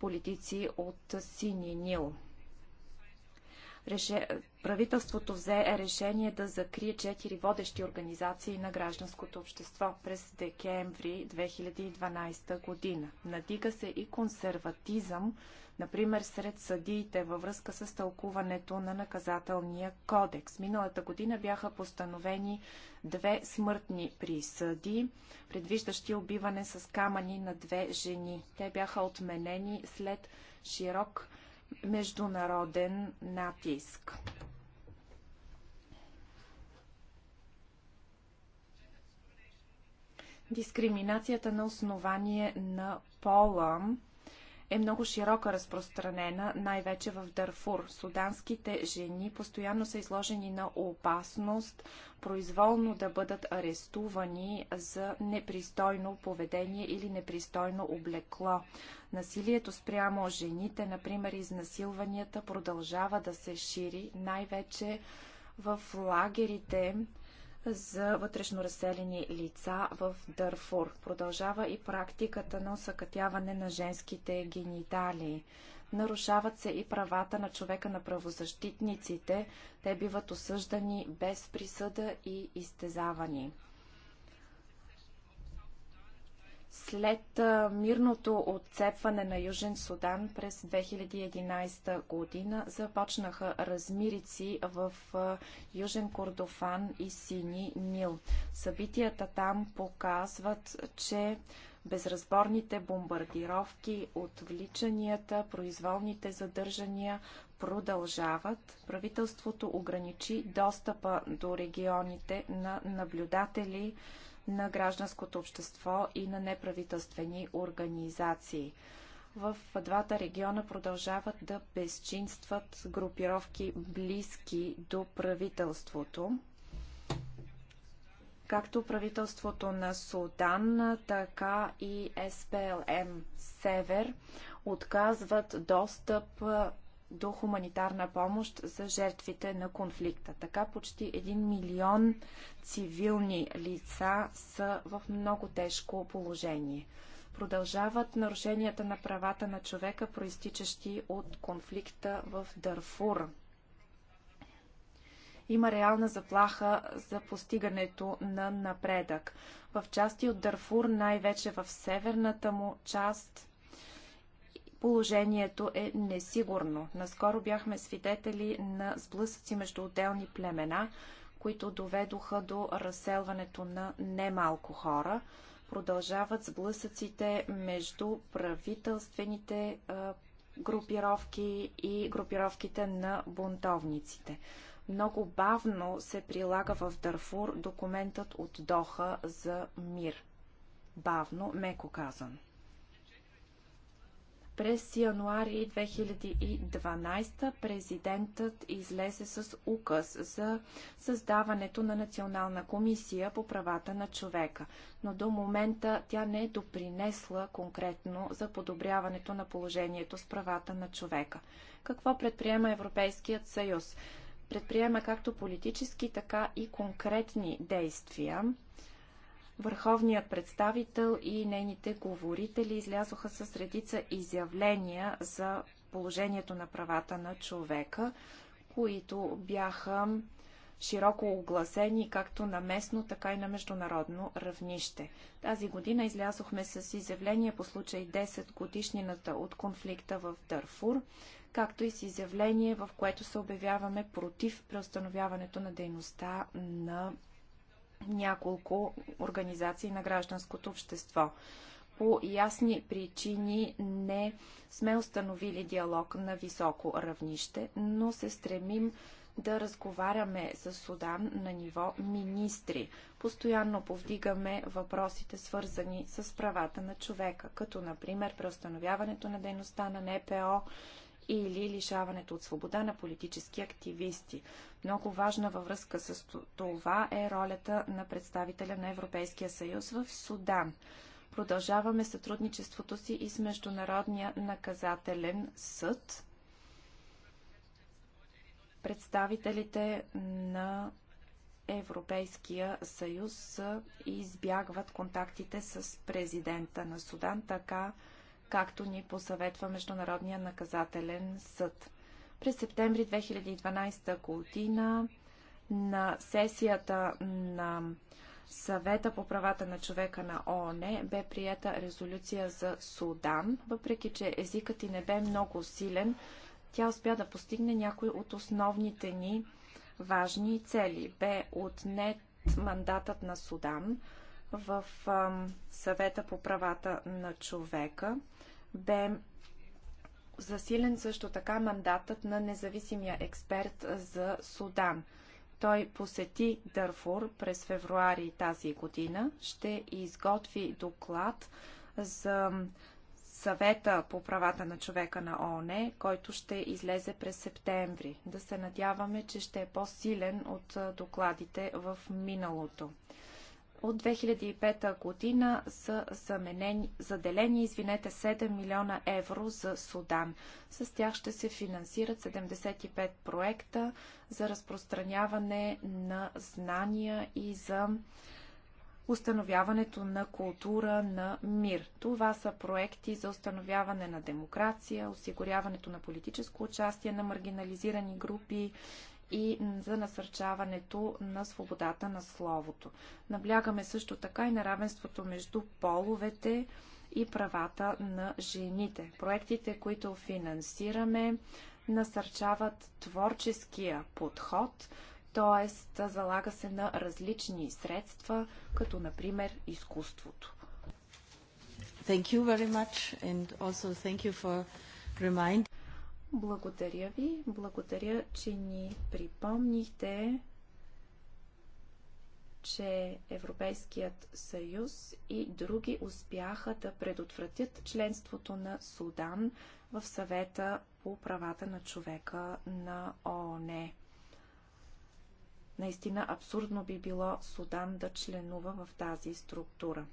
A: политици от Сини Нил правителството взе решение да закрие четири водещи организации на гражданското общество през декември 2012 година. Надига се и консерватизъм, например сред съдиите във връзка с тълкуването на наказателния кодекс. Миналата година бяха постановени две смъртни присъди, предвиждащи убиване с камъни на две жени. Те бяха отменени след широк международен натиск. Дискриминацията на основание на пола е много широко разпространена, най-вече в Дарфур. Суданските жени постоянно са изложени на опасност произволно да бъдат арестувани за непристойно поведение или непристойно облекло. Насилието спрямо жените, например изнасилванията, продължава да се шири, най-вече в лагерите, за вътрешно разселени лица в Дърфур. Продължава и практиката на осъкътяване на женските гениталии. Нарушават се и правата на човека на правозащитниците. Те биват осъждани без присъда и изтезавани. След мирното отцепване на Южен Судан през 2011 година започнаха размирици в Южен Кордофан и Сини Нил. Събитията там показват, че безразборните бомбардировки, отвличанията, произволните задържания продължават. Правителството ограничи достъпа до регионите на наблюдатели на гражданското общество и на неправителствени организации. В двата региона продължават да безчинстват групировки близки до правителството. Както правителството на Судан, така и СПЛМ Север отказват достъп до хуманитарна помощ за жертвите на конфликта. Така почти 1 милион цивилни лица са в много тежко положение. Продължават нарушенията на правата на човека, проистичащи от конфликта в Дарфур. Има реална заплаха за постигането на напредък. В части от Дарфур, най-вече в северната му част, положението е несигурно. Наскоро бяхме свидетели на сблъсъци между отделни племена, които доведоха до разселването на немалко хора. Продължават сблъсъците между правителствените групировки и групировките на бунтовниците. Много бавно се прилага в Дарфур документът от Доха за мир. Бавно, меко казано. През януари 2012 президентът излезе с указ за създаването на Национална комисия по правата на човека, но до момента тя не е допринесла конкретно за подобряването на положението с правата на човека. Какво предприема Европейският съюз? Предприема както политически, така и конкретни действия Върховният представител и нейните говорители излязоха с редица изявления за положението на правата на човека, които бяха широко огласени както на местно, така и на международно равнище. Тази година излязохме с изявление по случай 10 годишнината от конфликта в Дърфур, както и с изявление, в което се обявяваме против преустановяването на дейността на няколко организации на гражданското общество. По ясни причини не сме установили диалог на високо равнище, но се стремим да разговаряме с Судан на ниво министри. Постоянно повдигаме въпросите, свързани с правата на човека, като например преустановяването на дейността на НПО, или лишаването от свобода на политически активисти. Много важна във връзка с това е ролята на представителя на Европейския съюз в Судан. Продължаваме сътрудничеството си и с Международния наказателен съд. Представителите на Европейския съюз избягват контактите с президента на Судан, така както ни посъветва Международния наказателен съд. През септември 2012 година на сесията на Съвета по правата на човека на ООН бе приета резолюция за Судан. Въпреки, че езикът и не бе много силен, тя успя да постигне някои от основните ни важни цели. Бе отнет мандатът на Судан в Съвета по правата на човека бе засилен също така мандатът на независимия експерт за Судан. Той посети Дърфур през февруари тази година. Ще изготви доклад за съвета по правата на човека на ООН, който ще излезе през септември. Да се надяваме, че ще е по-силен от докладите в миналото. От 2005 година са заменени, заделени извинете, 7 милиона евро за Судан. С тях ще се финансират 75 проекта за разпространяване на знания и за установяването на култура на мир. Това са проекти за установяване на демокрация, осигуряването на политическо участие на маргинализирани групи и за насърчаването на свободата на словото. Наблягаме също така и на равенството между половете и правата на жените. Проектите, които финансираме, насърчават творческия подход, т.е. залага се на различни средства, като например изкуството. Thank you very much and also thank you for remind благодаря ви. Благодаря, че ни припомнихте, че Европейският съюз и други успяха да предотвратят членството на Судан в съвета по правата на човека на ООН. Наистина абсурдно би било Судан да членува в тази структура.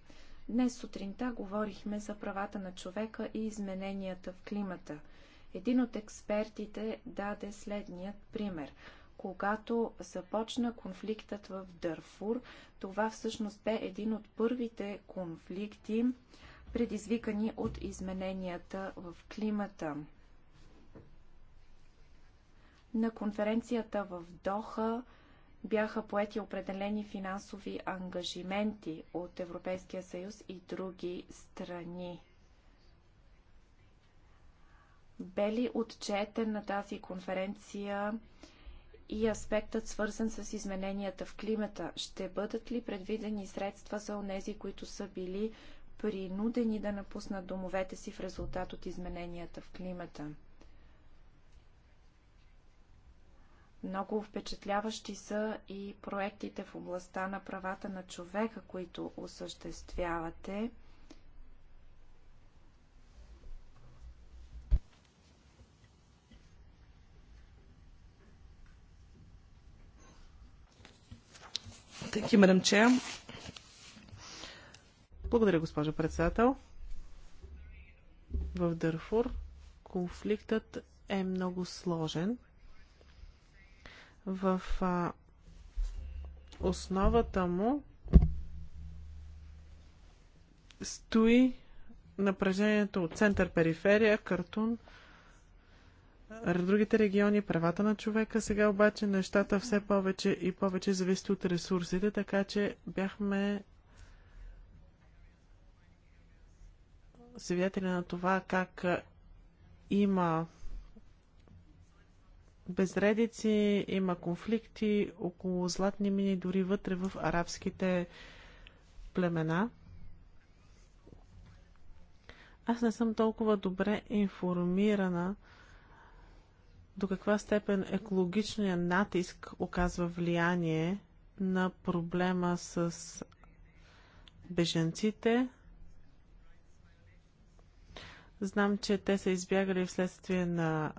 A: Днес сутринта говорихме за правата на човека и измененията в климата – един от експертите даде следният пример. Когато започна конфликтът в Дърфур, това всъщност бе един от първите конфликти, предизвикани от измененията в климата. На конференцията в Доха бяха поети определени финансови ангажименти от Европейския съюз и други страни. Бе ли отчетен на тази конференция и аспектът свързан с измененията в климата? Ще бъдат ли предвидени средства за онези, които са били принудени да напуснат домовете си в резултат от измененията в климата? Много впечатляващи са и проектите в областта на правата на човека, които осъществявате.
B: You, Благодаря, госпожо председател. В Дърфур конфликтът е много сложен. В а, основата му стои напрежението от център-периферия, Картун, другите региони, правата на човека. Сега обаче нещата все повече и повече зависят от ресурсите, така че бяхме свидетели на това как има безредици, има конфликти около златни мини, дори вътре в арабските племена. Аз не съм толкова добре информирана до каква степен екологичният натиск оказва влияние на проблема с беженците. Знам, че те са избягали вследствие на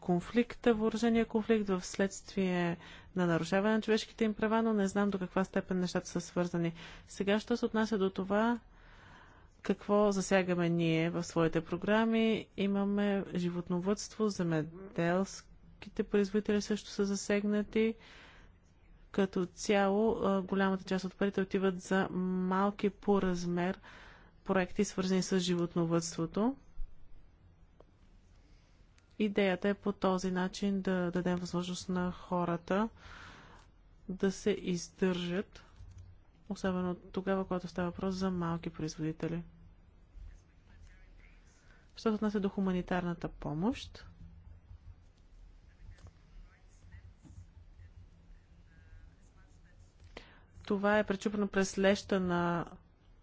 B: конфликта, въоръжения конфликт, в следствие на нарушаване на човешките им права, но не знам до каква степен нещата са свързани. Сега, що се отнася до това, какво засягаме ние в своите програми? Имаме животновътство, земеделските производители също са засегнати. Като цяло, голямата част от парите отиват за малки по размер проекти, свързани с животновътството. Идеята е по този начин да дадем възможност на хората да се издържат, особено тогава, когато става въпрос за малки производители. Що се отнася до хуманитарната помощ, това е пречупено през леща на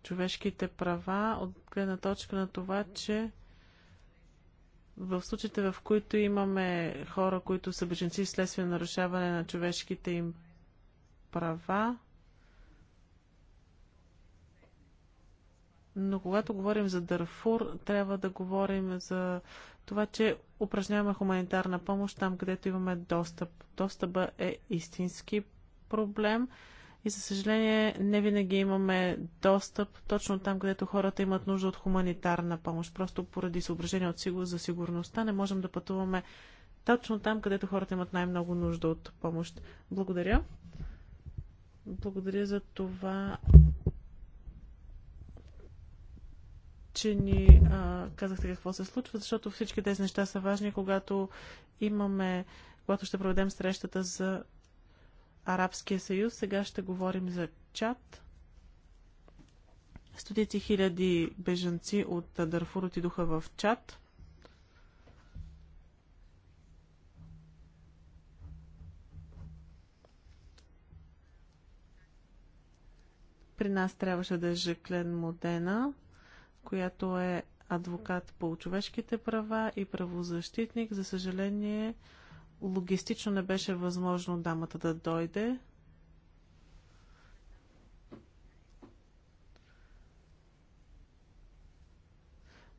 B: човешките права от гледна точка на това, че в случаите, в които имаме хора, които са беженци вследствие на нарушаване на човешките им права, но когато говорим за Дърфур, трябва да говорим за това, че упражняваме хуманитарна помощ там, където имаме достъп. Достъпа е истински проблем и, за съжаление, не винаги имаме достъп точно там, където хората имат нужда от хуманитарна помощ. Просто поради съображение от сигур за сигурността не можем да пътуваме точно там, където хората имат най-много нужда от помощ. Благодаря. Благодаря за това че ни а, казахте какво се случва, защото всички тези неща са важни, когато имаме, когато ще проведем срещата за Арабския съюз. Сега ще говорим за чат. Стотици хиляди бежанци от Дарфур отидоха в чат. При нас трябваше да е Жеклен Модена която е адвокат по човешките права и правозащитник. За съжаление, логистично не беше възможно дамата да дойде.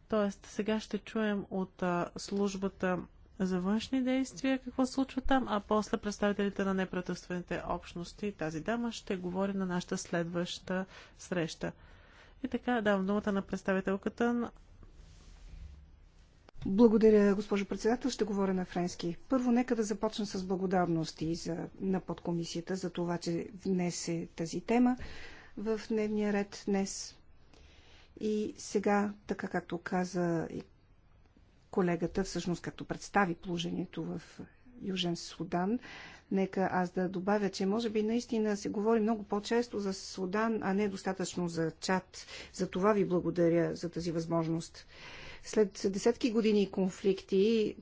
B: Тоест, сега ще чуем от а, службата за външни действия какво случва там, а после представителите на неправителствените общности, тази дама, ще говори на нашата следваща среща. И така, давам думата на представителката на
C: благодаря, госпожо председател. Ще говоря на френски. Първо, нека да започна с благодарности за, на подкомисията за това, че внесе тази тема в дневния ред днес. И сега, така както каза и колегата, всъщност както представи положението в Южен Судан, Нека аз да добавя, че може би наистина се говори много по-често за Судан, а не достатъчно за чат. За това ви благодаря за тази възможност. След десетки години конфликти,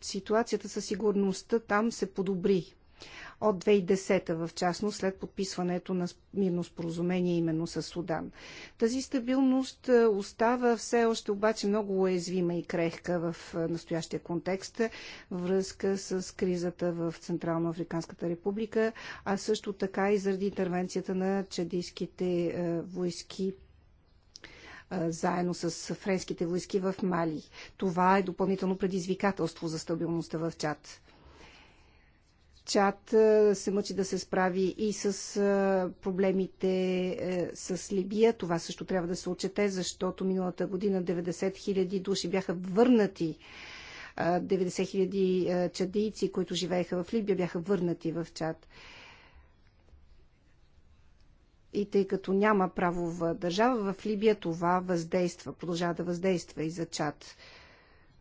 C: ситуацията със сигурността там се подобри от 2010 в частност след подписването на мирно споразумение именно с Судан. Тази стабилност е, остава все още обаче много уязвима и крехка в е, настоящия контекст връзка с кризата в Централно Африканската република, а също така и заради интервенцията на чадийските е, войски заедно с френските войски в Мали. Това е допълнително предизвикателство за стабилността в Чад. Чат се мъчи да се справи и с проблемите е, с Либия. Това също трябва да се отчете, защото миналата година 90 000 души бяха върнати 90 000 чадийци, които живееха в Либия, бяха върнати в чат. И тъй като няма правова държава в Либия, това въздейства, продължава да въздейства и за чат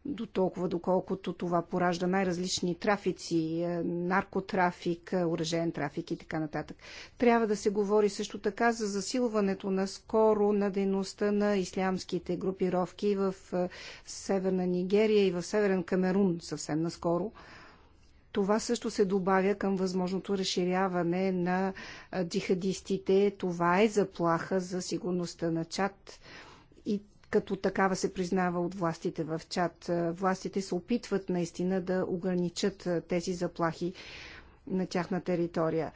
C: до толкова доколкото това поражда най-различни трафици, е, наркотрафик, уръжен е, трафик и така нататък. Трябва да се говори също така за засилването на скоро на дейността на ислямските групировки в е, Северна Нигерия и в Северен Камерун съвсем наскоро. Това също се добавя към възможното разширяване на джихадистите. Това е заплаха за сигурността на чат. И като такава се признава от властите в чат. Е, властите се опитват наистина да ограничат е, тези заплахи на тяхна територия.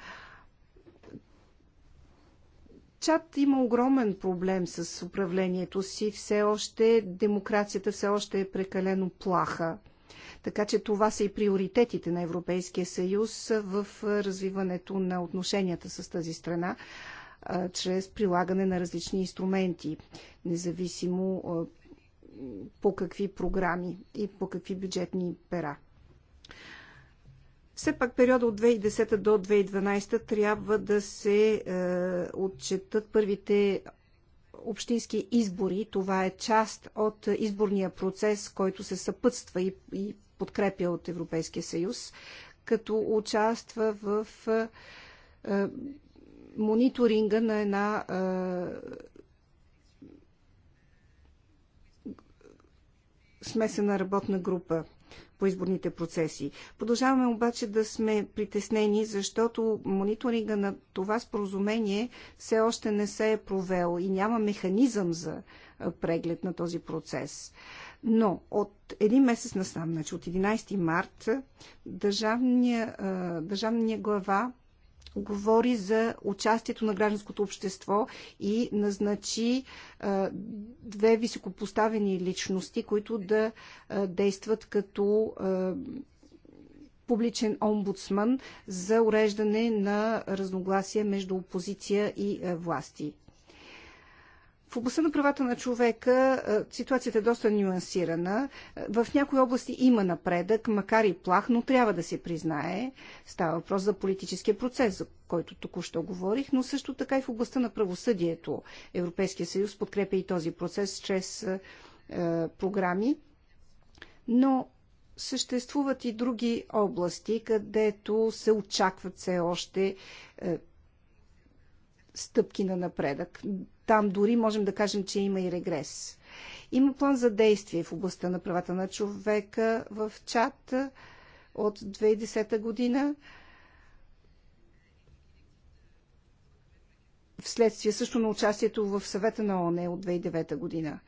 C: Чат има огромен проблем с управлението си. Все още демокрацията все още е прекалено плаха. Така че това са и приоритетите на Европейския съюз в е, развиването на отношенията с тази страна а, чрез прилагане на различни инструменти, независимо а, по какви програми и по какви бюджетни пера. Все пак периода от 2010 до 2012 трябва да се е, отчетат първите общински избори. Това е част от изборния процес, който се съпътства и, и подкрепя от Европейския съюз, като участва в е, е мониторинга на една смесена работна група по изборните процеси. Продължаваме обаче да сме притеснени, защото мониторинга на това споразумение все още не се е провел и няма механизъм за преглед на този процес. Но от един месец насам, значи от 11 март, държавния, държавния глава говори за участието на гражданското общество и назначи две високопоставени личности, които да действат като публичен омбудсман за уреждане на разногласия между опозиция и власти. В областта на правата на човека ситуацията е доста нюансирана. В някои области има напредък, макар и плах, но трябва да се признае. Става въпрос за политическия процес, за който току-що говорих, но също така и в областта на правосъдието. Европейския съюз подкрепя и този процес чрез е, програми. Но съществуват и други области, където се очакват все още е, стъпки на напредък там дори можем да кажем, че има и регрес. Има план за действие в областта на правата на човека в чат от 2010 година. Вследствие също на участието в съвета на ОНЕ от 2009 година.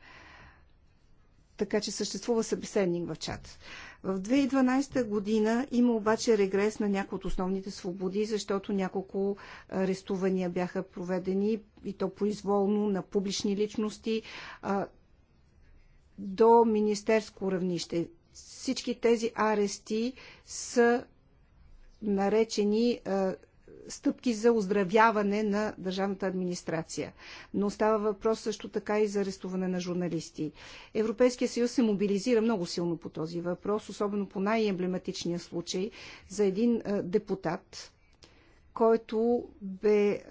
C: Така че съществува събеседник в чат. В 2012 година има обаче регрес на някои от основните свободи, защото няколко арестувания бяха проведени и то произволно на публични личности до министерско равнище. Всички тези арести са наречени стъпки за оздравяване на държавната администрация. Но става въпрос също така и за арестуване на журналисти. Европейския съюз се мобилизира много силно по този въпрос, особено по най-емблематичния случай за един е, депутат, който бе е,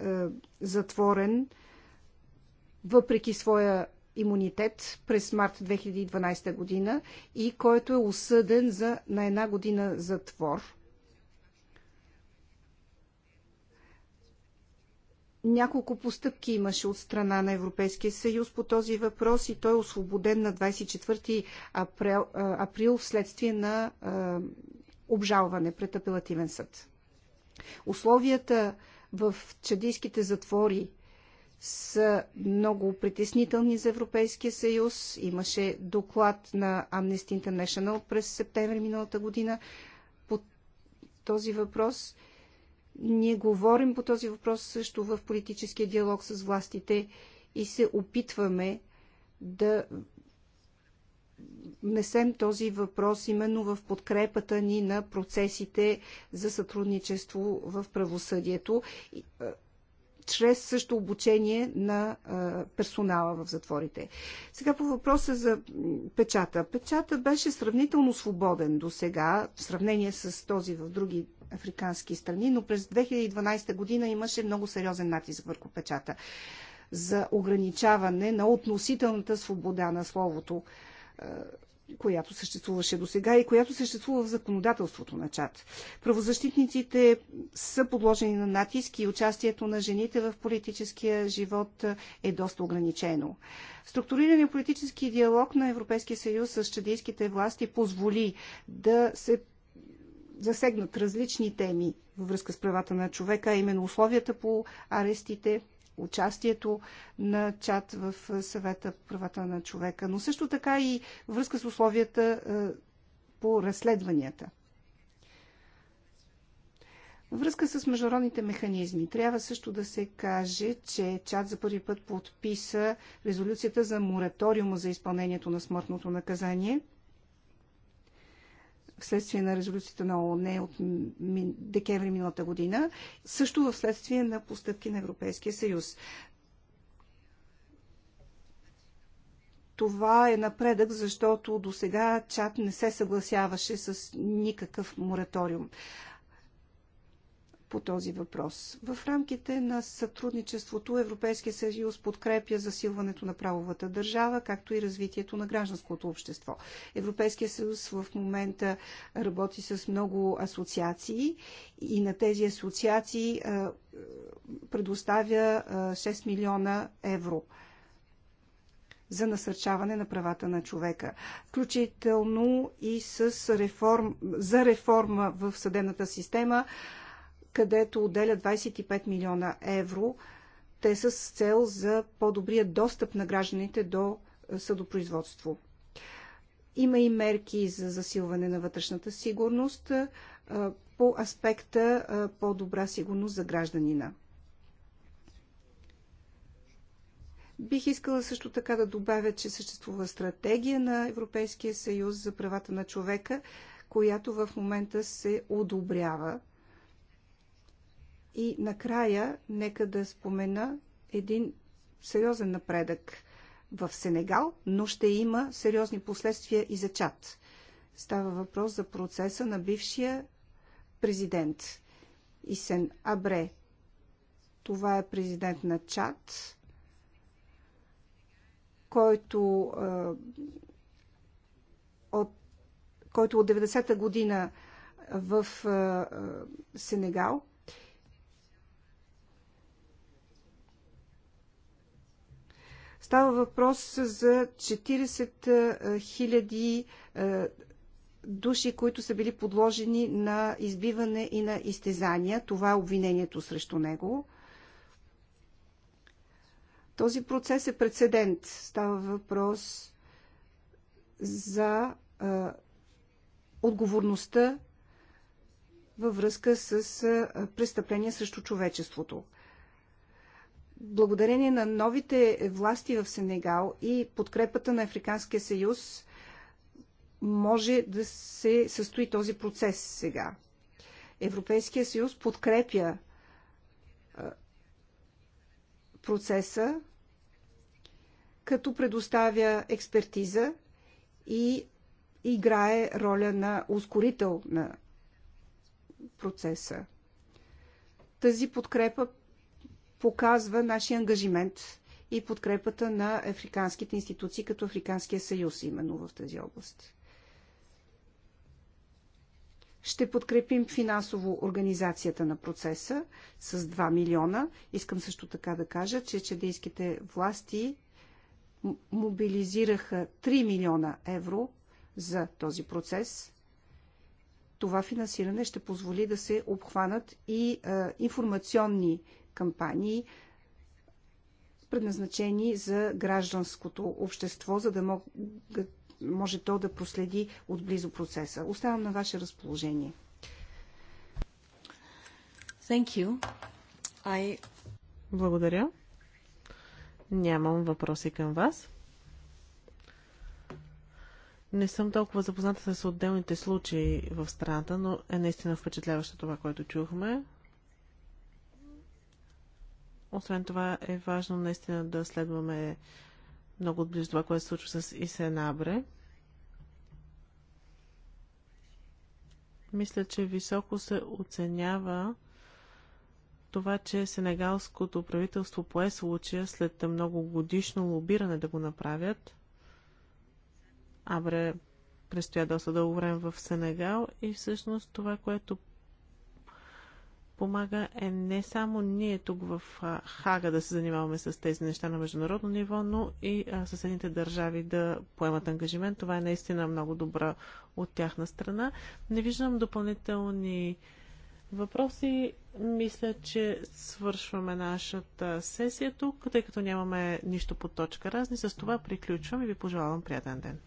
C: затворен въпреки своя имунитет през март 2012 година и който е осъден за, на една година затвор няколко постъпки имаше от страна на Европейския съюз по този въпрос и той е освободен на 24 април, април вследствие на а, обжалване пред апелативен съд. Условията в чадийските затвори са много притеснителни за Европейския съюз. Имаше доклад на Amnesty International през септември миналата година по този въпрос – ние говорим по този въпрос също в политическия диалог с властите и се опитваме да внесем този въпрос именно в подкрепата ни на процесите за сътрудничество в правосъдието, чрез също обучение на персонала в затворите. Сега по въпроса за печата. Печата беше сравнително свободен до сега, в сравнение с този в други африкански страни, но през 2012 година имаше много сериозен натиск върху печата за ограничаване на относителната свобода на словото, е, която съществуваше до сега и която съществува в законодателството на чат. Правозащитниците са подложени на натиск и участието на жените в политическия живот е доста ограничено. Структурирания политически диалог на Европейския съюз с чадийските власти позволи да се засегнат различни теми във връзка с правата на човека, а именно условията по арестите, участието на чат в съвета по правата на човека, но също така и връзка с условията по разследванията. връзка с международните механизми трябва също да се каже, че Чад за първи път подписа резолюцията за мораториума за изпълнението на смъртното наказание – вследствие на резолюцията на ООН от декември миналата година, също вследствие на постъпки на Европейския съюз. Това е напредък, защото до сега чат не се съгласяваше с никакъв мораториум по този въпрос. В рамките на сътрудничеството Европейския съюз подкрепя засилването на правовата държава, както и развитието на гражданското общество. Европейския съюз в момента работи с много асоциации и на тези асоциации предоставя 6 милиона евро за насърчаване на правата на човека, включително и с реформ, за реформа в съдебната система, където отделя 25 милиона евро. Те са с цел за по-добрия достъп на гражданите до е, съдопроизводство. Има и мерки за засилване на вътрешната сигурност е, по аспекта е, по-добра сигурност за гражданина. Бих искала също така да добавя, че съществува стратегия на Европейския съюз за правата на човека, която в момента се одобрява и накрая, нека да спомена един сериозен напредък в Сенегал, но ще има сериозни последствия и за чат. Става въпрос за процеса на бившия президент Исен Абре. Това е президент на чат, който, от, който от 90-та година в Сенегал Става въпрос за 40 хиляди души, които са били подложени на избиване и на изтезания. Това е обвинението срещу него. Този процес е прецедент. Става въпрос за а, отговорността във връзка с а, престъпления срещу човечеството благодарение на новите власти в Сенегал и подкрепата на Африканския съюз може да се състои този процес сега. Европейския съюз подкрепя процеса, като предоставя експертиза и играе роля на ускорител на процеса. Тази подкрепа показва нашия ангажимент и подкрепата на африканските институции, като Африканския съюз, именно в тази област. Ще подкрепим финансово организацията на процеса с 2 милиона. Искам също така да кажа, че чедейските власти мобилизираха 3 милиона евро за този процес. Това финансиране ще позволи да се обхванат и а, информационни кампании, предназначени за гражданското общество, за да може то да проследи отблизо процеса. Оставам на ваше разположение.
A: Thank you.
C: I... Благодаря.
B: Нямам въпроси към вас. Не съм толкова запозната с отделните случаи в страната, но е наистина впечатляващо това, което чухме. Освен това е важно наистина да следваме много отблизо това, което се случва с Исенабре. Мисля, че високо се оценява това, че сенегалското правителство пое случая след много годишно лобиране да го направят. Абре престоя доста дълго време в Сенегал и всъщност това, което помага е не само ние тук в Хага да се занимаваме с тези неща на международно ниво, но и съседните държави да поемат ангажимент. Това е наистина много добра от тяхна страна. Не виждам допълнителни въпроси. Мисля, че свършваме нашата сесия тук, тъй като нямаме нищо по точка разни. С това приключвам и ви пожелавам приятен ден.